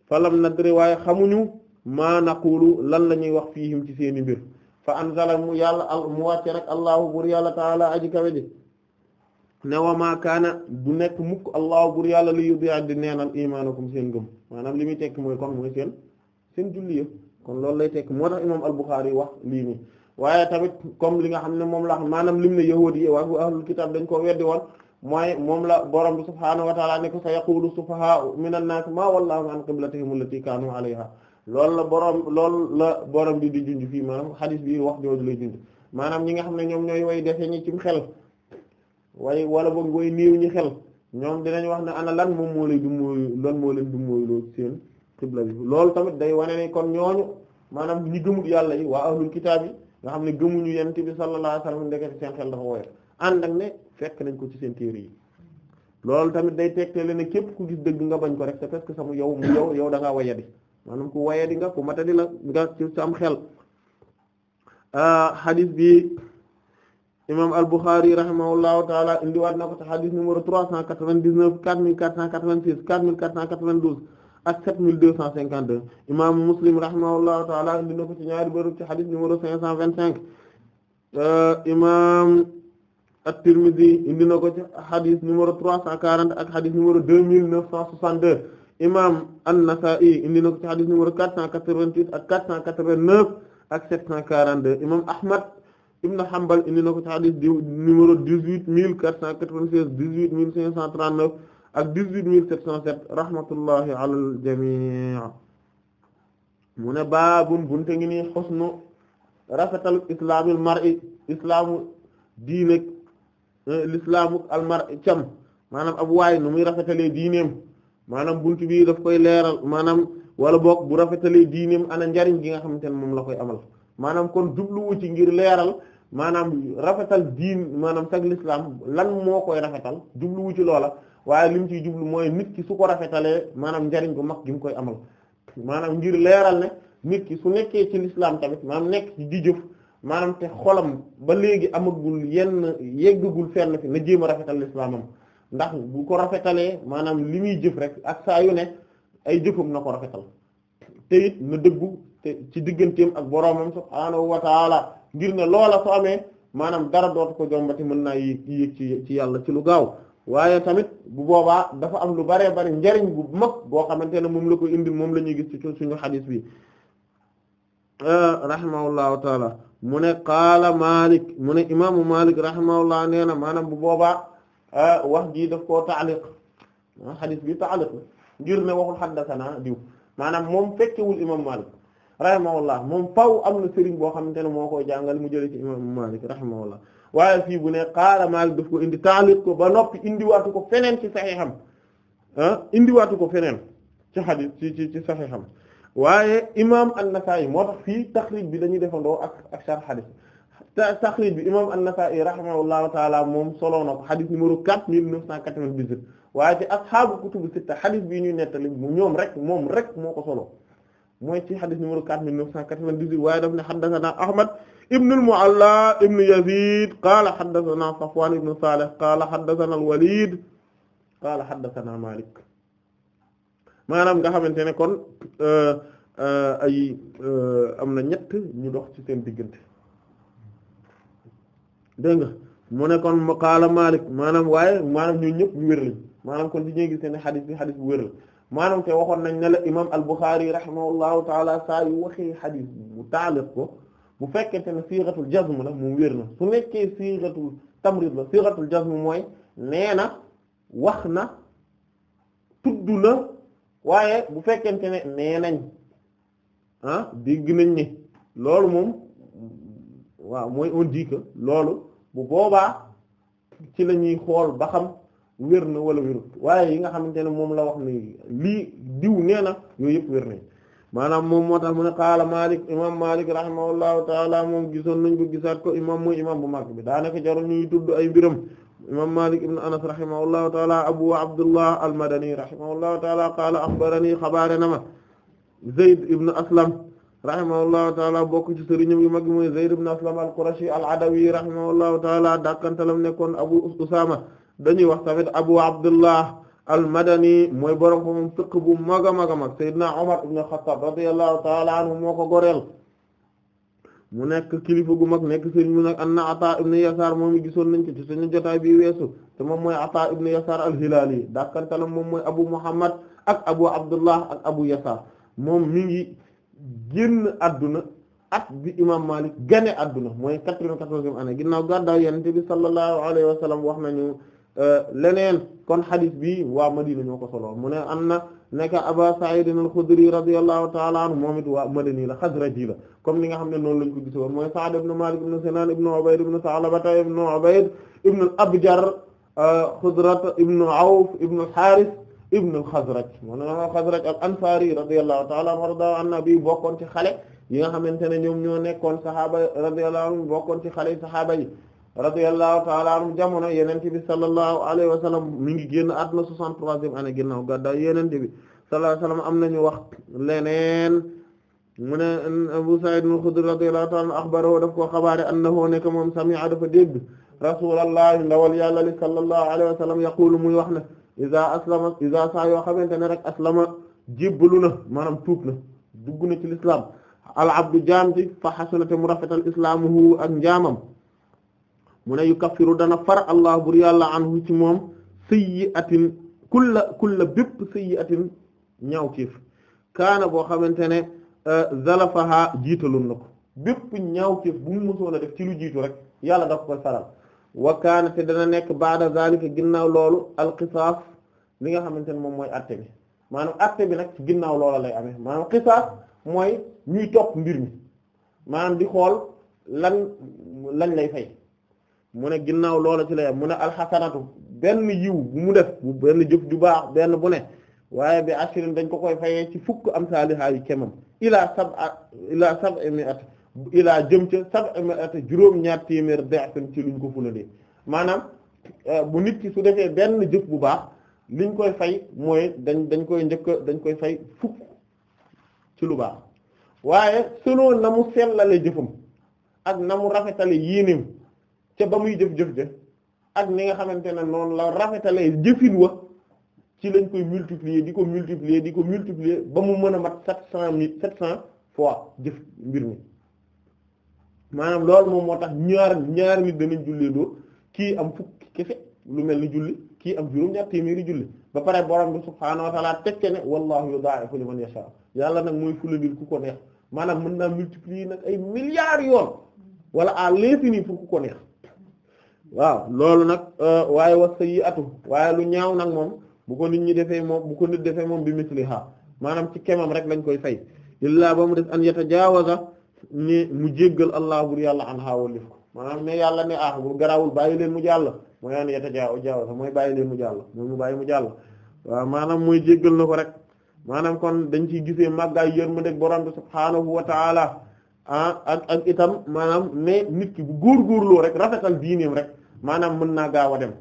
falam nadri waaye xamuñu maa lan la ñuy wax fiihim ci seeni mbir fa anzala mu yàlla al mu wàcce rek allahu bur yàlla taala aji kawe ji ne maa kaana du nekk mukk allahu bur yàlla li yudi'a di neenal imaanakum seen gëm maanaam li muy tekk mooy kon mooy seen seen julli yëpp kon loolu lay tekk moo tax imam al-Bukhari wax lii nii waaye tamit comme li nga xam ne moom la wax maanaam lim ne yahuudi yi waaw ahlul kitaab dañ koo weddi woon mooy moom la borom bi subhaanahu wa ta'ala ne ko sa yaqulu sufahaa'u minan naas maa wallaahum an la borom lool la borom di junj fii maanaam xadis bi wax jooju lay junj maanaam ñi nga xam ne ñoom ñooy way defe ñi cim xel way wala boog way néew ñi xel ñoom dinañ wax ne ana lan moom moo lay du mooy lan moo leen du loolu seen xibla bi loolu tamit day wane ne kon ñooñu maanaam ñi gëmul yàlla yi waa ahlul kitaab yi nga xam ne gëmuñu yent bi sallallahu alayhi wasallam ndekete seen xel dafa woyof ànd ak ne fekk nañ ko ci seen téere yi loolu tamit day tegtale ne képp ku gis dëgg nga bañ ko rek c'est parce sa mu yow mu yow yow da ngaa wayadi maanaam ku wayadi nga ku matadi la nga ci am xel xadis ah, bi imam al-Bukhari rahimahullahu taala indiwaat na ko ci xadis numéro trois cent quatre-vingt-dix-neuf quatre mille quatre cent quatre ak 7252 imaamu muslim rahimahullahu taala indi na ko ci ñaari bërëb ci xadis numéro 525 euh, imaam at-Tirmidhi indi na ko ci xadis numéro 340 ak xadis numéro 2962 imaam an-Nasa'i indi ko ci xadis numéro 488 ak 489 ak 742 imaam Ahmad ibn Hanbal indi na ko ci xadis numéro 18496 18539 ak dix-huit mille sept cent sept rahmatullahi jamii mu ne baabun bunte ngi nii xusnu rafetal islaamil mar'i islaamu diine eh, l'islaamu al mar'i cam maanaam ab waay nu muy rafetalee diineem maanaam buntu bi daf koy leeral maanaam wala boog bu rafetalee diineem ana njariñ gi nga xamante ne moom la koy amal maanaam kon jubluwu ci ngir leeral maanaam rafetal diin maanaam tag l'islam lan moo koy rafetal jubluwu ci loola waaye li mu ciy jublu mooy nit ki su ko rafetalee maanaam njariñ bu mag gi mu koy amal maanaam ngir leeral ne nit ki su nekkee ci lislaam tamit maanaam nekk ci di jëf maanaam te xolam ba léegi amagul yenn yeggagul fenn fi na jéem a rafetal lislaamam ndax bu ko rafetalee maanaam li muy jëf rek ak saa yu nekk ay jëfam na ko rafetal te it na dëggu te ci digganteem ak boroomam subhaanahu wa taala ngir ne loola su amee maanaam dara dootu ko jombati mën naa yéeg ci ci yàlla ci lu gaaw waaye tamit bu boobaa dafa am lu baree bari njariñ bu mag boo xamante ne moom la ko indi moom la ñuy gis ci suñu xadis bi rahimahullahu taala mu ne qaala Malik mu ne imaamu Malik rahimahullah nee na maanaam bu boobaa ah, wax jii daf koo taaliq xadis bi taaliq ngir ne waxul xaddasana diw maanaam moom fekkewul imam Malik rahimahullah moom faw am na sëriñ boo xamante ne moo koy jàngal mu jëlee ci imaamu Malik rahimahullah waaye fii bu nee qaala Maalik daf ko indi taaliq ko ba noppi indiwaatu ko feneen ci saxiixam ah indiwaatu ko feneen ci xadiis ci ci ci saxiixam waaye imaam an-Nasaa'i moo tax fii taxriij bi dañuy defandoo ak ak sharh xadiis taxriij bi imaam an-Nasaa'i rahimahullahu taala moom solo na ko xadiis numéro 4998 waaye ci ashaabu kutubu sitta xadiis bii ñuy nettali mu ñoom rek moom rek moo ko solo mooy ci xadiis numéro 4998 waaye daf ne haddasanaa Ahmad ibn al-Mu'alla ibn Yazid qaala haddathana Safwan ibn Salih qaala haddathana al-Walid qaala haddathana Malik maanaam nga xamante ne kon euh, euh, ay euh, am na ñett ñu dox ci seen diggante dégg nga mu ne kon qaala Malik maanaam waaye maanaam ñun ñëpp ñu wér lañ kon li ñuy gis ne xadis bi xadis bu wér la maanaam te waxoon nañ ne la imam al-Bukhari rahimahullahu taala saa yu waxee xadis mu taalif ko bu fekkente ne siixatul jazm la mu wér na su nekkee siixatul tamrid la siixatul jazm mooy nee na wax na tudd la waaye bu fekkente ne nee nañ ah dégg nañ ne loolu moom waaw mooy on dit que loolu bu boobaa ci la ñuy xool ba xam wér na wala wérut waaye yi nga xamante ne moom la wax ni lii diw nee na yooyu yëpp wér nañ maanaam moom moo tax mu ne qaala Malik imam Malik rahimahullahu taala moom gison nañ ko gisaat ko imam muy imam bu mag bi daanaka jarul ñuy tudd ay mbiram imam Malik ibn Anas rahimahullahu taala Abu Abdullah al-Madani rahimahullahu taala qaala axbarani xabaare na ma Zayd ibn Aslam rahimahullahu taala bokk ci sëriñam yu mag mooy Zayd ibn Aslam al-Qurashi al-Adawi rahimahullahu taala dàkkantalam nekkoon Abu Usama dañuy wax tamit Abu Abdullah al-Madani mooy borom xam fiqh bu mag a mag a mag ibn Khattab radiyallahu ta'ala anhu moo ko goreel mu nekk kilifa gu mag nekk sëriñ mu nag anna Ataa ibn Yasaar moom i gisoon nañ jotaay bi weesu te moom mooy Ataa ibn Yasaar al-Hilaali dakkantalam moom mooy Abu Muhammad ak Abu Abdullah ak Abu Yasaar moom mi ngi adduna at imaam Maalik gane adduna mooy quatre-vingt-quatorzième année ginnaaw gàddaay Yonent bi sallallahu alayhi wa sallam wax nañu Euh, leneen kon xadis bi waa Madina ñoo ko solo mu ne am na nekk Aba Sa'id al-Khudri radiyallahu ta'ala anhu moom it waa Madani la Xazraji la comme ni nga xam ne noonu lañ ko gis woon mooy Sa'd ibn Malik ibn Sinan ibn Ubayd ibn Sa'labata ibn Ubayd ibn al-Abjar Xuzrat euh, ibn Awf ibn al-Harith ibn al-Khazraj mu ne al-Khazraj al-Ansari ci xale yi nga xamante ne ñoom ñoo nekkoon saxaaba radiyallahu anhu bokkoon ci xale yi saxaaba yi radiyallahu ta'ala anhu jamono yenente bi sallallahu alayhi wa sallam mi ngi génn àdduna soixante-troisième année ginnaaw gàddaay yenente bi sallallahu alayhi wa sallam am nañu wax leneen mu ne Abu Sa'id al-Khudri radiyallahu ta'ala anhu axbarahu daf koo xabaare annahu nekk moom sami'a dafa dégg rasulullah ndawal yàlla li sallallahu alayhi wa sallam yaqulu muy wax ne iza aslama iza saa yoo xamante ne rek aslama jébbalu na maanaam tuub na dugg na ci l'islam al abdu jaam ci fa hasanata mu rafetal islaamuhu ak njaamam mu ne yukaffiru dana far allah bur yàlla anhu ci moom sayyi'atin kulla kulla bépp sayyi'atin ñaawteef kaana boo xamante ne euh, zalafaha jiitalu na ko bépp ñaawteef bu mu mësoon a def ci lu jiitu rek yàlla daf ko saral wa kaana te dana nekk baada zalika ginnaaw loolu alqisaas li nga xamante ne moom mooy atte bi maanaam atte bi nag ginnaaw loola lay ame maanaam qisaas mooy ñuy topp mbir mi maanaam di xool lan lañ lay fay mu ne ginnaaw loola ci la mu ne alxasanatu benn yiw bu mu def bu benn jëf ju baax benn bu ne waaye bi ashirin dañ ko koy fayee ci fukk am saalihaa kemam ilaa sab ilaa sab'i mi'at jëm ca sab'i mi'at juróom-ñaar téeméer defen ci luñ ko maanaam euh, bu nit ki su defee benn jëf bu baax liñ koy fay mooy dañ dañ koy njëkk dañ koy fay fukk ci lu baax waaye selon na mu sellale jëfam ak na mu rafetale yéeneem ca ba muy jëf-jëf jëf ak ni nga xamante ne noonu la rafetale jëfin wa ci lañ koy multiplier di ko multiplier di ko multiplier ba mu mën a mat sept cent mille sept cent fois jëf mbir mi maanaam lool moom moo tax ñaar ñaar nit danañ jullee doo kii am fukki kese lu mel ni julli kii am juróom-ñaar téeméeri julli ba pare borom bi subhaanahu wa ta'ala tekke ne wallahu yudaa'ifu liman yasha yàlla nag mooy fulandil ku ko neex maanaam mën naa multiplier nag ay milliards yoon wala à ko waaw loolu nag euh, waaye was atu waaye lu ñaaw nag moom bu ko nit ñi defee moom bu ko nit defee moom bi misliha maanaam ci kemam rek lañ koy fay illaa ba mu def an yatajaawaza ne mu jéggal allah bur yàlla an xaawallif ko maanaam ne yàlla ne ah bu garawul bàyyi leen mu jàll mooy an yatajaawaza mooy bàyyi leen mu jàll mooy mu bàyyi mu jàll maanaam mooy jéggal na ko rek maanaam kon dañ ciy gisee màggaay yërmande borom bi subhaanahu wa taala ah ak ak itam maanaam ne nit ki bu góorgóorloo rek rafetal diineem rek maanaam mën naa gaaw a dem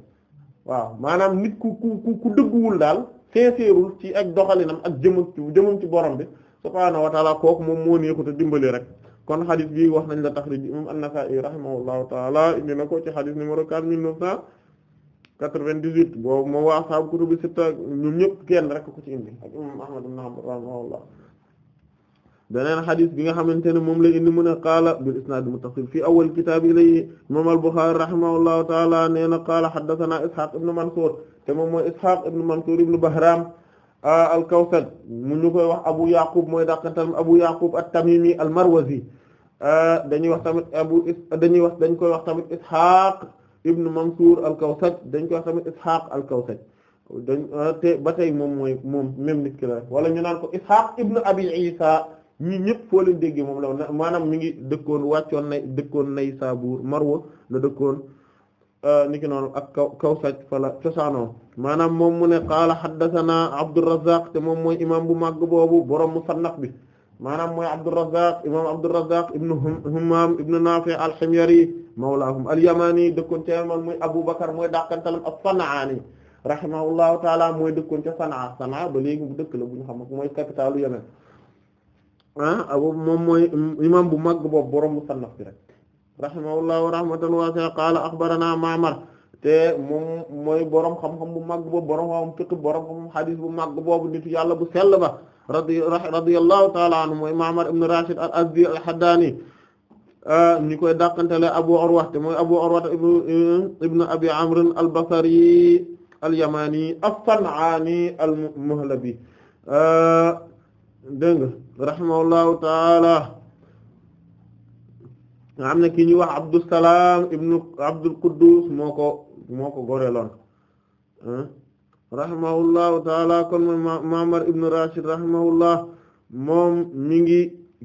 waaw maanaam nit ku ku ku dëgguwul daal sincèreul ci ak doxalinam ak jëmam ci jëmam ci borom bi subhaanahu wa taala kooku moom moo neexut a dimbali rek kon xadis bi wax nañ la taxrij bi imam an-Nasa'i rahimahullahu taala indi na ko ci xadis numéro quatre mille neuf cent quatre-vingt-dix-huit boobu moom waa saabu si sitta ñu ñëpp kenn rek ko ci indi ak imam Ahmad ibn Hanbal rahimahullah beneen xadis bi nga xamante ne moom la indi mu ne qaala bil isnaad muttasil fii awwal kitaab ilayhi imaam al-Buxaari rahimahullahu taala nee na qaala haddasanaa Isxaaq ibn Mansuur te moom mooy Isxaaq ibn Mansuur ibn Bahraam al-Kawsaj mu ñu koy wax Abu Yaqub mooy dàqantal Abu Yaqub at-Tamimi al-Marwazi dañuy wax tamit Abu dañuy wax dañ koy wax tamit Isxaaq ibn Mansuur al-Kawsaj dañ koy wax tamit Isxaaq al-Kawsaj dañ te ba tey moom mooy moom même nit ki la wala ñu naan ko Isxaaq ibn Abi Isa ñi ñëpp foo leen déggee moom la maanaam mi ngi dëkkoon wàccoon na dëkkoon nay saabuur marwa la dëkkoon euh, ni ki noonu ak kaw kaw saj fala cosaanoo maanaam moom mu ne qaala xaddasanaa abdourazaq te moom mooy imam bu màgg boobu borom mu musannaf bi maanaam mooy abdourazaq imam abdourazaq ibnu humam ibnu nafi alximyari mawlaahum alyamani dëkkoon ca yaman muy abou bakar mooy dàqantalam as-sanaani rahimahullahu taala mooy dëkkoon ca sanaa sanaa ba léegi bu dëkk la bu ñu xam mooy capitalu yemen ah moom mooy imam bu mag boobu borom musannaf bi rek rahimahullahu rahmatan wasi'a qaala axbarana Ma'mar te moom mooy borom xam-xam bu mag boobu borom xam fiqh borom xam hadith bu mag boobu nitu yàlla bu sell ba radi radiyallahu ta'ala anhu mooy Ma'mar ibn Rashid al-Azdi al-Haddani ah, ñu koy dàqantele Abu Urwa te mooy Abu Urwa ibn Abi Amr al-Basri al-Yamani as-San'ani al-Muhlabi ah, dégg nga rahimahullahu taala nga xam ki ñuy wax Abdusalaam ibnu Abdul Quddus moo ko moo ko goreloon rahimahullahu taala kon ma Ma'mar ibnu Rashid rahimahullah moom mi ngi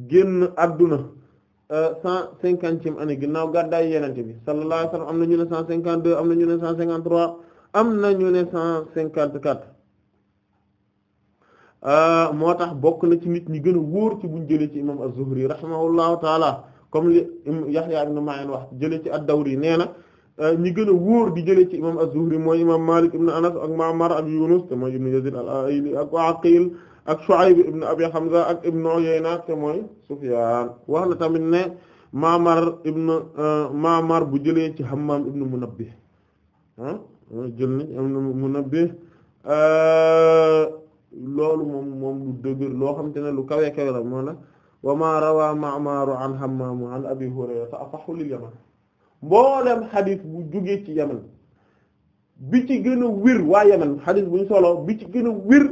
génn adduna euh, cent cinquantième année ginnaaw gàddaay yenente bi sallallahu alayhi wa sallam am na ñu ne cent deux am na ñu ne cent am na ñu ne cent cinquante quatre Euh, moo tax bokk na ci nit ñi gën a wóor ci buñ jëlee ci imam az-Zuhri rahimahullahu taala comme li Yahya ibn ma wax jëlee ci ad-Dawri nee na euh, ñi gën a wóor di jëlee ci imam az-Zuhri mooy imam Malik ibn Anas ak Ma'mar ak Yunus te mooy ibn Yazid al-A'ili ak Aqil ak Shu'ayb ibn Abi Hamza ak ibn Uyayna te mooy Sufyan wax na tamit ne Ma'mar euh, bu jëlee ci Hammam ibn Munabbih ah loolu moom moom lu dëgër loo xamante ne lu kawe kawe la moo na wa ma rawa Ma'mar an Hammam an Abi Hurayra fa asahu lil Yaman mboolem xadis bu jógee ci Yaman bi ci gën a wér waa Yaman xadis bu ñu solo bi ci gën a wér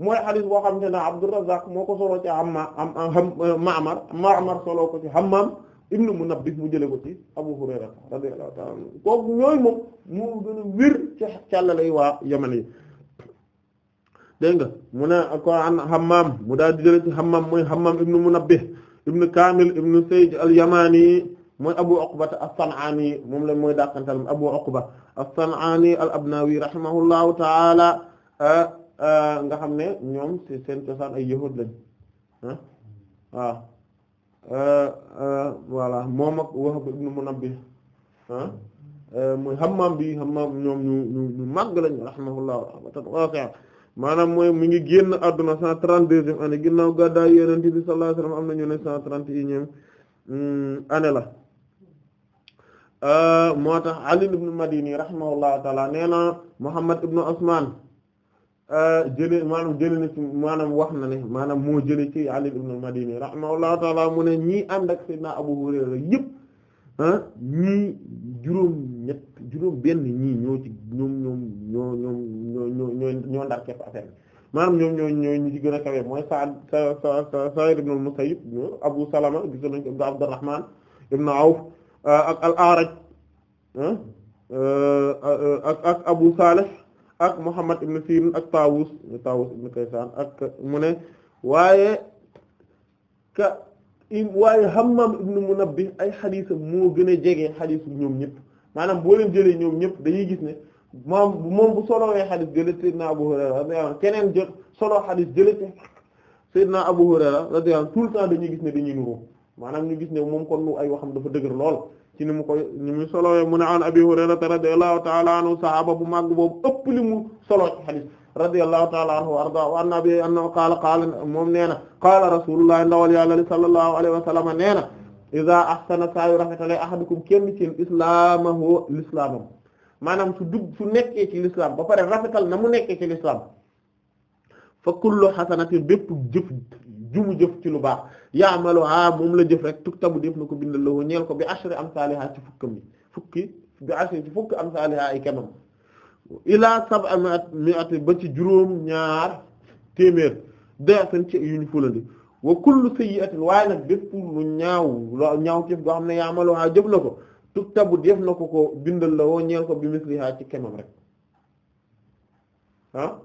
mooy xadis boo xamante ne Abdurrazzaq moo ko solo ci Amma am am Ma'mar Ma'mar solo ko ci Hammam ibnu Munabbih mu jëlee ko ci Abu Hurayra radiyallahu ta'ala anhu kooku ñooy moom moo gën a wér ci càllale waa Yaman yi dégg nga mu ne ko an Hammam mu daal di jëlee Hammam mooy Hammam ibn Munabbih ibn Kamil ibn Sayd al mooy Abu Uqba as-San'ani moom la mooy dàqantal Abu Uqba as-San'ani al-Abnawi rahimahullahu ta'ala ah, ah, nga xam ne ñoom ci seen cosaan ay yahud lañ ah, ah moom ak Wahb ibn Munabbih mooy Hammam bi Hammam ñoom ñu ñu ñu màgg lañ rahimahullahu ta'ala maanaam mooy mi ngi génn adduna cent trente-deuxième année ginnaaw gàddaay yonent bi sallallahu alayhi wa sallam am na ñu ne cent trente et unième hmm, année la euh, moo tax Ali ibn Madini rahimahullahu taala nee na Muhammad ibn Usman euh, jëlee maanaam jële na ci maanaam wax na ne maanaam moo jëlee ci Ali ibn Madini rahimahullahu taala mu ne ñii ànd ak Seydina Abu Hurayra yépp ñii juróom ñett juróom benn ñii ñoo ci ñoom ñoom ñoo ñoom ñoo ñoo ñoo ñoo ndar kepp affaire bi maanaam ñoom ñoo ñoo ñu ci gën a kawe mooy Sa'd Sa'id ibn al nañ ko ibn Abdurrahman ibn Awf euh, ak al-A'raj euh, Abu Salih ak mu ne waaye ka waaye xam mu ibn bi ay xadiisam moo gën a jege xadiisu ñoom ñëpp maanaam boo leen jëlee ñoom ñëpp dañuy gis ne moom moom bu solowee xadiis jëlee Seydina Abu Hurayra radiyallahu anhu keneen jot solo xadiis jëlee ci Seydina Abu Hurayra radiyallahu anhu tout le temps dañuy gis ne dañuy nuroo maanaam ñu gis ne moom kon lu ay waxam dafa dëgër lool ci ni mu koy nu mu solowee mu ne an Abi Hurayra radiyallahu ta'ala anhu saxaaba bu màgg boobu ëpp li mu solo ci radiyallahu ta'ala anhu wa arda wa anna bi anna qaala qaala moom nee na qaala rasulullah ndawal yàlla li sallallahu alayhi wa sallam nee na iza ahsana saa yu rafetale ahadukum kenn ci islaamahu lislaamam maanaam su dugg su nekkee ci l'islam ba pare rafetal na mu nekkee ci l'islam fa kullu xasanatin bépp jëf jumu jëf ci lu baax yaamaluha moom la jëf rek tuktabu def na ko bindal la ñeel ko bi ashri amsaaliha ci fukkam bi fukki bi ashri ci fukki amsaaliha ay kemam ilaa sab'a mi'ati ba ci juróom ñaar téeméer da'fan ci yu ñu fulandi wa kullu sayyi'atin waaye nag bépp lu ñaaw lu ñaaw képp goo xam ne yaamalu ha jëf na ko tuktabu def na ko ko bindal la woo ñeel ko bi misliha ci kemam rek ah?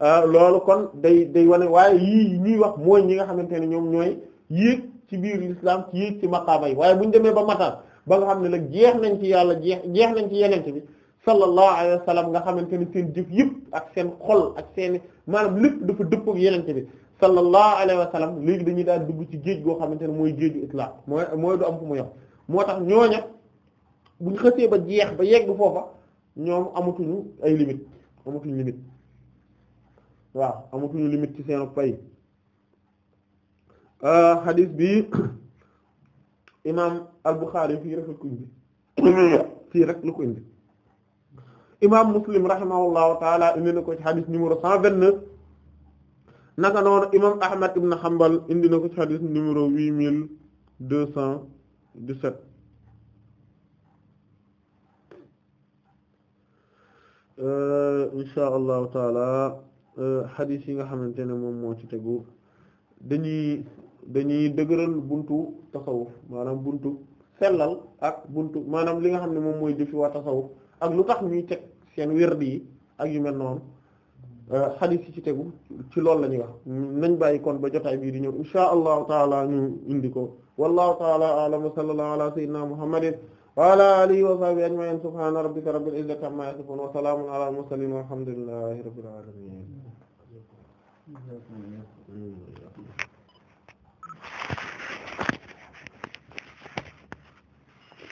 Ah, loolu kon day day wane waaye yii ñuy wax mooy ñi nga xamante ne ñoom ñooy yéeg ci biir lislaam ci yéeg ci maqaama yi waaye bu ñu demee ba matal ba nga xam ne la jeex nañ ci yàlla jeex nañ ci yeneen bi sallallahu alayhi wa nga xamante ne seen jëf yëpp ak seen xol ak seeni maanaam lépp dafa dëppoo ak yenente bi sallallahu alayhi wa sallam léegi dañuy daal dugg ci géej goo xamante ne mooy géeju islam mooy mooy du am fu mu yox moo tax ñooña buñ xësee ba jeex ba yegg foofa ñoom amatuñu ay limite amatuñu limite waaw amatuñu limite ci seenu pay xadis euh, bi imam al-Bukhari fii rek la ko indi fii rek la ko indi imaam muslim rahimahullahu taala indi na ko ci xadis numéro cent vingt-neuf naka noonu imaam ahmad ibn hanbal indi na ko ci xadis numéro huit mille deux cent dix-sept euh, insha allahu taala xadis euh, yi nga xamante ne moom moo ci tegu dañuy dañuy dëgëral buntu tasawuf maanaam buntu sellal ak buntu maanaam li nga xam ne moom mooy jëfi waa tasawuf ak lu tax ñuy teg seen wird yi ak yu mel noonu euh, xadiis yi ci tegu ci loolu la ñuy nañ bàyyi kon ba jotaay bii di ñëw insha allahu taala ñu indi ko wallahu taala a'lam wa sallallahu ala sayyidina muhammadin wa ala alihi wa sahbihi ajma'in subhana rabbika rabbil izzati amma wa salamun ala al mursalin walhamdulillahi rabbil alamin